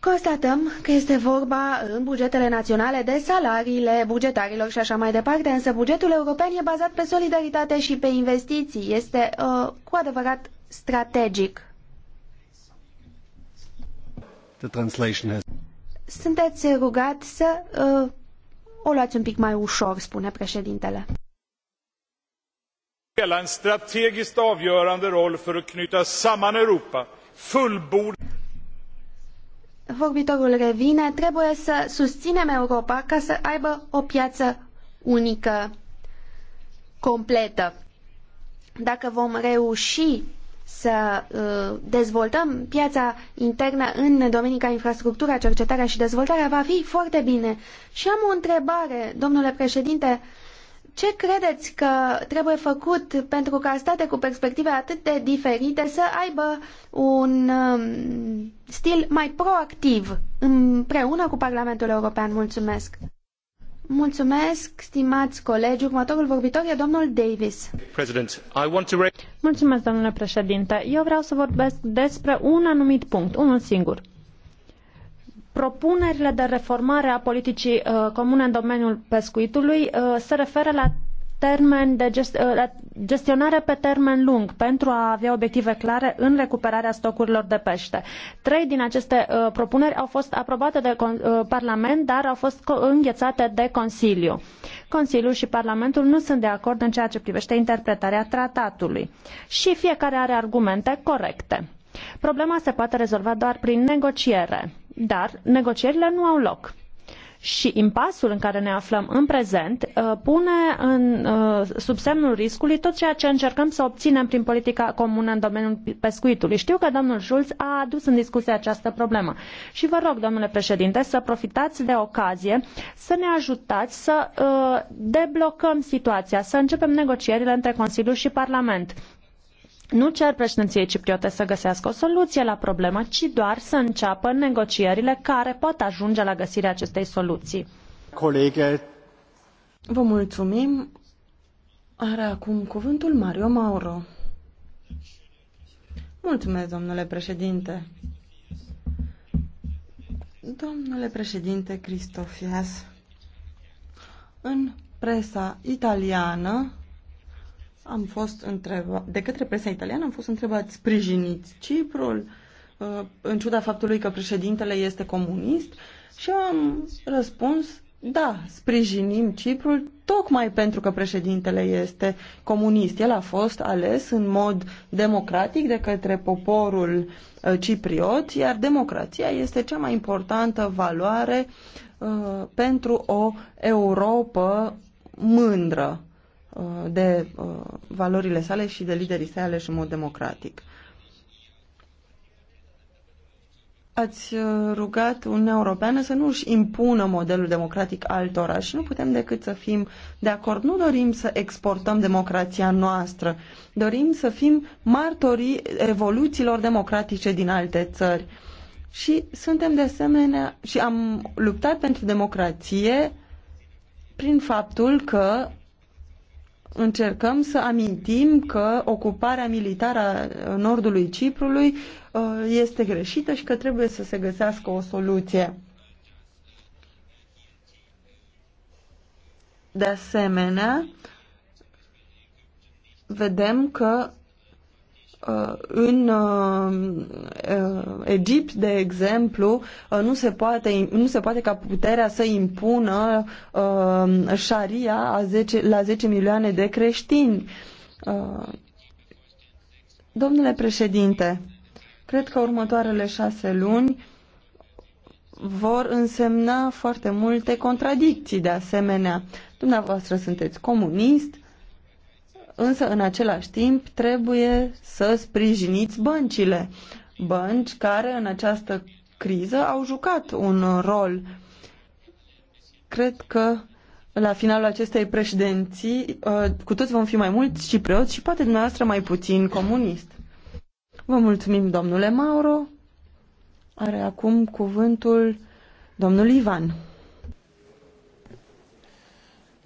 constatăm că este vorba în bugetele naționale de salariile bugetarilor și așa mai departe, însă bugetul european e bazat pe solidaritate și pe investiții. Este uh, cu adevărat strategic. The translation has sunteți rugat să uh, o luați un pic mai ușor, spune președintele. Spela un strategist avgörande rol för att knyta samman Europa. Fullbord... Vorbitorul revine, trebuie să susținem Europa ca să aibă o piață unică completă. Dacă vom reuși să uh, dezvoltăm piața internă în domenica infrastructura, cercetarea și dezvoltarea, va fi foarte bine. Și am o întrebare, domnule președinte, ce credeți că trebuie făcut pentru ca state cu perspective atât de diferite să aibă un um, stil mai proactiv împreună cu Parlamentul European? Mulțumesc! Mulțumesc, stimați colegi. Următorul vorbitor e domnul Davis. To... Mulțumesc, domnule președinte. Eu vreau să vorbesc despre un anumit punct, unul singur. Propunerile de reformare a politicii uh, comune în domeniul pescuitului uh, se referă la termen de uh, gestionare pe termen lung pentru a avea obiective clare în recuperarea stocurilor de pește. Trei din aceste uh, propuneri au fost aprobate de uh, Parlament, dar au fost înghețate de Consiliu. Consiliul și Parlamentul nu sunt de acord în ceea ce privește interpretarea tratatului și fiecare are argumente corecte. Problema se poate rezolva doar prin negociere, dar negocierile nu au loc și impasul în care ne aflăm în prezent uh, pune în, uh, sub semnul riscului tot ceea ce încercăm să obținem prin politica comună în domeniul pescuitului. Știu că domnul Schulz a adus în discuție această problemă și vă rog, domnule președinte, să profitați de ocazie să ne ajutați să uh, deblocăm situația, să începem negocierile între Consiliu și Parlament nu cer președinției cipriote să găsească o soluție la problemă, ci doar să înceapă negocierile care pot ajunge la găsirea acestei soluții. Colege. Vă mulțumim. Are acum cuvântul Mario Mauro. Mulțumesc, domnule președinte. Domnule președinte Cristofias, în presa italiană am fost întrebat, de către presa italiană am fost întrebat, sprijiniți Ciprul, uh, în ciuda faptului că președintele este comunist? Și eu am răspuns, da, sprijinim Ciprul tocmai pentru că președintele este comunist. El a fost ales în mod democratic de către poporul uh, cipriot, iar democrația este cea mai importantă valoare uh, pentru o Europa mândră Uh, de uh, valorile sale și de liderii sale aleși în mod democratic. Ați uh, rugat Uniunea Europeană să nu își impună modelul democratic altora și nu putem decât să fim de acord. Nu dorim să exportăm democrația noastră, dorim să fim martorii evoluțiilor democratice din alte țări. Și suntem de asemenea și am luptat pentru democrație prin faptul că încercăm să amintim că ocuparea militară a nordului Ciprului uh, este greșită și că trebuie să se găsească o soluție. De asemenea, vedem că Uh, în uh, uh, Egipt, de exemplu, nu se poate, nu se poate ca puterea să impună șaria a 10, la 10 milioane de creștini. Domnule președinte, cred că următoarele șase luni vor însemna foarte multe contradicții de asemenea. Dumneavoastră sunteți comunist, însă în același timp trebuie să sprijiniți băncile. Bănci care în această criză au jucat un rol. Cred că la finalul acestei președinții uh, cu toți vom fi mai mulți și preoți și poate dumneavoastră mai puțin comunist. Vă mulțumim, domnule Mauro. Are acum cuvântul domnul Ivan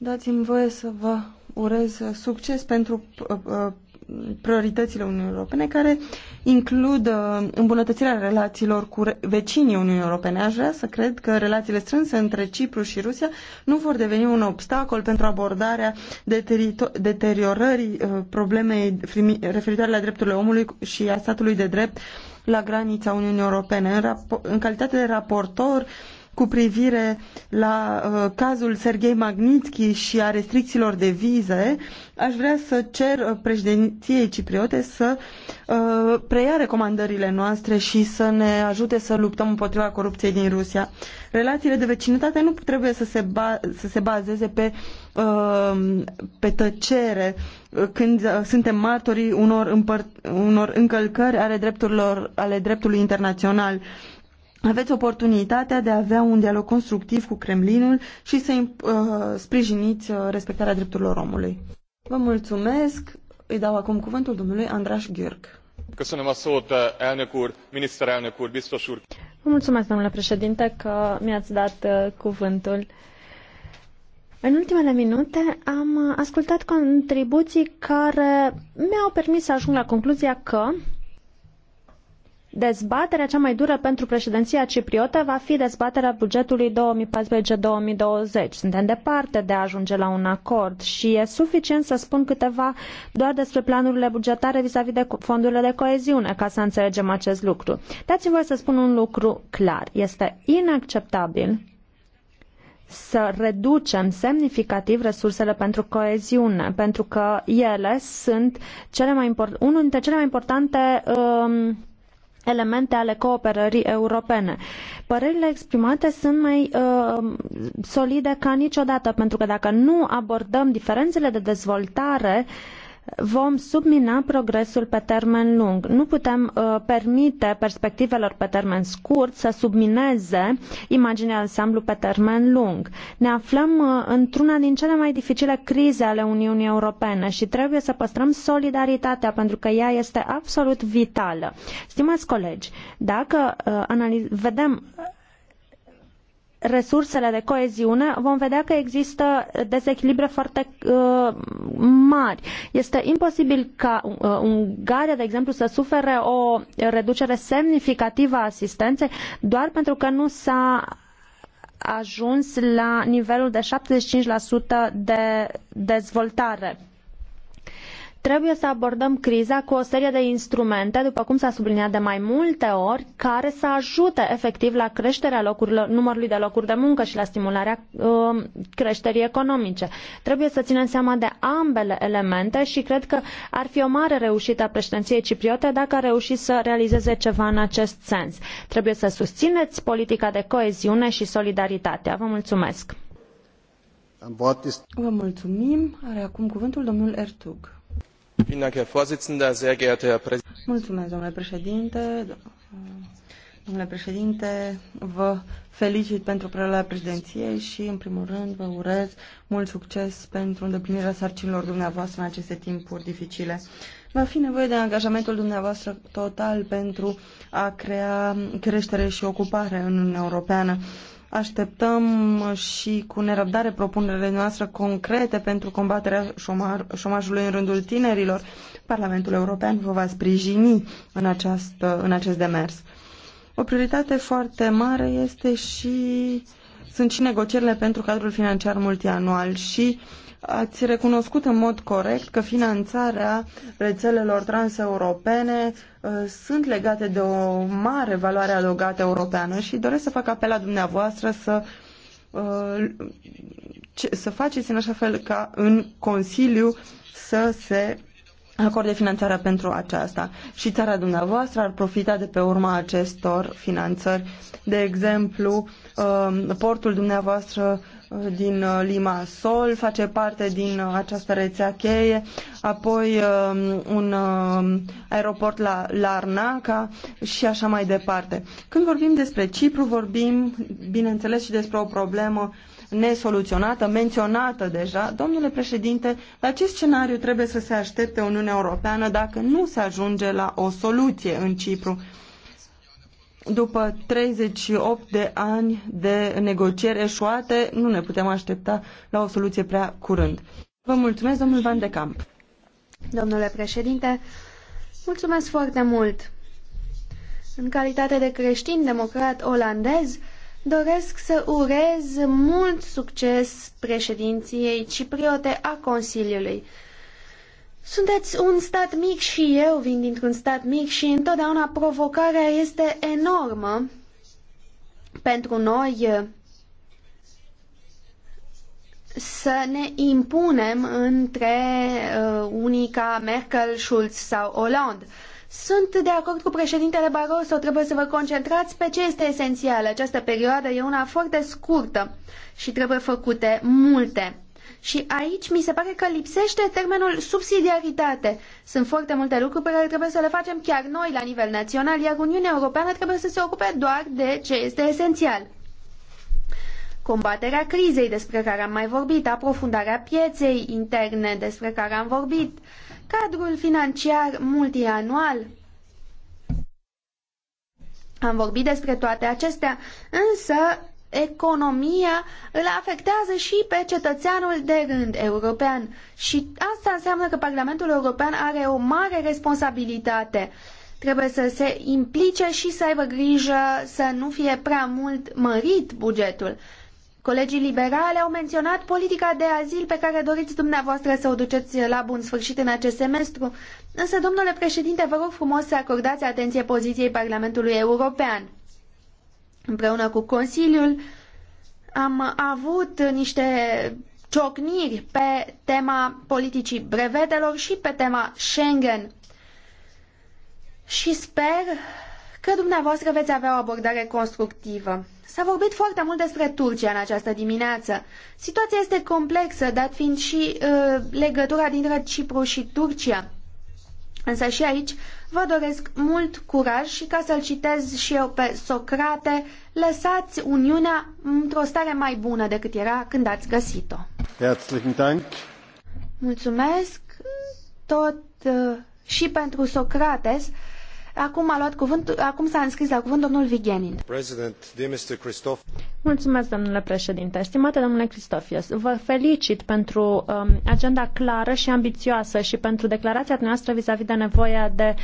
Dați-mi voie să vă urez succes pentru uh, uh, prioritățile Uniunii Europene, care includ uh, îmbunătățirea relațiilor cu vecinii Uniunii Europene. Aș vrea să cred că relațiile strânse între Cipru și Rusia nu vor deveni un obstacol pentru abordarea deteriorării problemei referitoare la drepturile omului și a statului de drept la granița Uniunii Europene. În, în calitate de raportor, uh, cu privire la uh, cazul Serghei Magnitsky și a restricțiilor de vize, aș vrea să cer uh, președinției cipriote să uh, preia recomandările noastre și să ne ajute să luptăm împotriva corupției din Rusia. Relațiile de vecinătate nu trebuie să se, ba- să se bazeze pe, uh, pe tăcere uh, când uh, suntem martorii unor, unor încălcări ale, drepturilor, ale dreptului internațional aveți oportunitatea de a avea un dialog constructiv cu Kremlinul și să uh, sprijiniți uh, respectarea drepturilor omului. Vă mulțumesc. Îi dau acum cuvântul domnului Andras Gheorg. Vă mulțumesc, domnule președinte, că mi-ați dat uh, cuvântul. În ultimele minute am ascultat contribuții care mi-au permis să ajung la concluzia că Dezbaterea cea mai dură pentru președinția cipriotă va fi dezbaterea bugetului 2014-2020. Suntem departe de a ajunge la un acord și e suficient să spun câteva doar despre planurile bugetare vis-a-vis -vis de fondurile de coeziune ca să înțelegem acest lucru. Dați-mi voi să spun un lucru clar. Este inacceptabil să reducem semnificativ resursele pentru coeziune, pentru că ele sunt cele mai import- unul dintre cele mai importante um, elemente ale cooperării europene. Părerile exprimate sunt mai uh, solide ca niciodată, pentru că dacă nu abordăm diferențele de dezvoltare uh, vom submina progresul pe termen lung. Nu putem uh, permite perspectivelor pe termen scurt să submineze imaginea ansamblu pe termen lung. Ne aflăm uh, într-una din cele mai dificile crize ale Uniunii Europene și trebuie să păstrăm solidaritatea pentru că ea este absolut vitală. Stimați colegi, dacă uh, vedem resursele de coeziune, vom vedea că există dezechilibre foarte uh, mari. Este imposibil ca uh, Ungaria, de exemplu, să sufere o reducere semnificativă a asistenței doar pentru că nu s-a ajuns la nivelul de 75% de dezvoltare. Trebuie să abordăm criza cu o serie de instrumente, după cum s-a subliniat de mai multe ori, care să ajute efectiv la creșterea locurilor, numărului de locuri de muncă și la stimularea uh, creșterii economice. Trebuie să ținem seama de ambele elemente și cred că ar fi o mare reușită a președinției cipriote dacă a reușit să realizeze ceva în acest sens. Trebuie să susțineți politica de coeziune și solidaritate. Vă mulțumesc! Vă mulțumim. Are acum cuvântul domnul Ertug. Mulțumesc, domnule președinte. Domnule președinte, vă felicit pentru preluarea președinției și, în primul rând, vă urez mult succes pentru îndeplinirea sarcinilor dumneavoastră în aceste timpuri dificile. Va fi nevoie de angajamentul dumneavoastră total pentru a crea creștere și ocupare în Uniunea Europeană. Așteptăm și cu nerăbdare propunerile noastre concrete pentru combaterea șomajului în rândul tinerilor. Parlamentul European vă va sprijini în, această, în acest demers. O prioritate foarte mare este și sunt și negocierile pentru cadrul financiar multianual și uh, Ați recunoscut în mod corect că finanțarea rețelelor transeuropene uh, sunt legate de o mare valoare adăugată europeană și doresc să fac apel la dumneavoastră să uh, să faceți în așa fel ca în Consiliu să se acord de finanțare pentru aceasta și țara dumneavoastră ar profita de pe urma acestor finanțări. De exemplu, um, portul dumneavoastră uh, din uh, Lima Sol face parte din uh, această rețea cheie, apoi um, un um, aeroport la Larnaca și așa mai departe. Când vorbim despre Cipru, vorbim, bineînțeles, și despre o problemă nesoluționată, menționată deja. Domnule președinte, la ce scenariu trebuie să se aștepte Uniunea Europeană dacă nu se ajunge la o soluție în Cipru? După 38 de ani de negocieri eșuate, nu ne putem aștepta la o soluție prea curând. Vă mulțumesc, domnul Van de Camp. Domnule președinte, mulțumesc foarte mult. În calitate de creștin democrat olandez, Doresc să urez mult succes președinției cipriote a Consiliului. Sunteți un stat mic și eu vin dintr-un stat mic și întotdeauna provocarea este enormă pentru noi eh, să ne impunem între uh, unii ca Merkel, Schulz sau Hollande. Uh, sunt de acord cu președintele Barroso, trebuie să vă concentrați pe ce este esențial. Această perioadă e una foarte scurtă și trebuie făcute multe. Și aici mi se pare că lipsește termenul subsidiaritate. Sunt foarte multe lucruri pe care trebuie să le facem chiar noi la nivel național, iar Uniunea Europeană trebuie să se ocupe doar de ce este esențial. Combaterea crizei despre care am mai vorbit, aprofundarea pieței interne despre care am vorbit, uh, Cadrul financiar multianual. Am vorbit despre toate acestea, însă economia îl afectează și pe cetățeanul de rând european. Și asta înseamnă că Parlamentul European are o mare responsabilitate. Trebuie să se implice și să aibă grijă să nu fie prea mult mărit bugetul. Colegii liberale au menționat politica de azil pe care doriți dumneavoastră să o duceți la bun sfârșit în acest semestru. Însă, domnule președinte, vă rog frumos să acordați atenție poziției Parlamentului European. Împreună cu Consiliul am avut niște ciocniri pe tema politicii brevetelor și pe tema Schengen. Și sper că dumneavoastră veți avea o abordare constructivă. S-a vorbit foarte mult despre Turcia în această dimineață. Situația este complexă, dat fiind și uh, legătura dintre Cipru și Turcia. Însă și aici vă doresc mult curaj și ca să-l citez și eu pe Socrate, lăsați Uniunea într-o stare mai bună decât era când ați găsit-o. Mulțumesc tot uh, și pentru Socrates. Acum a luat cuvânt, acum s-a înscris la cuvânt domnul Vigenin. Mulțumesc, domnule președinte. Stimate domnule Cristofios, vă felicit pentru um, agenda clară și ambițioasă și pentru declarația noastră vis-a-vis de nevoia de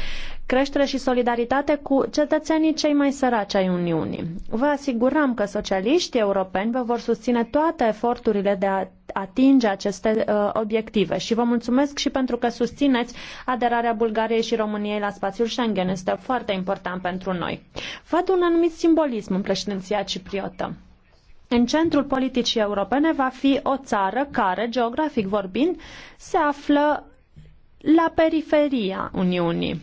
creștere și solidaritate cu cetățenii cei mai săraci ai Uniunii. Vă asigurăm că socialiștii europeni vă vor susține toate eforturile de a atinge aceste uh, obiective și vă mulțumesc și pentru că susțineți aderarea Bulgariei și României la spațiul Schengen. Este foarte important pentru noi. Văd un anumit simbolism în președinția cipriotă. În centrul politicii europene va fi o țară care, geografic vorbind, se află la periferia Uniunii.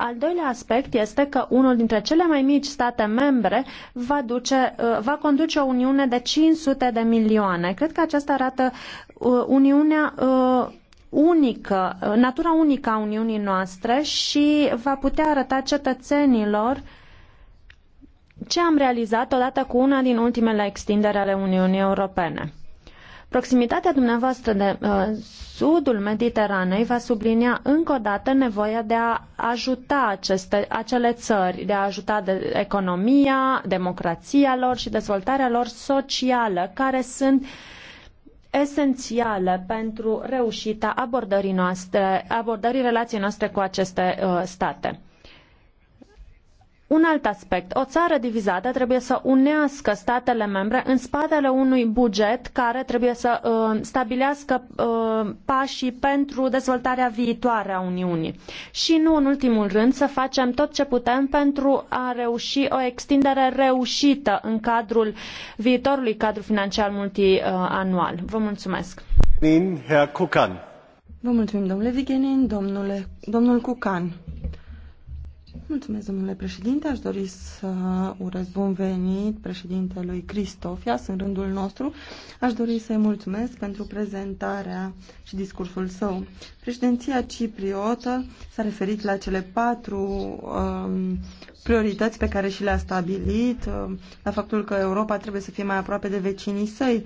Al doilea aspect este că unul dintre cele mai mici state membre va, duce, uh, va conduce o Uniune de 500 de milioane. Cred că aceasta arată uh, Uniunea uh, unică, natura unică a Uniunii noastre și va putea arăta cetățenilor ce am realizat odată cu una din ultimele extindere ale Uniunii Europene. Proximitatea dumneavoastră de uh, sudul Mediteranei va sublinia încă o dată nevoia de a ajuta aceste, acele țări, de a ajuta de economia, democrația lor și dezvoltarea lor socială, care sunt esențiale pentru reușita abordării, noastre, abordării relației noastre cu aceste uh, state. Un alt aspect. O țară divizată trebuie să unească statele membre în spatele unui buget care trebuie să uh, stabilească uh, pașii pentru dezvoltarea viitoare a Uniunii. Și nu în ultimul rând să facem tot ce putem pentru a reuși o extindere reușită în cadrul viitorului cadru financiar multianual. Vă mulțumesc. Vă mulțumim, domnule Vigenin, domnule, domnul Cucan. Mulțumesc, domnule președinte. Aș dori să urez bun venit președintelui Cristofias în rândul nostru. Aș dori să-i mulțumesc pentru prezentarea și discursul său. Președinția cipriotă s-a referit la cele patru um, priorități pe care și le-a stabilit, um, la faptul că Europa trebuie să fie mai aproape de vecinii săi,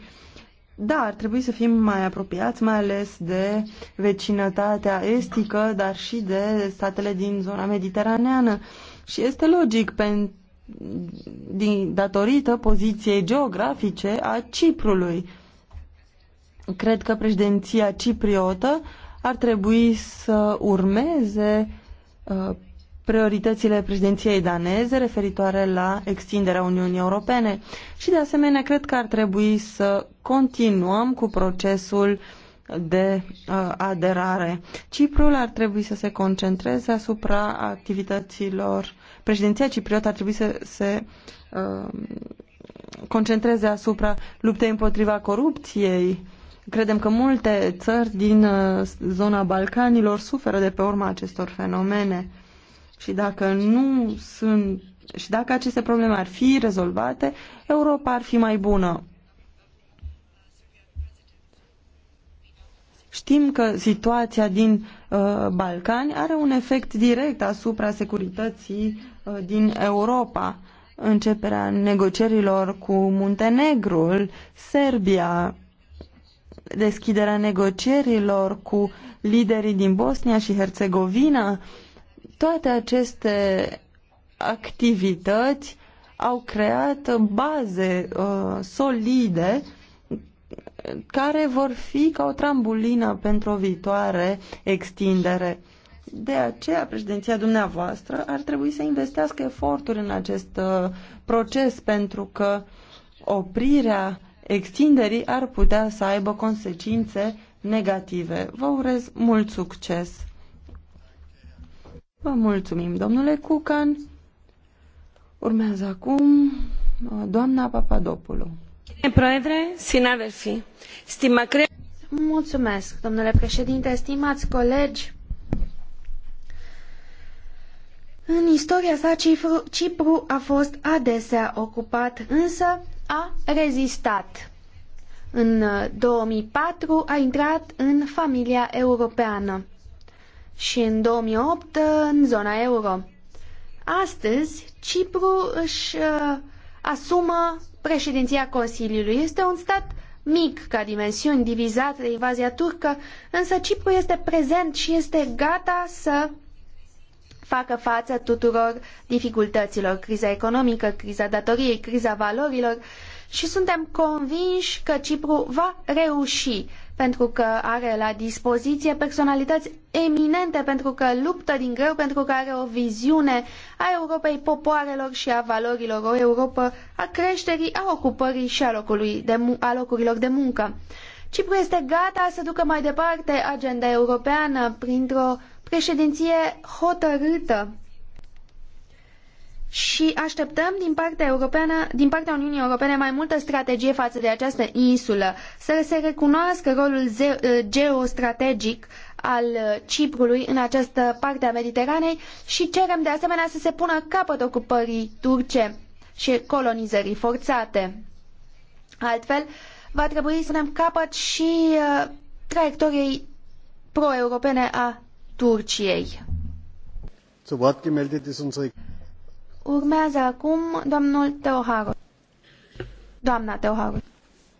da, ar trebui să fim mai apropiați, mai ales de vecinătatea estică, dar și de statele din zona mediteraneană. Și este logic, pentru din, datorită poziției geografice a Ciprului. Cred că președinția cipriotă ar trebui să urmeze uh, prioritățile președinției daneze referitoare la extinderea Uniunii Europene și de asemenea cred că ar trebui să continuăm cu procesul de uh, aderare. Ciprul ar trebui să se concentreze asupra activităților. Președinția cipriotă ar trebui să se uh, concentreze asupra luptei împotriva corupției. Credem că multe țări din uh, zona Balcanilor suferă de pe urma acestor fenomene și dacă nu sunt și dacă aceste probleme ar fi rezolvate, Europa ar fi mai bună. Știm că situația din uh, Balcani are un efect direct asupra securității uh, din Europa. Începerea negocierilor cu Muntenegrul, Serbia, deschiderea negocierilor cu liderii din Bosnia și Herțegovina, uh, toate aceste activități au creat baze uh, solide care vor fi ca o trambulină pentru o viitoare extindere. De aceea, președinția dumneavoastră ar trebui să investească eforturi în acest uh, proces, pentru că oprirea extinderii ar putea să aibă consecințe negative. Vă urez mult succes! Vă mulțumim, domnule Cucan. Urmează acum uh, doamna Papadopoulou. Mulțumesc, domnule președinte, stimați colegi. În istoria sa, Cipru, Cipru a fost adesea ocupat, însă a rezistat. În 2004 uh, a intrat în familia europeană și în 2008 în zona euro. Astăzi, Cipru își uh, asumă președinția Consiliului. Este un stat mic ca dimensiuni, divizat de invazia turcă, însă Cipru este prezent și este gata să facă față tuturor dificultăților, criza economică, criza datoriei, criza valorilor și suntem convinși că Cipru va reuși pentru că are la dispoziție personalități eminente, pentru că luptă din greu, pentru că are o viziune a Europei popoarelor și a valorilor, o Europă a creșterii, a ocupării și a, locului de, a locurilor de muncă. Cipru este gata să ducă mai departe agenda europeană printr-o președinție hotărâtă și așteptăm din partea, europeană, din partea Uniunii Europene mai multă strategie față de această insulă, să se recunoască rolul uh, geostrategic al uh, Ciprului în această parte a Mediteranei și cerem de asemenea să se pună capăt ocupării turce și colonizării forțate. Altfel, va trebui să punem capăt și uh, traiectoriei pro-europene a Turciei. Urmează acum domnul Teoharu. Doamna Teoharu.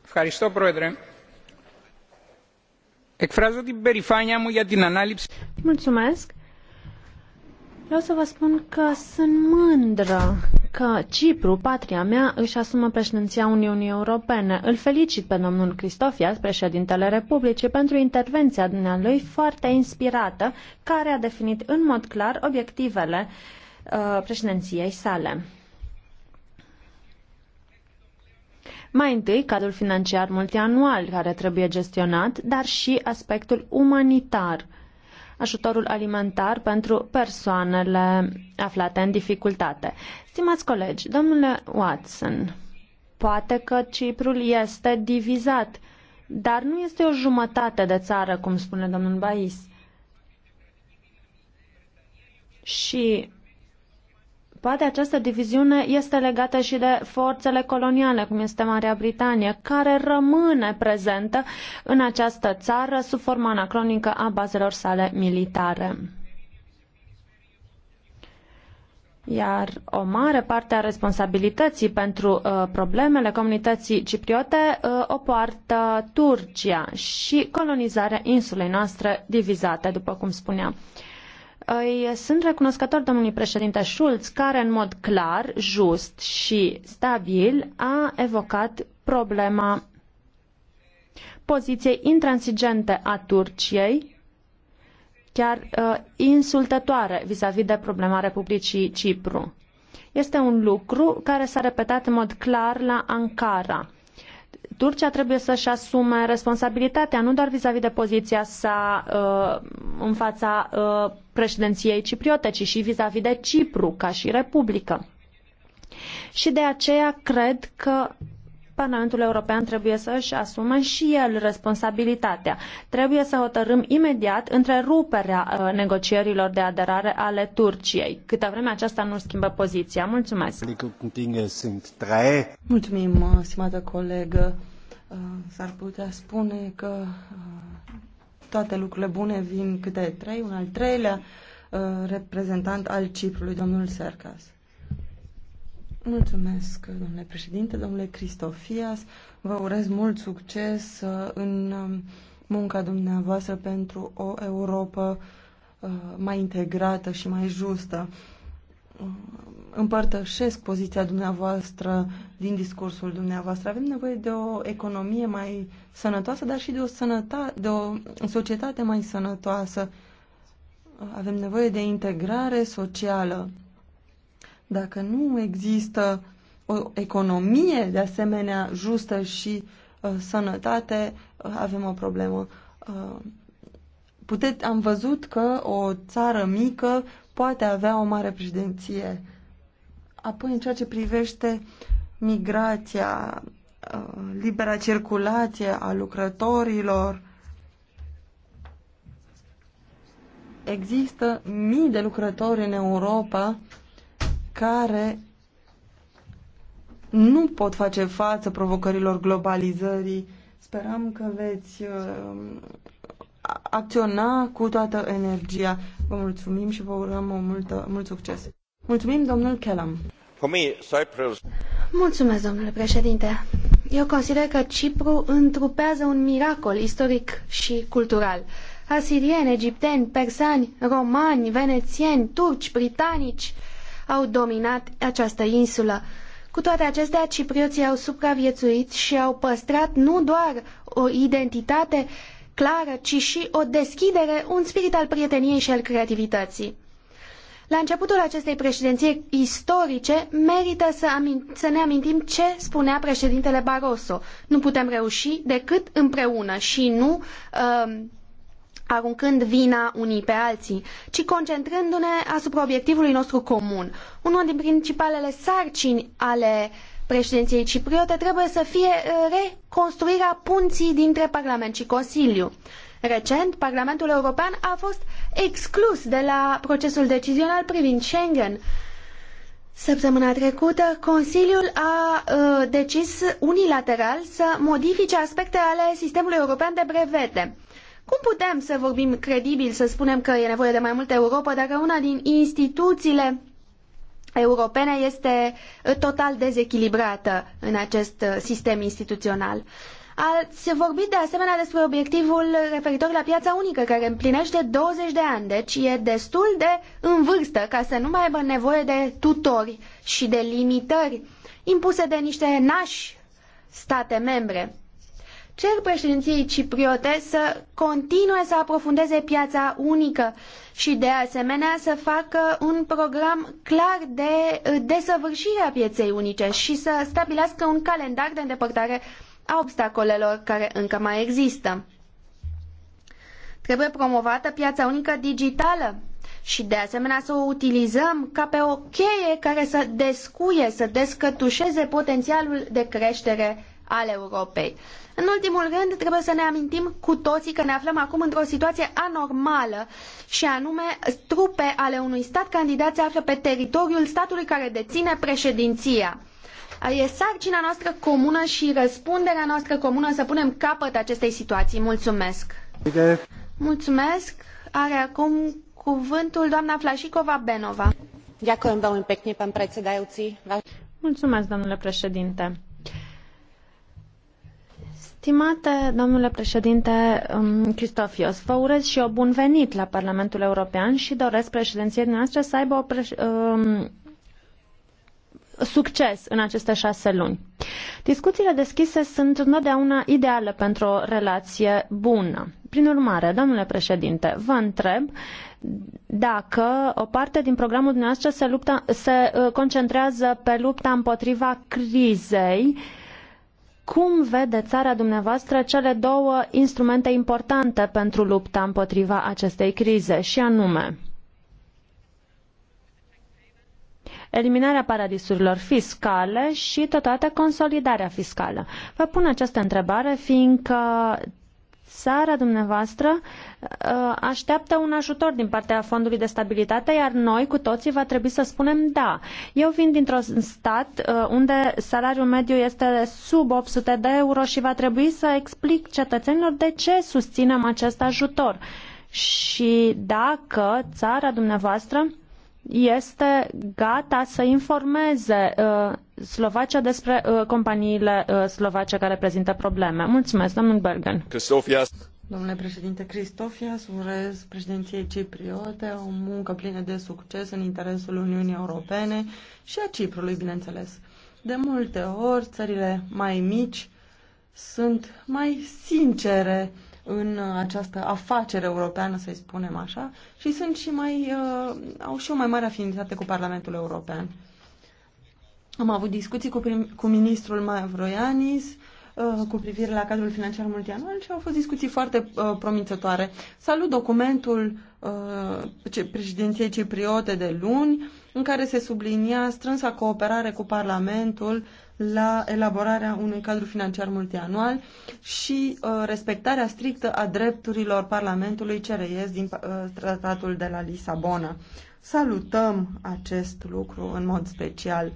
Ευχαριστώ, Πρόεδρε. Εκφράζω την περηφάνεια μου για την ανάληψη... Mulțumesc. Vreau să vă spun că sunt mândră că Cipru, patria mea, își asumă președinția Uniunii Europene. Îl felicit pe domnul Cristofias, președintele Republicii, pentru intervenția dumnealui foarte inspirată, care a definit în mod clar obiectivele uh, Uh, președinției sale. Mai întâi, cadrul financiar multianual care trebuie gestionat, dar și aspectul umanitar, ajutorul alimentar pentru persoanele aflate în dificultate. Stimați colegi, domnule Watson, poate că Ciprul este divizat, dar nu este o jumătate de țară, cum spune domnul Bais. Și Poate această diviziune este legată și de forțele coloniale, cum este Marea Britanie, care rămâne prezentă în această țară sub forma anacronică a bazelor sale militare. Iar o mare parte a responsabilității pentru uh, problemele comunității cipriote uh, o poartă Turcia și colonizarea insulei noastre divizate, după cum spuneam. Uh, îi sunt recunoscător domnului președinte Schulz, care în mod clar, just și stabil a evocat problema poziției intransigente a Turciei, chiar uh, insultătoare vis-a-vis -vis de problema Republicii Cipru. Este un lucru care s-a repetat în mod clar la Ankara. Turcia trebuie să-și asume responsabilitatea, nu doar vis-a-vis de poziția sa uh, în fața uh, președinției cipriote, ci și vis a -vis de Cipru ca și republică. Și de aceea cred că Parlamentul European trebuie să își asume și el responsabilitatea. Trebuie să hotărâm imediat întreruperea uh, negocierilor de aderare ale Turciei, câtă vreme aceasta nu schimbă poziția. Mulțumesc! Mulțumim, uh, stimată colegă. Uh, s-ar putea spune că toate lucrurile bune vin câte trei, un al treilea reprezentant al Ciprului, domnul Sercas. Mulțumesc, domnule președinte, domnule Cristofias. Vă urez mult succes uh, în um, munca dumneavoastră pentru o Europa uh, mai integrată și mai justă. Uh, împărtășesc poziția dumneavoastră din discursul dumneavoastră. Avem nevoie de o economie mai sănătoasă, dar și de o, sănătate, de o societate mai sănătoasă. Avem nevoie de integrare socială dacă nu există o economie de asemenea justă și uh, sănătate, uh, avem o problemă. Uh, puteți, am văzut că o țară mică poate avea o mare președinție. Apoi, în ceea ce privește migrația, uh, libera circulație a lucrătorilor, există mii de lucrători în Europa care nu pot face față provocărilor globalizării. Sperăm că veți uh, acționa cu toată energia. Vă mulțumim și vă urăm o multă, mult succes. Mulțumim, domnul Kellam. Mulțumesc, domnule președinte. Eu consider că Cipru întrupează un miracol istoric și cultural. Asirieni, egipteni, persani, romani, venețieni, turci, britanici, au dominat această insulă. Cu toate acestea, ciprioții au supraviețuit și au păstrat nu doar o identitate clară, ci și o deschidere, un spirit al prieteniei și al creativității. La începutul acestei președinții istorice, merită să, să, ne amintim ce spunea președintele Barroso. Nu putem reuși decât împreună și nu uh, aruncând vina unii pe alții, ci concentrându-ne asupra obiectivului nostru comun. Unul din principalele sarcini ale președinției cipriote trebuie să fie uh, reconstruirea punții dintre Parlament și Consiliu. Recent, Parlamentul European a fost exclus de la procesul decizional privind Schengen. Săptămâna trecută, Consiliul a uh, decis unilateral să modifice aspecte ale sistemului european de brevete. Cum putem să vorbim credibil, să spunem că e nevoie de mai multă Europa, dacă una din instituțiile europene este uh, total dezechilibrată în acest uh, sistem instituțional? Ați vorbit de asemenea despre obiectivul referitor la piața unică, care împlinește 20 de ani, deci e destul de în vârstă ca să nu mai aibă nevoie de tutori și de limitări impuse de niște nași state membre. Cer președinției cipriote să continue să aprofundeze piața unică și de asemenea să facă un program clar de uh, desăvârșire a pieței unice și să stabilească un calendar de îndepărtare a obstacolelor care încă mai există. Trebuie promovată piața unică digitală și de asemenea să o utilizăm ca pe o cheie care să descuie, să descătușeze potențialul de creștere al Europei. În ultimul rând, trebuie să ne amintim cu toții că ne aflăm acum într-o situație anormală și anume trupe ale unui stat candidat se află pe teritoriul statului care deține președinția. E sarcina noastră comună și răspunderea noastră comună să punem capăt acestei situații. Mulțumesc! Mulțumesc! Are acum cuvântul doamna Flașicova Benova. Mulțumesc, domnule președinte. Stimate domnule președinte um, Cristofios, vă urez și o bun venit la Parlamentul European și doresc președinției noastre să aibă o preș- um, succes în aceste șase luni. Discuțiile deschise sunt întotdeauna ideale pentru o relație bună. Prin urmare, domnule președinte, vă întreb dacă o parte din programul dumneavoastră se, lupta, se uh, concentrează pe lupta împotriva crizei uh, cum vede țara dumneavoastră cele două instrumente importante pentru lupta împotriva acestei crize și anume eliminarea paradisurilor fiscale și totodată consolidarea fiscală. Vă pun această întrebare fiindcă Țara dumneavoastră uh, așteaptă un ajutor din partea Fondului de Stabilitate, iar noi cu toții va trebui să spunem da. Eu vin dintr-un stat uh, unde salariul mediu este sub 800 de euro și va trebui să explic cetățenilor de ce susținem acest ajutor și dacă țara dumneavoastră este gata să informeze uh, Slovacia despre uh, companiile uh, slovace care prezintă probleme. Mulțumesc, domnul Bergen. Domnule președinte Cristofias, urez președinției cipriote o muncă plină de succes în interesul Uniunii Europene și a Ciprului, bineînțeles. De multe ori, țările mai mici sunt mai sincere în această afacere europeană, să-i spunem așa, și sunt și mai, uh, au și o mai mare afinitate cu Parlamentul European. Am avut discuții cu, prim, cu ministrul Maia Vroianis uh, cu privire la cadrul financiar multianual și au fost discuții foarte uh, promițătoare. Salut documentul uh, președinției cipriote de luni în care se sublinia strânsa cooperare cu Parlamentul la elaborarea unui cadru financiar multianual și uh, respectarea strictă a drepturilor Parlamentului CRES din uh, Tratatul de la Lisabona. Salutăm acest lucru în mod special. Uh,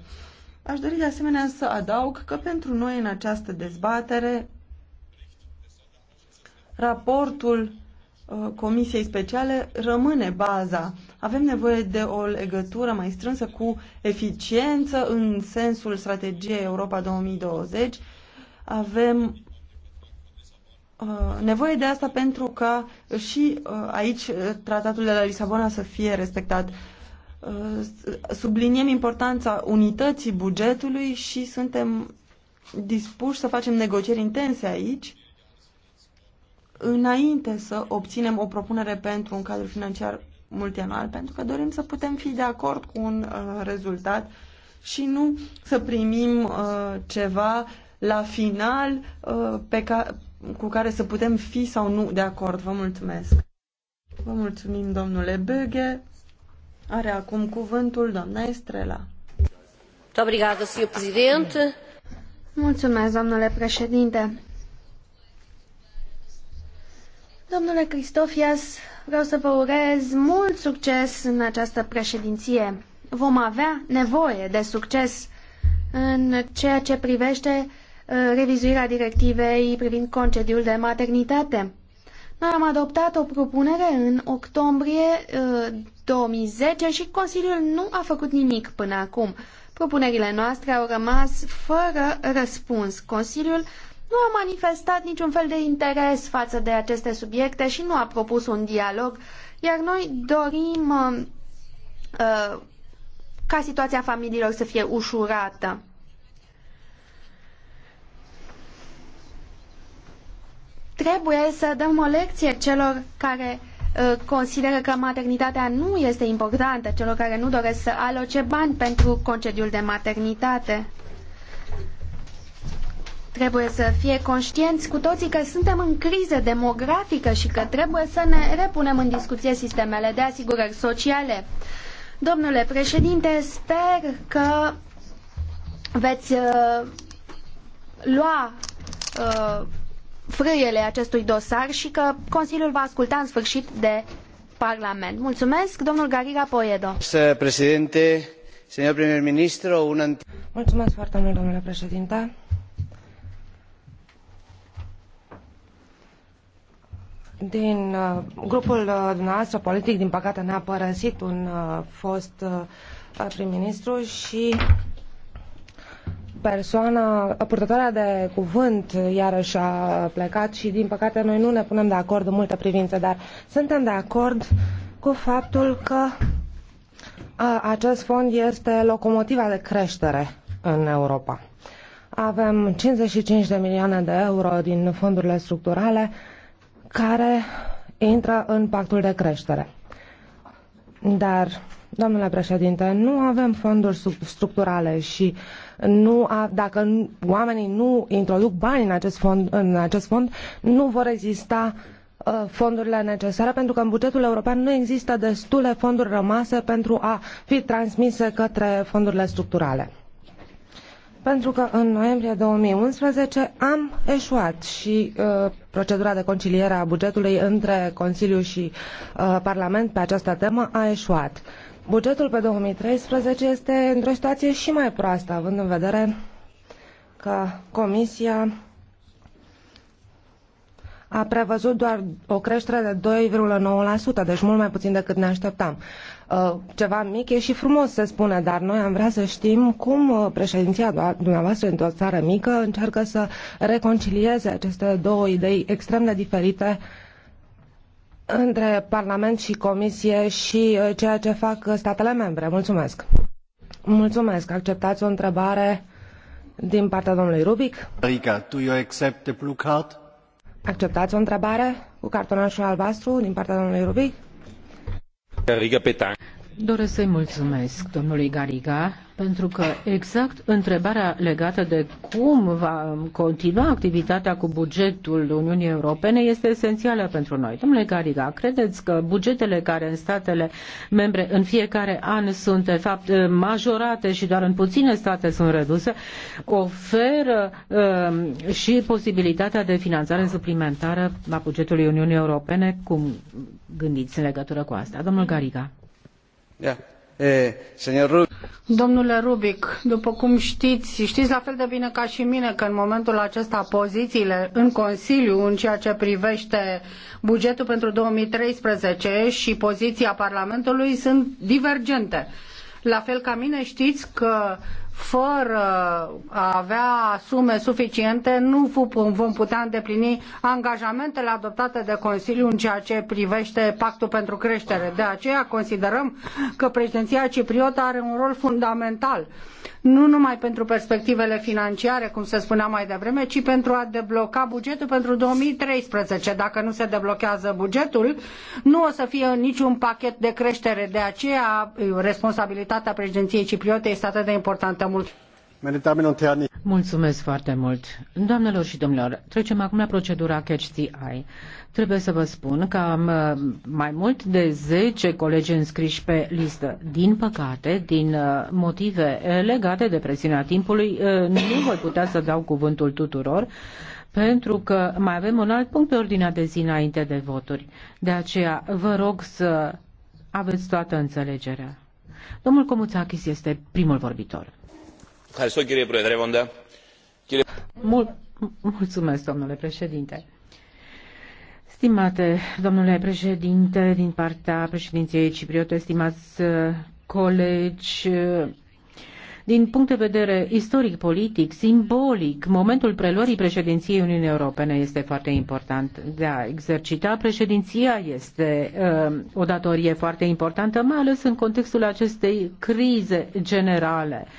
Aș dori de asemenea să adaug că pentru noi în această dezbatere raportul uh, Comisiei Speciale rămâne baza. Avem nevoie de o legătură mai strânsă cu eficiență în sensul strategiei Europa 2020. Avem uh, nevoie de asta pentru ca și uh, aici tratatul de la Lisabona să fie respectat subliniem importanța unității bugetului și suntem dispuși să facem negocieri intense aici înainte să obținem o propunere pentru un cadru financiar multianual, pentru că dorim să putem fi de acord cu un uh, rezultat și nu să primim uh, ceva la final uh, pe ca cu care să putem fi sau nu de acord. Vă mulțumesc! Vă mulțumim, domnule Böge! Are acum cuvântul doamna Estrela. Obrigada, senhor presidente. Mulțumesc, domnule președinte. Domnule Cristofias, vreau să vă urez mult succes în această președinție. Vom avea nevoie de succes în ceea ce privește uh, revizuirea directivei privind concediul de maternitate. Noi am adoptat o propunere în octombrie 2010 uh, și Consiliul nu a făcut nimic până acum. Propunerile noastre au rămas fără răspuns. Consiliul nu a manifestat niciun fel de interes față de aceste subiecte și nu a propus un dialog, iar noi dorim uh, uh ca situația familiilor să fie ușurată. Trebuie să dăm o lecție celor care uh, consideră că maternitatea nu este importantă, celor care nu doresc să aloce bani pentru concediul de maternitate. Trebuie să fie conștienți cu toții că suntem în criză demografică și că trebuie să ne repunem în discuție sistemele de asigurări sociale. Domnule președinte, sper că veți uh, lua uh, frâiele acestui dosar și că Consiliul va asculta în sfârșit de Parlament. Mulțumesc, domnul Gariga poiedo Președinte, señor primer ministru una... Mulțumesc foarte mult, domnule președinte. Din uh, grupul uh, politic, din păcate, ne-a părăsit un uh, fost uh, prim-ministru și uh, persoana, purtătoarea de cuvânt iarăși a plecat și din păcate noi nu ne punem de acord în multe privințe, dar suntem de acord cu faptul că acest fond este locomotiva de creștere în Europa. Avem 55 de milioane de euro din fondurile structurale care intră în pactul de creștere. Dar, domnule președinte, nu avem fonduri structurale și uh, nu a, dacă oamenii nu introduc bani în acest fond, în acest fond nu vor exista uh, fondurile necesare pentru că în bugetul european nu există destule fonduri rămase pentru a fi transmise către fondurile structurale pentru că în noiembrie 2011 am eșuat și uh, procedura de conciliere a bugetului între Consiliu și uh, Parlament pe această temă a eșuat. Bugetul pe 2013 este într-o situație și mai proastă, având în vedere că Comisia a prevăzut doar o creștere de 2,9%, deci mult mai puțin decât ne așteptam. Uh, ceva mic e și frumos, se spune, dar noi am vrea să știm cum uh, președinția dumneavoastră într-o țară mică încearcă să reconcilieze aceste două idei extrem de diferite uh, între Parlament și Comisie și uh, ceea ce fac statele membre. Mulțumesc. Mulțumesc. Acceptați o întrebare din partea domnului Rubic? Rica, tu you accept blue card? Acceptați o întrebare cu cartonașul albastru din partea domnului Rubic? Riga Doresc să-i mulțumesc domnului Gariga pentru că exact întrebarea legată de cum va continua activitatea cu bugetul Uniunii Europene este esențială pentru noi. Domnule Gariga, credeți că bugetele care în statele membre în fiecare an sunt de fapt majorate și doar în puține state sunt reduse, oferă um, și posibilitatea de finanțare suplimentară a bugetului Uniunii Europene? Cum gândiți în legătură cu asta? Domnul Gariga. Yeah. Eh, Domnule rbig după cum știți, știți la fel de bine ca și mine că în momentul acesta pozițiile în Consiliu în ceea ce privește bugetul pentru 2013 și poziția Parlamentului sunt divergente. La fel ca mine știți că fără a avea sume suficiente, nu vom putea îndeplini angajamentele adoptate de Consiliu în ceea ce privește Pactul pentru Creștere. De aceea considerăm că președinția cipriotă are un rol fundamental nu numai pentru perspectivele financiare, cum se spunea mai devreme, ci pentru a debloca bugetul pentru 2013. Dacă nu se deblochează bugetul, nu o să fie niciun pachet de creștere. De aceea, responsabilitatea președinției cipriote este atât de importantă. Mult. Mulțumesc foarte mult. Doamnelor și domnilor, trecem acum la procedura Catch the Eye. Trebuie să vă spun că am uh, mai mult de 10 colegi înscriși pe listă. Din păcate, din uh, motive uh, legate de presiunea timpului, nu voi putea să dau cuvântul tuturor, pentru că mai avem un alt punct pe ordinea de zi înainte de voturi. De aceea, vă rog să aveți toată înțelegerea. Domnul Comuțachis este primul vorbitor. Mulțumesc, domnule președinte. Stimate domnule președinte, din partea președinției cipriote, stimați uh, colegi, uh, din punct de vedere istoric, politic, simbolic, momentul preluării președinției Uniunii Europene este foarte important. De a exercita președinția este uh, o datorie foarte importantă, mai ales în contextul acestei crize generale. Uh,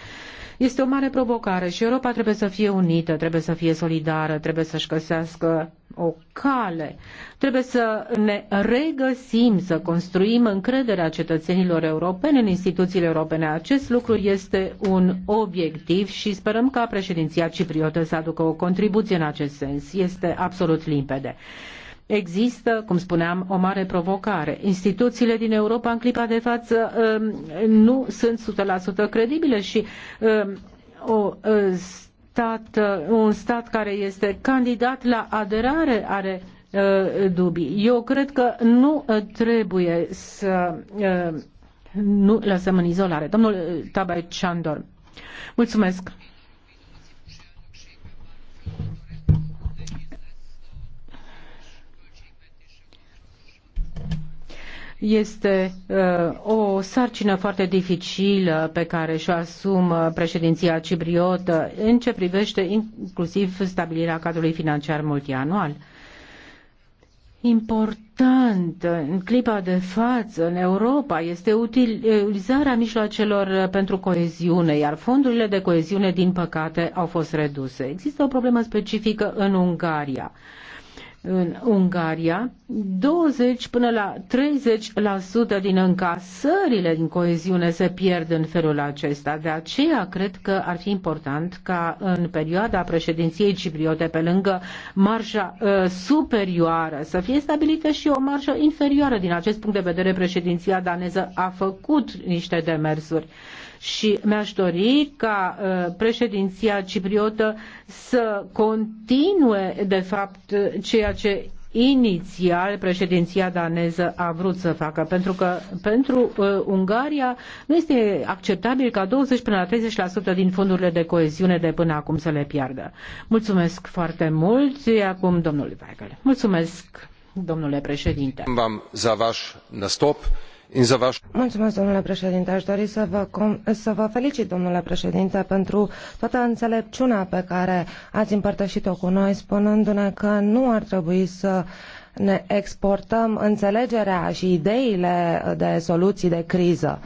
este o mare provocare și Europa trebuie să fie unită, trebuie să fie solidară, trebuie să-și găsească o cale. Trebuie să ne regăsim, să construim încrederea cetățenilor europene în instituțiile europene. Acest lucru este un obiectiv și sperăm ca președinția cipriotă să aducă o contribuție în acest sens. Este absolut limpede. Există, cum spuneam, o mare provocare. Instituțiile din Europa în clipa de față um, nu sunt 100% credibile și um, o uh, stat, uh, un stat care este candidat la aderare are uh, dubii. Eu cred că nu trebuie să nu lăsăm în izolare. Domnul Tabai Chandor. Mulțumesc. Este uh, o sarcină foarte dificilă pe care și-o asumă președinția cipriotă în ce privește inclusiv stabilirea cadrului financiar multianual. Important în clipa de față în Europa este utilizarea mijloacelor pentru coeziune, iar fondurile de coeziune, din păcate, au fost reduse. Există o problemă specifică în Ungaria în Ungaria, 20 până la 30% din încasările din coeziune se pierd în felul acesta. De aceea cred că ar fi important ca în perioada președinției cipriote, pe lângă marja uh, superioară, să fie stabilită și o marjă inferioară. Din acest punct de vedere, președinția daneză a făcut niște demersuri și mi-aș dori ca uh, președinția cipriotă să continue, de fapt, uh, ceea ce inițial președinția daneză a vrut să facă, pentru că pentru uh, Ungaria nu este acceptabil ca 20 până la 30% din fondurile de coeziune de până acum să le piardă. Mulțumesc foarte mult. acum domnul Weigel. Mulțumesc, domnule președinte. am Mulțumesc, domnule președinte. Aș dori să vă, să vă felicit, domnule președinte, pentru toată înțelepciunea pe care ați împărtășit-o cu noi, spunându-ne că nu ar trebui să ne exportăm înțelegerea și ideile de soluții de criză.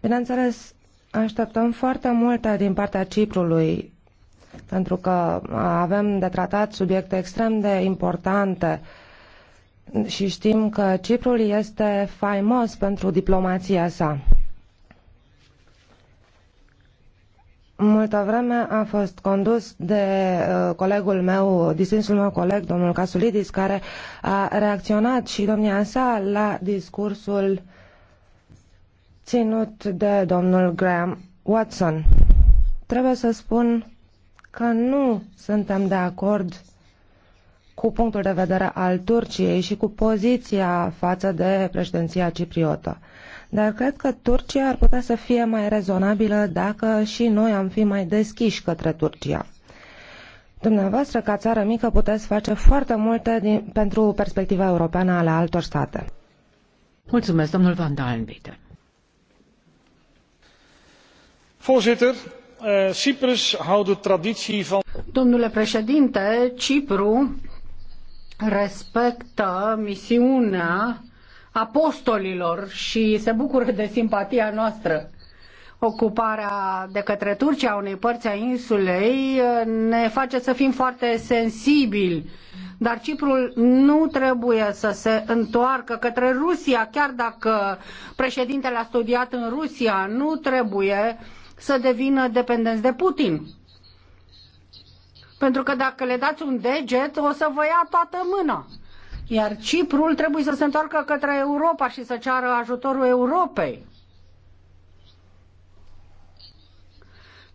Bineînțeles, așteptăm foarte multe din partea Ciprului, pentru că avem de tratat subiecte extrem de importante și știm că Ciprul este faimos pentru diplomația sa. Multă vreme a fost condus de uh, colegul meu, distinsul meu coleg, domnul Casulidis, care a reacționat și domnia sa la discursul ținut de domnul Graham Watson. Trebuie să spun că nu suntem de acord cu punctul de vedere al Turciei și cu poziția față de președinția cipriotă. Dar cred că Turcia ar putea să fie mai rezonabilă dacă și noi am fi mai deschiși către Turcia. Dumneavoastră, ca țară mică, puteți face foarte multe din, pentru perspectiva europeană ale altor state. Mulțumesc, domnul Van Dalenbite. Voorzitter, eh, Cyprus houdt de traditie van. Domnule președinte, Cipru respectă misiunea apostolilor și se bucură de simpatia noastră. Ocuparea de către Turcia unei părți a insulei uh, ne face să fim foarte sensibili, dar Ciprul nu trebuie să se întoarcă către Rusia, chiar dacă președintele a studiat în Rusia, nu trebuie să devină dependenți de Putin pentru că dacă le dați un deget, o să vă ia toată mâna. Iar Ciprul trebuie să se întoarcă către Europa și să ceară ajutorul Europei.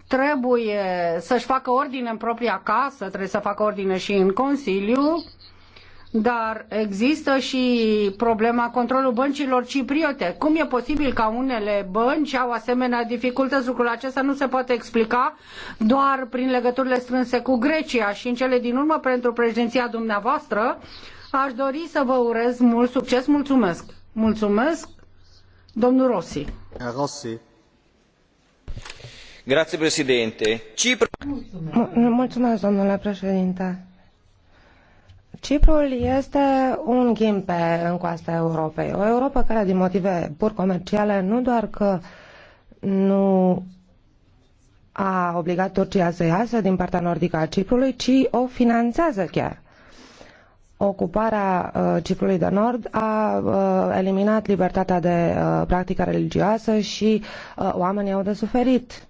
Trebuie să-și facă ordine în propria casă, trebuie să facă ordine și în Consiliu, dar există și problema controlului băncilor cipriote. Cum e posibil ca unele bănci au asemenea dificultăți? Lucrul acesta nu se poate explica doar prin legăturile strânse cu Grecia și în cele din urmă pentru președinția dumneavoastră. Aș dori să vă urez mult succes. Mulțumesc! Mulțumesc, domnul Rossi. Rossi. Grazie, președinte. Cipru... Mulțumesc, domnule președinte. Ciprul este un ghimpe în coasta Europei. O Europa care, din motive pur comerciale, nu doar că nu a obligat Turcia să iasă din partea nordică a Ciprului, ci o finanțează chiar. Ocuparea uh, Ciprului de Nord a uh, eliminat libertatea de uh, practică religioasă și uh, oamenii au de suferit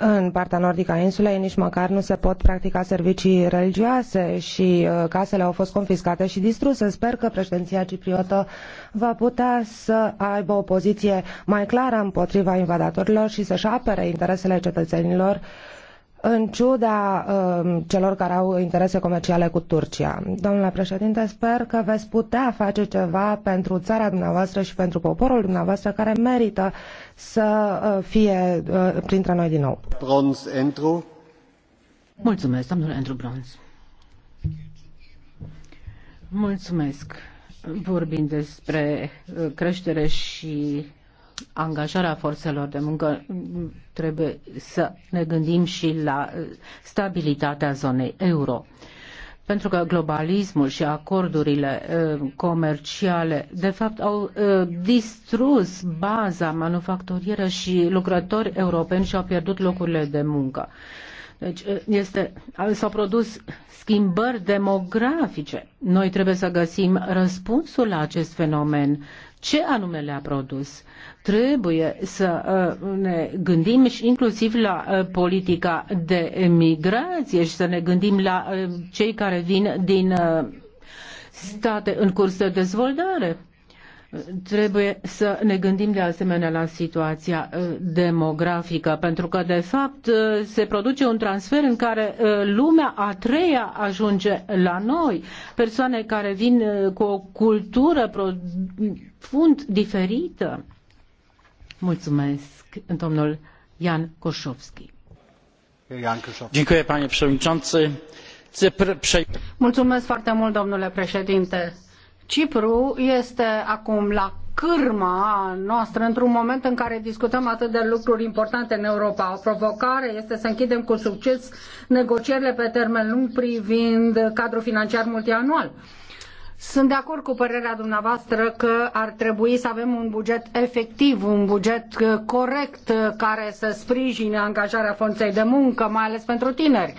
în partea nordică a insulei nici măcar nu se pot practica servicii religioase și uh, casele au fost confiscate și distruse. Sper că președinția cipriotă va putea să aibă o poziție mai clară împotriva invadatorilor și să-și apere interesele cetățenilor uh, în ciuda uh, celor care au interese comerciale cu Turcia. Domnule președinte, sper că veți putea face ceva pentru țara dumneavoastră și pentru poporul dumneavoastră care merită să uh, fie uh, printre noi din nou. Bronz, Andrew. Mulțumesc, domnule Andrew Bronz. Mulțumesc. Vorbim despre uh, creștere și angajarea forțelor de muncă, trebuie să ne gândim și la uh, stabilitatea zonei euro. Pentru că globalismul și acordurile uh, comerciale, de fapt, au uh, distrus baza manufacturieră și lucrători europeni și au pierdut locurile de muncă. Deci este, s-au produs schimbări demografice. Noi trebuie să găsim răspunsul la acest fenomen ce anume le-a produs. Trebuie să uh, ne gândim și inclusiv la uh, politica de migrație și să ne gândim la uh, cei care vin din state în curs de dezvoltare Trebuie să ne gândim de asemenea la situația uh, demografică, pentru că de fapt uh, se produce un transfer în care uh, lumea a treia ajunge la noi, persoane care vin cu o cultură profund diferită. Mulțumesc, domnul Jan Koszowski. Mulțumesc foarte mult, domnule președinte Cipru este acum la cârma noastră într-un moment în care discutăm atât de lucruri importante în Europa. O provocare este să închidem cu succes negocierile pe termen lung privind cadrul financiar multianual. Sunt de acord cu părerea dumneavoastră că ar trebui să avem un buget efectiv, un buget corect care să sprijine angajarea forței de muncă, mai ales pentru tineri.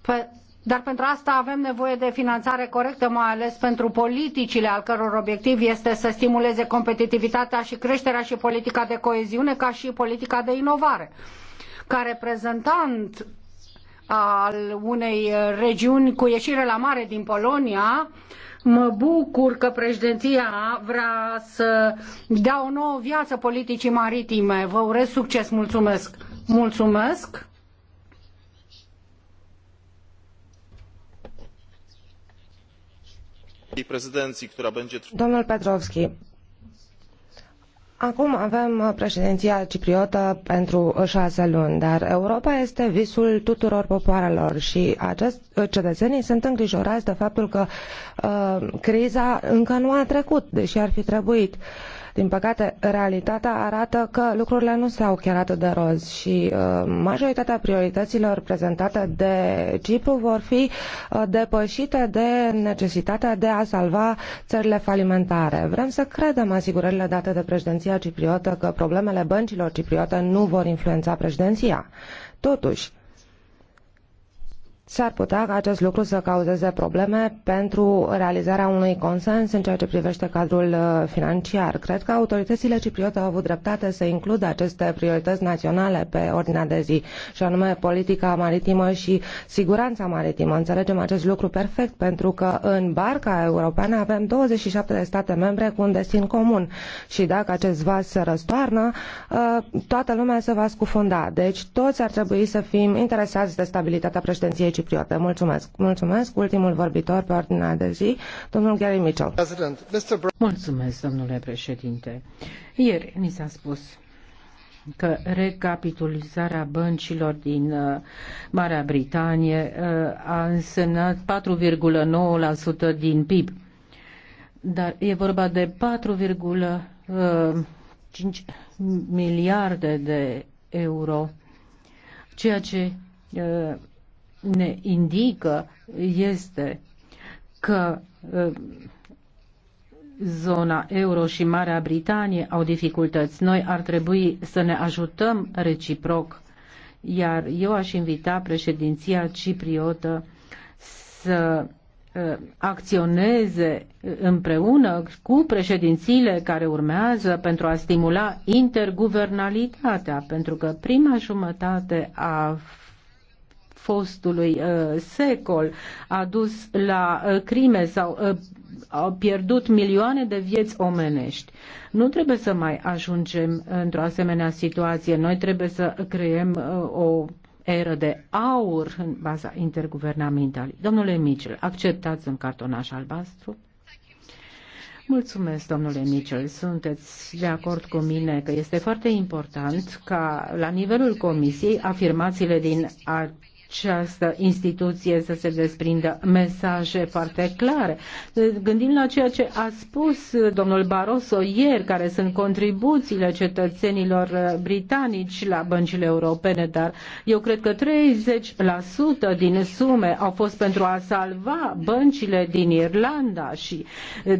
Pe dar pentru asta avem nevoie de finanțare corectă, mai ales pentru politicile al căror obiectiv este să stimuleze competitivitatea și creșterea și politica de coeziune ca și politica de inovare. Ca reprezentant al unei regiuni cu ieșire la mare din Polonia, Mă bucur că președinția vrea să dea o nouă viață politicii maritime. Vă urez succes, mulțumesc! Mulțumesc! prezydencji, która będzie... Petrovski, Acum avem președinția cipriotă pentru șase luni, dar Europa este visul tuturor popoarelor și acest, cetățenii sunt îngrijorați de faptul că uh, criza încă nu a trecut, deși ar fi trebuit. Uh, din păcate, realitatea arată că lucrurile nu s-au chiar atât de roz și uh, majoritatea priorităților prezentate de Cipru vor fi uh, depășite de necesitatea de a salva țările falimentare. Vrem să credem asigurările date de președinția cipriotă că problemele băncilor cipriote nu vor influența președinția. Totuși, S-ar putea ca acest lucru să cauzeze probleme pentru realizarea unui consens în ceea ce privește cadrul uh, financiar. Cred că autoritățile cipriote au avut dreptate să includă aceste priorități naționale pe ordinea de zi, și anume politica maritimă și siguranța maritimă. Înțelegem acest lucru perfect pentru că în barca europeană avem 27 de state membre cu un destin comun și dacă acest vas se răstoarnă, uh, toată lumea se va scufunda. Deci toți ar trebui să fim interesați de stabilitatea președinției cipriote. Mulțumesc. Mulțumesc. Ultimul vorbitor pe ordinea de zi, domnul Gary Mitchell. Mulțumesc, domnule președinte. Ieri mi s-a spus că recapitalizarea băncilor din uh, Marea Britanie uh, a însemnat 4,9% din PIB. Dar e vorba de 4,5 uh, miliarde de euro, ceea ce uh, ne indică este că ă, zona euro și Marea Britanie au dificultăți. Noi ar trebui să ne ajutăm reciproc, iar eu aș invita președinția cipriotă să ă, acționeze împreună cu președințiile care urmează pentru a stimula interguvernalitatea, pentru că prima jumătate a fostului uh, secol a dus la uh, crime sau uh, au pierdut milioane de vieți omenești. Nu trebuie să mai ajungem într-o asemenea situație. Noi trebuie să creăm o eră de aur în baza interguvernamentală. Domnule Mitchell, acceptați un cartonaș albastru? Mulțumesc, domnule Mitchell. Sunteți de acord cu mine că este foarte important ca la nivelul Comisiei afirmațiile din această instituție să se desprindă mesaje foarte clare. Gândim la ceea ce a spus domnul Barroso ieri, care sunt contribuțiile cetățenilor britanici la băncile europene, dar eu cred că 30% din sume au fost pentru a salva băncile din Irlanda și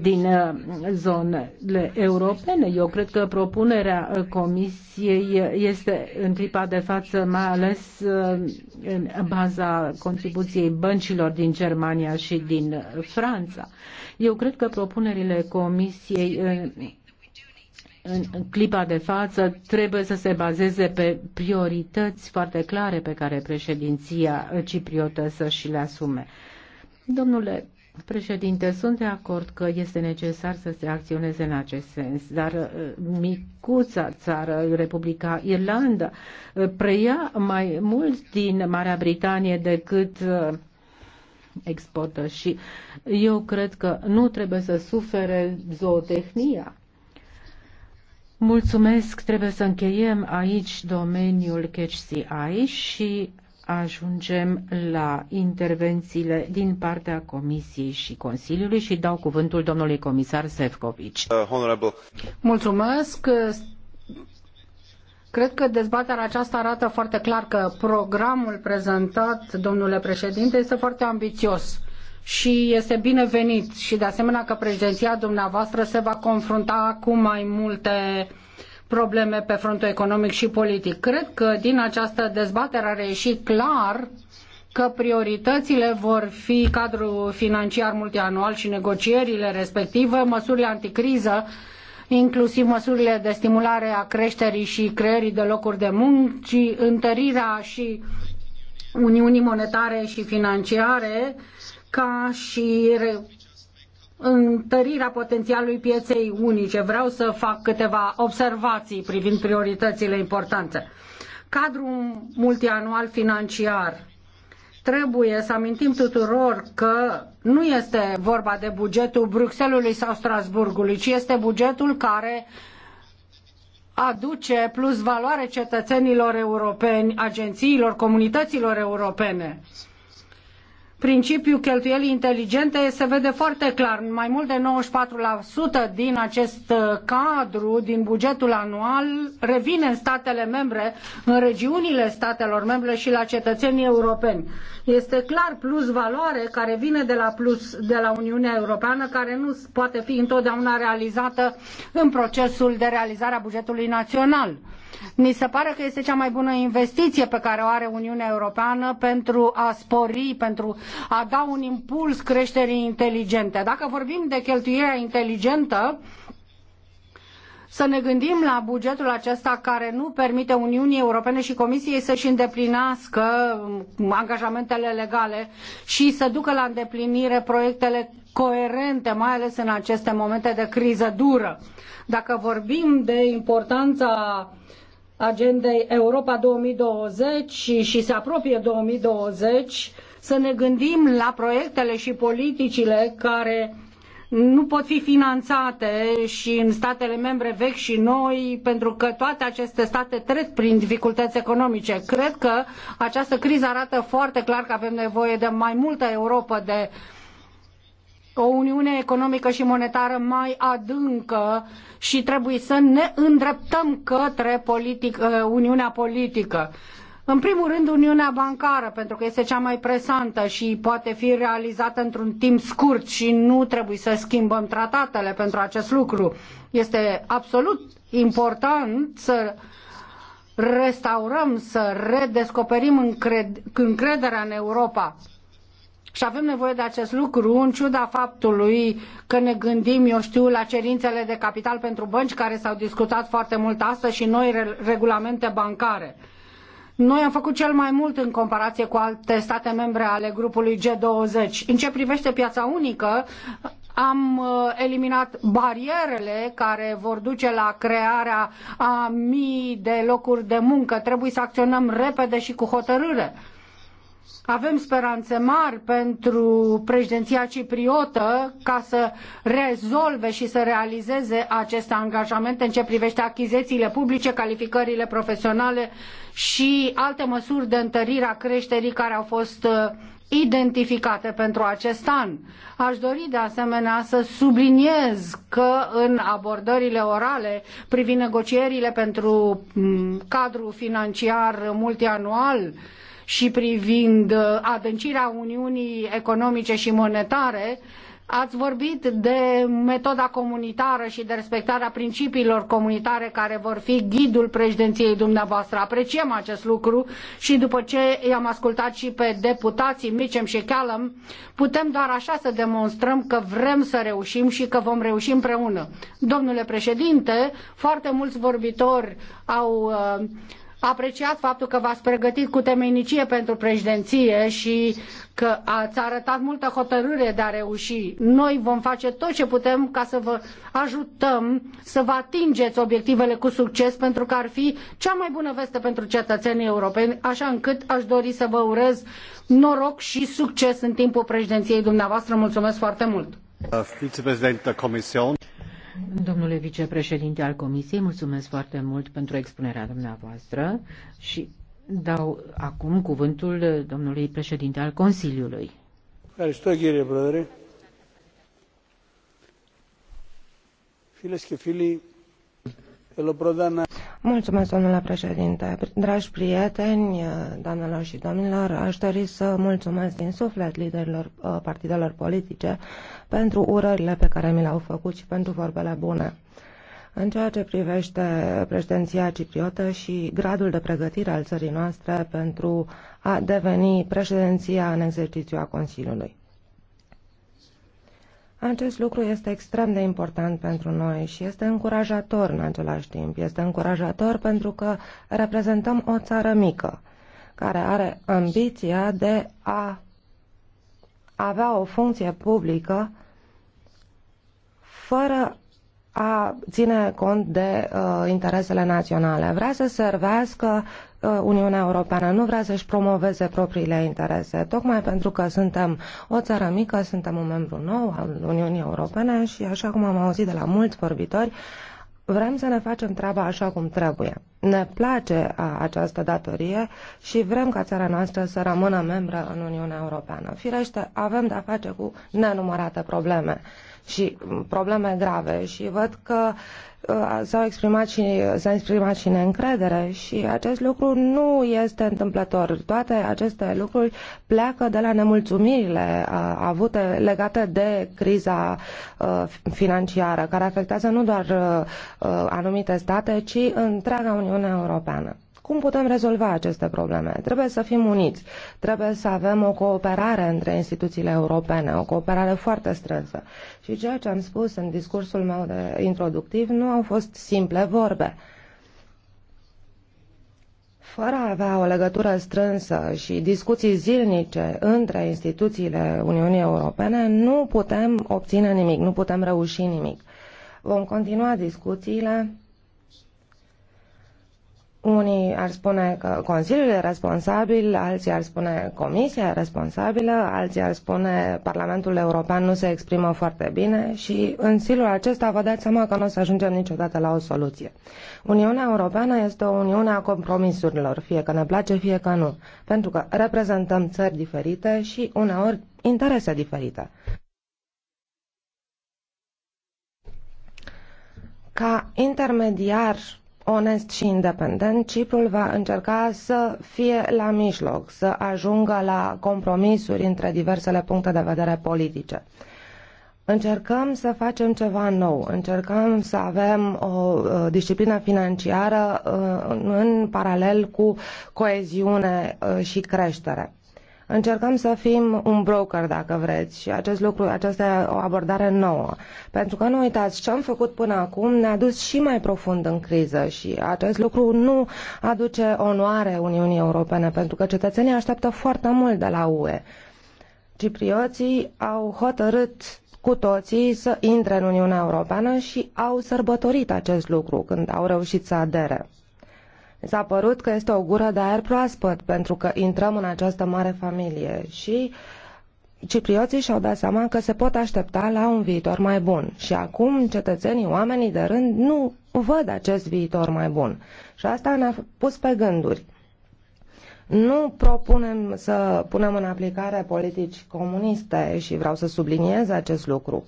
din uh, zonele europene. Eu cred că propunerea Comisiei este în clipa de față mai ales uh, în baza contribuției băncilor din Germania și din Franța. Eu cred că propunerile Comisiei în clipa de față trebuie să se bazeze pe priorități foarte clare pe care președinția cipriotă să și le asume. Domnule Președinte, sunt de acord că este necesar să se acționeze în acest sens, dar uh, micuța țară, Republica Irlanda, uh, preia mai mult din Marea Britanie decât uh, exportă și eu cred că nu trebuie să sufere zootehnia. Mulțumesc, trebuie să încheiem aici domeniul CHCI și ajungem la intervențiile din partea Comisiei și Consiliului și dau cuvântul domnului comisar Sefcovici. Uh, Mulțumesc. Cred că dezbaterea aceasta arată foarte clar că programul prezentat, domnule președinte, este foarte ambițios și este binevenit și de asemenea că președinția dumneavoastră se va confrunta cu mai multe uh, probleme pe frontul economic și politic. Cred că din această dezbatere a reieșit clar că prioritățile vor fi cadrul financiar multianual și negocierile respective, măsurile anticriză, inclusiv măsurile de stimulare a creșterii și creării de locuri de muncă, întărirea și Uniunii Monetare și Financiare, ca și întărirea potențialului pieței unice. Vreau să fac câteva observații privind prioritățile importante. Cadrul multianual financiar trebuie să amintim tuturor că nu este vorba de bugetul Bruxelului sau Strasburgului, ci este bugetul care aduce plus valoare cetățenilor europeni, agențiilor, comunităților europene. Principiul cheltuielii inteligente se vede foarte clar. Mai mult de 94% din acest uh, cadru, din bugetul anual, revine în statele membre, în regiunile statelor membre și la cetățenii europeni. Este clar plus valoare care vine de la, plus, de la Uniunea Europeană, care nu poate fi întotdeauna realizată în procesul de realizare a bugetului național. Ni se pare că este cea mai bună investiție pe care o are Uniunea Europeană pentru a spori, pentru a da un impuls creșterii inteligente. Dacă vorbim de cheltuirea inteligentă, să ne gândim la bugetul acesta care nu permite Uniunii Europene și Comisiei să-și îndeplinească um, angajamentele legale și să ducă la îndeplinire proiectele coerente, mai ales în aceste momente de criză dură. Dacă vorbim de importanța agendei Europa 2020 și, și se apropie 2020, să ne gândim la proiectele și politicile care nu pot fi finanțate și în statele membre vechi și noi, pentru că toate aceste state trec prin dificultăți economice. Cred că această criză arată foarte clar că avem nevoie de mai multă Europa, de o uniune economică și monetară mai adâncă și trebuie să ne îndreptăm către politic, uh, Uniunea politică. În primul rând, Uniunea Bancară, pentru că este cea mai presantă și poate fi realizată într-un timp scurt și nu trebuie să schimbăm tratatele pentru acest lucru. Este absolut important să restaurăm, să redescoperim încred încrederea în Europa. Și avem nevoie de acest lucru în ciuda faptului că ne gândim, eu știu, la cerințele de capital pentru bănci care s-au discutat foarte mult astăzi și noi regulamente bancare. Noi am făcut cel mai mult în comparație cu alte state membre ale grupului G20. În ce privește piața unică, am uh, eliminat barierele care vor duce la crearea a mii de locuri de muncă. Trebuie să acționăm repede și cu hotărâre. Avem speranțe mari pentru președinția cipriotă ca să rezolve și să realizeze aceste angajamente în ce privește achizițiile publice, calificările profesionale și alte măsuri de întărire a creșterii care au fost uh, identificate pentru acest an. Aș dori de asemenea să subliniez că în abordările orale privind negocierile pentru mm, cadrul financiar multianual, și privind uh, adâncirea Uniunii Economice și Monetare, Ați vorbit de metoda comunitară și de respectarea principiilor comunitare care vor fi ghidul președinției dumneavoastră. Apreciem acest lucru și după ce i-am ascultat și pe deputații Micem și Callum, putem doar așa să demonstrăm că vrem să reușim și că vom reuși împreună. Domnule președinte, foarte mulți vorbitori au uh, apreciat faptul că v-ați pregătit cu temenicie pentru președinție și că ați arătat multă hotărâre de a reuși. Noi vom face tot ce putem ca să vă ajutăm să vă atingeți obiectivele cu succes pentru că ar fi cea mai bună veste pentru cetățenii europeni, așa încât aș dori să vă urez noroc și succes în timpul președinției dumneavoastră. Mulțumesc foarte mult! Uh, Domnule vicepreședinte al Comisiei, mulțumesc foarte mult pentru expunerea dumneavoastră și dau acum cuvântul domnului președinte al Consiliului. Mulțumesc, domnule președinte. Dragi prieteni, doamnelor și domnilor, aș dori să mulțumesc din suflet liderilor uh, partidelor politice pentru urările pe care mi le-au făcut și pentru vorbele bune. În ceea ce privește președinția cipriotă și gradul de pregătire al țării noastre pentru a deveni președinția în exercițiu a Consiliului. Acest lucru este extrem de important pentru noi și este încurajator în același timp. Este încurajator pentru că reprezentăm o țară mică care are ambiția de a avea o funcție publică fără a ține cont de uh, interesele naționale. Vrea să servească uh, Uniunea Europeană, nu vrea să-și promoveze propriile interese, tocmai pentru că suntem o țară mică, suntem un membru nou al Uniunii Europene și, așa cum am auzit de la mulți vorbitori, uh, Vrem să ne facem treaba așa cum trebuie. Ne place această datorie și vrem ca țara noastră să rămână membră în Uniunea Europeană. Firește, avem de-a face cu nenumărate probleme și probleme grave și văd că uh, s-au exprimat și, s-a exprimat și neîncredere și acest lucru nu este întâmplător. Toate aceste lucruri pleacă de la nemulțumirile uh, avute legate de criza uh, financiară, care afectează nu doar anumite state, ci întreaga Uniune Europeană. Cum putem rezolva aceste probleme? Trebuie să fim uniți, trebuie să avem o cooperare între instituțiile europene, o cooperare foarte strânsă. Și ceea ce am spus în discursul meu de introductiv nu au fost simple vorbe fără a avea o legătură strânsă și discuții zilnice între instituțiile Uniunii Europene, nu putem obține nimic, nu putem reuși nimic. Vom continua discuțiile unii ar spune că Consiliul e responsabil, alții ar spune Comisia e responsabilă, alții ar spune Parlamentul European nu se exprimă foarte bine și în silul acesta vă dați seama că nu o să ajungem niciodată la o soluție. Uniunea Europeană este o uniune a compromisurilor, fie că ne place, fie că nu, pentru că reprezentăm țări diferite și uneori interese diferite. Ca intermediar onest și independent, Ciprul va încerca să fie la mijloc, să ajungă la compromisuri între diversele puncte de vedere politice. Încercăm să facem ceva nou, încercăm să avem o disciplină financiară uh, în paralel cu coeziune uh, și creștere. Încercăm să fim un broker, dacă vreți, și acest lucru, aceasta e o abordare nouă. Pentru că nu uitați, ce am făcut până acum ne-a dus și mai profund în criză și acest lucru nu aduce onoare Uniunii Europene, pentru că cetățenii așteaptă foarte mult de la UE. Ciprioții au hotărât cu toții să intre în Uniunea Europeană și au sărbătorit acest lucru când au reușit să adere s-a părut că este o gură de aer proaspăt pentru că intrăm în această mare familie și ciprioții și-au dat seama că se pot aștepta la un viitor mai bun. Și acum cetățenii, oamenii de rând, nu văd acest viitor mai bun. Și asta ne-a pus pe gânduri. Nu propunem să punem în aplicare politici comuniste și vreau să subliniez acest lucru.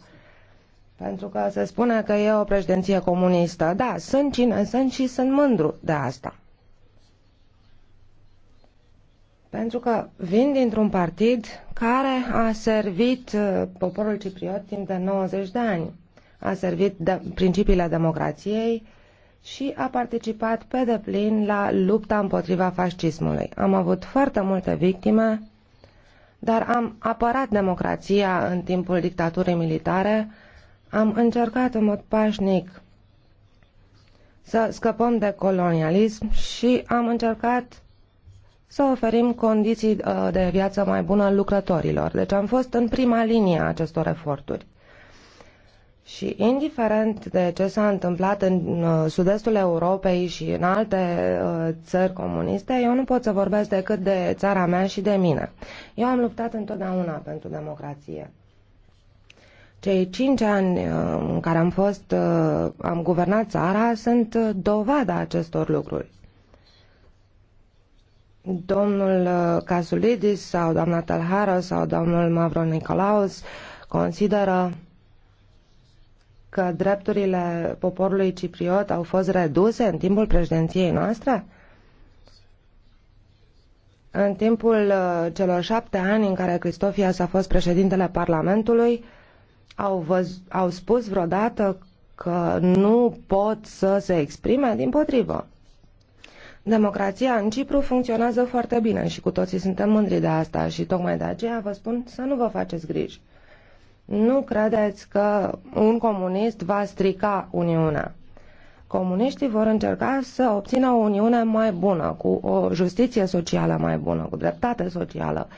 Pentru că se spune că e o președinție comunistă. Da, sunt cine sunt și sunt mândru de asta. Pentru că vin dintr-un partid care a servit uh, poporul cipriot timp de 90 de ani. A servit de principiile democrației și a participat pe deplin la lupta împotriva fascismului. Am avut foarte multe victime, dar am apărat democrația în timpul dictaturii militare, am încercat în mod pașnic să scăpăm de colonialism și am încercat să oferim condiții uh, de viață mai bună lucrătorilor. Deci am fost în prima linie a acestor eforturi. Și indiferent de ce s-a întâmplat în uh, sud-estul Europei și în alte uh, țări comuniste, eu nu pot să vorbesc decât de țara mea și de mine. Eu am luptat întotdeauna pentru democrație. Cei cinci ani în care am fost, am guvernat țara, sunt dovada acestor lucruri domnul uh, Cazulidis sau doamna Talhara sau domnul Mavro Nicolaus consideră că drepturile poporului cipriot au fost reduse în timpul președinției noastre? În timpul uh, celor șapte ani în care Cristofias a fost președintele Parlamentului, au, văz, au spus vreodată că nu pot să se exprime din potrivă. Democrația în Cipru funcționează foarte bine și cu toții suntem mândri de asta și tocmai de aceea vă spun să nu vă faceți griji. Nu credeți că un comunist va strica Uniunea. Comuniștii vor încerca să obțină o Uniune mai bună, cu o justiție socială mai bună, cu dreptate socială.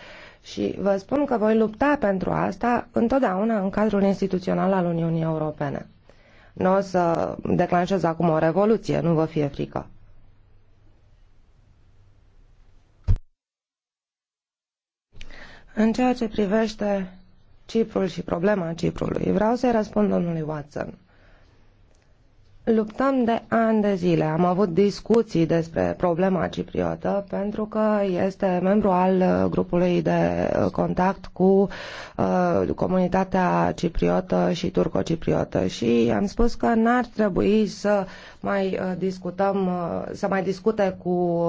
Și vă spun că voi lupta pentru asta întotdeauna în cadrul instituțional al Uniunii Europene. Nu o să declanșez acum o revoluție, nu vă fie frică. În ceea ce privește Ciprul și problema Ciprului, vreau să-i răspund domnului Watson. Luptăm de ani de zile. Am avut discuții despre problema cipriotă pentru că este membru al uh, grupului de uh, contact cu uh, comunitatea cipriotă și turco-cipriotă și am spus că n-ar trebui să mai uh, discutăm, uh, să mai discute cu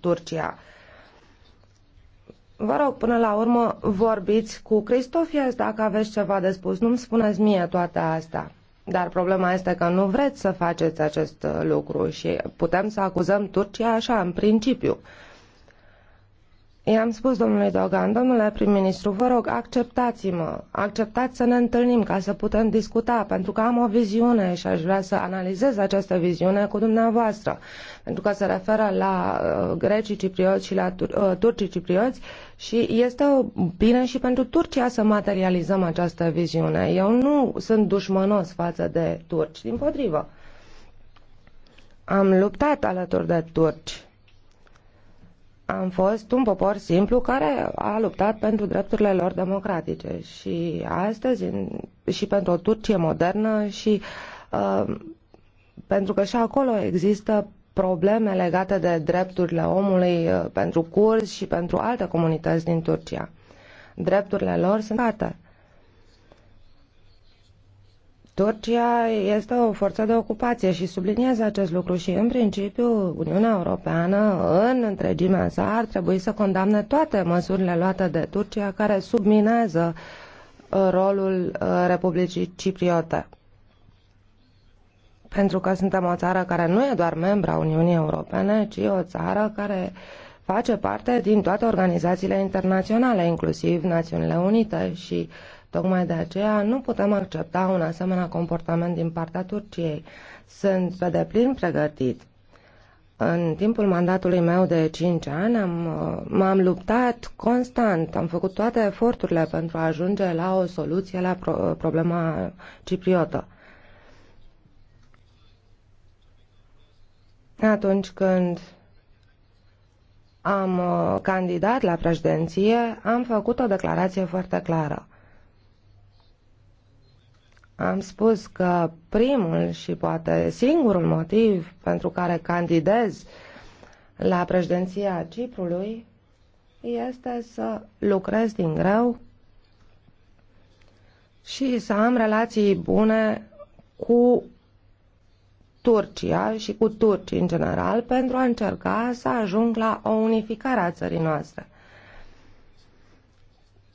Turcia. Uh, Vă rog, până la urmă, vorbiți cu Cristofias dacă aveți ceva de spus. Nu-mi spuneți mie toate astea. Dar problema este că nu vreți să faceți acest lucru și putem să acuzăm Turcia așa, în principiu. I-am spus domnului Dogan, domnule prim-ministru, vă rog, acceptați-mă, acceptați să ne întâlnim ca să putem discuta, pentru că am o viziune și aș vrea să analizez această viziune cu dumneavoastră, pentru că se referă la uh, grecii ciprioți și la tur- uh, turcii ciprioți și este bine și pentru Turcia să materializăm această viziune. Eu nu sunt dușmănos față de turci, din potrivă. Am luptat alături de turci am fost un popor simplu care a luptat pentru drepturile lor democratice și astăzi și pentru o Turcie modernă și uh, pentru că și acolo există probleme legate de drepturile omului uh, pentru curzi și pentru alte comunități din Turcia. Drepturile lor sunt date. Turcia este o forță de ocupație și subliniez acest lucru și în principiu Uniunea Europeană în întregimea sa ar trebui să condamne toate măsurile luate de Turcia care subminează uh, rolul uh, Republicii Cipriote. Pentru că suntem o țară care nu e doar membra Uniunii Europene, ci o țară care face parte din toate organizațiile internaționale, inclusiv Națiunile Unite și uh, Tocmai de aceea nu putem accepta un asemenea comportament din partea Turciei. Sunt pe deplin pregătit în timpul mandatului meu de 5 ani am, m-am luptat constant, am făcut toate eforturile pentru a ajunge la o soluție la pro, problema cipriotă. Atunci când am uh, candidat la președinție, am făcut o declarație foarte clară. Am spus că primul și poate singurul motiv pentru care candidez la președinția Ciprului este să lucrez din greu și să am relații bune cu Turcia și cu turcii în general pentru a încerca să ajung la o unificare a țării noastre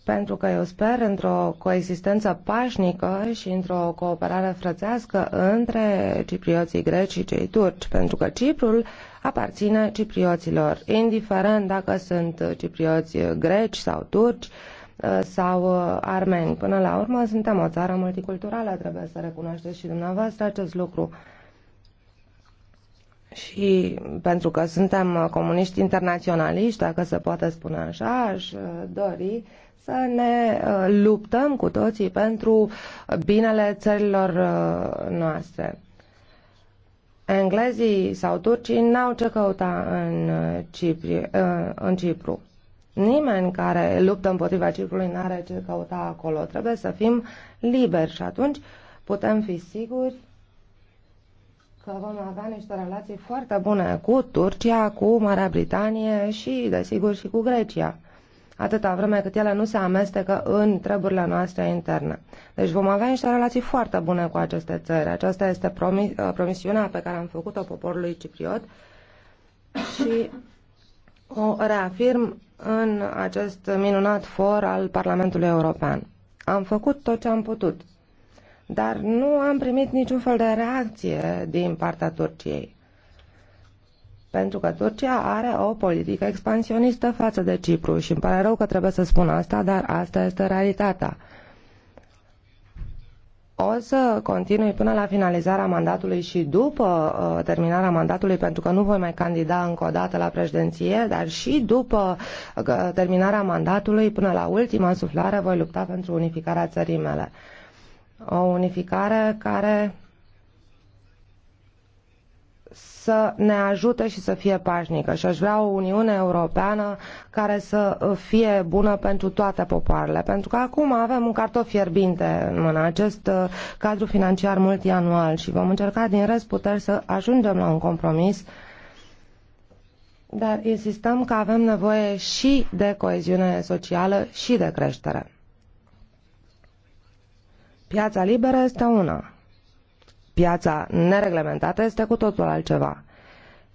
pentru că eu sper într-o coexistență pașnică și într-o cooperare frățească între ciprioții greci și cei turci, pentru că Ciprul aparține ciprioților, indiferent dacă sunt ciprioți greci sau turci uh, sau uh, armeni. Până la urmă, suntem o țară multiculturală, trebuie să recunoașteți și dumneavoastră acest lucru. Și pentru că suntem uh, comuniști internaționaliști, dacă se poate spune așa, aș dori să ne uh, luptăm cu toții pentru binele țărilor uh, noastre. Englezii sau turcii n-au ce căuta în, uh, Cipri, în Cipru. Nimeni care luptă împotriva Ciprului nu are ce căuta acolo. Trebuie să fim liberi și atunci putem fi siguri că vom avea niște relații foarte bune cu Turcia, cu Marea Britanie și, desigur, și cu Grecia atâta vreme cât ele nu se amestecă în treburile noastre interne. Deci vom avea niște relații foarte bune cu aceste țări. Aceasta este promis- uh, promisiunea pe care am făcut-o poporului cipriot și o reafirm în acest minunat for al Parlamentului European. Am făcut tot ce am putut, dar nu am primit niciun fel de reacție din partea Turciei. Pentru că Turcia are o politică expansionistă față de Cipru și îmi pare rău că trebuie să spun asta, dar asta este realitatea. O să continui până la finalizarea mandatului și după uh, terminarea mandatului, pentru că nu voi mai candida încă o dată la președinție, dar și după uh, terminarea mandatului, până la ultima suflare, voi lupta pentru unificarea țării mele. O unificare care să ne ajute și să fie pașnică și aș vrea o Uniune Europeană care să fie bună pentru toate popoarele, pentru că acum avem un cartof fierbinte în mână, acest uh, cadru financiar multianual și vom încerca din rest puteri să ajungem la un compromis dar insistăm că avem nevoie și de coeziune socială și de creștere. Piața liberă este una piața nereglementată este cu totul altceva.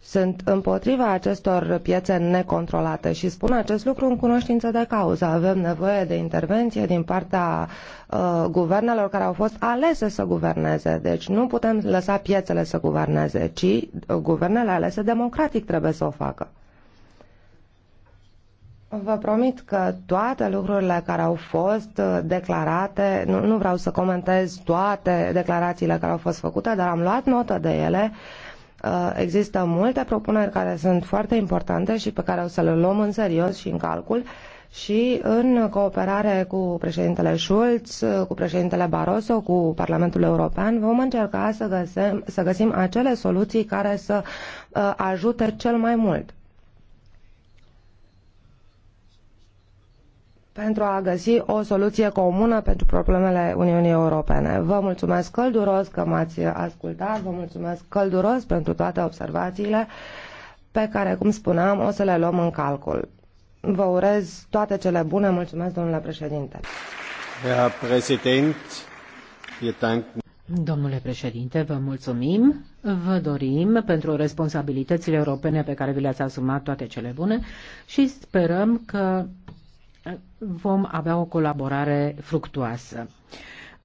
Sunt împotriva acestor piețe necontrolate și spun acest lucru în cunoștință de cauză. Avem nevoie de intervenție din partea uh, guvernelor care au fost alese să guverneze. Deci nu putem lăsa piețele să guverneze, ci uh, guvernele alese democratic trebuie să o facă. Vă promit că toate lucrurile care au fost uh, declarate, nu, nu vreau să comentez toate declarațiile care au fost făcute, dar am luat notă de ele. Uh, există multe propuneri care sunt foarte importante și pe care o să le luăm în serios și în calcul și în cooperare cu președintele Schulz, uh, cu președintele Barroso, cu Parlamentul European, vom încerca să, găsim, să găsim acele soluții care să ajute cel mai mult. pentru a găsi o soluție comună pentru problemele Uniunii Europene. Vă mulțumesc călduros că m-ați ascultat, vă mulțumesc călduros pentru toate observațiile pe care, cum spuneam, o să le luăm în calcul. Vă urez toate cele bune. Mulțumesc, domnule președinte. Domnule președinte, vă mulțumim, vă dorim pentru responsabilitățile europene pe care vi le-ați asumat toate cele bune și sperăm că vom avea o colaborare fructuoasă.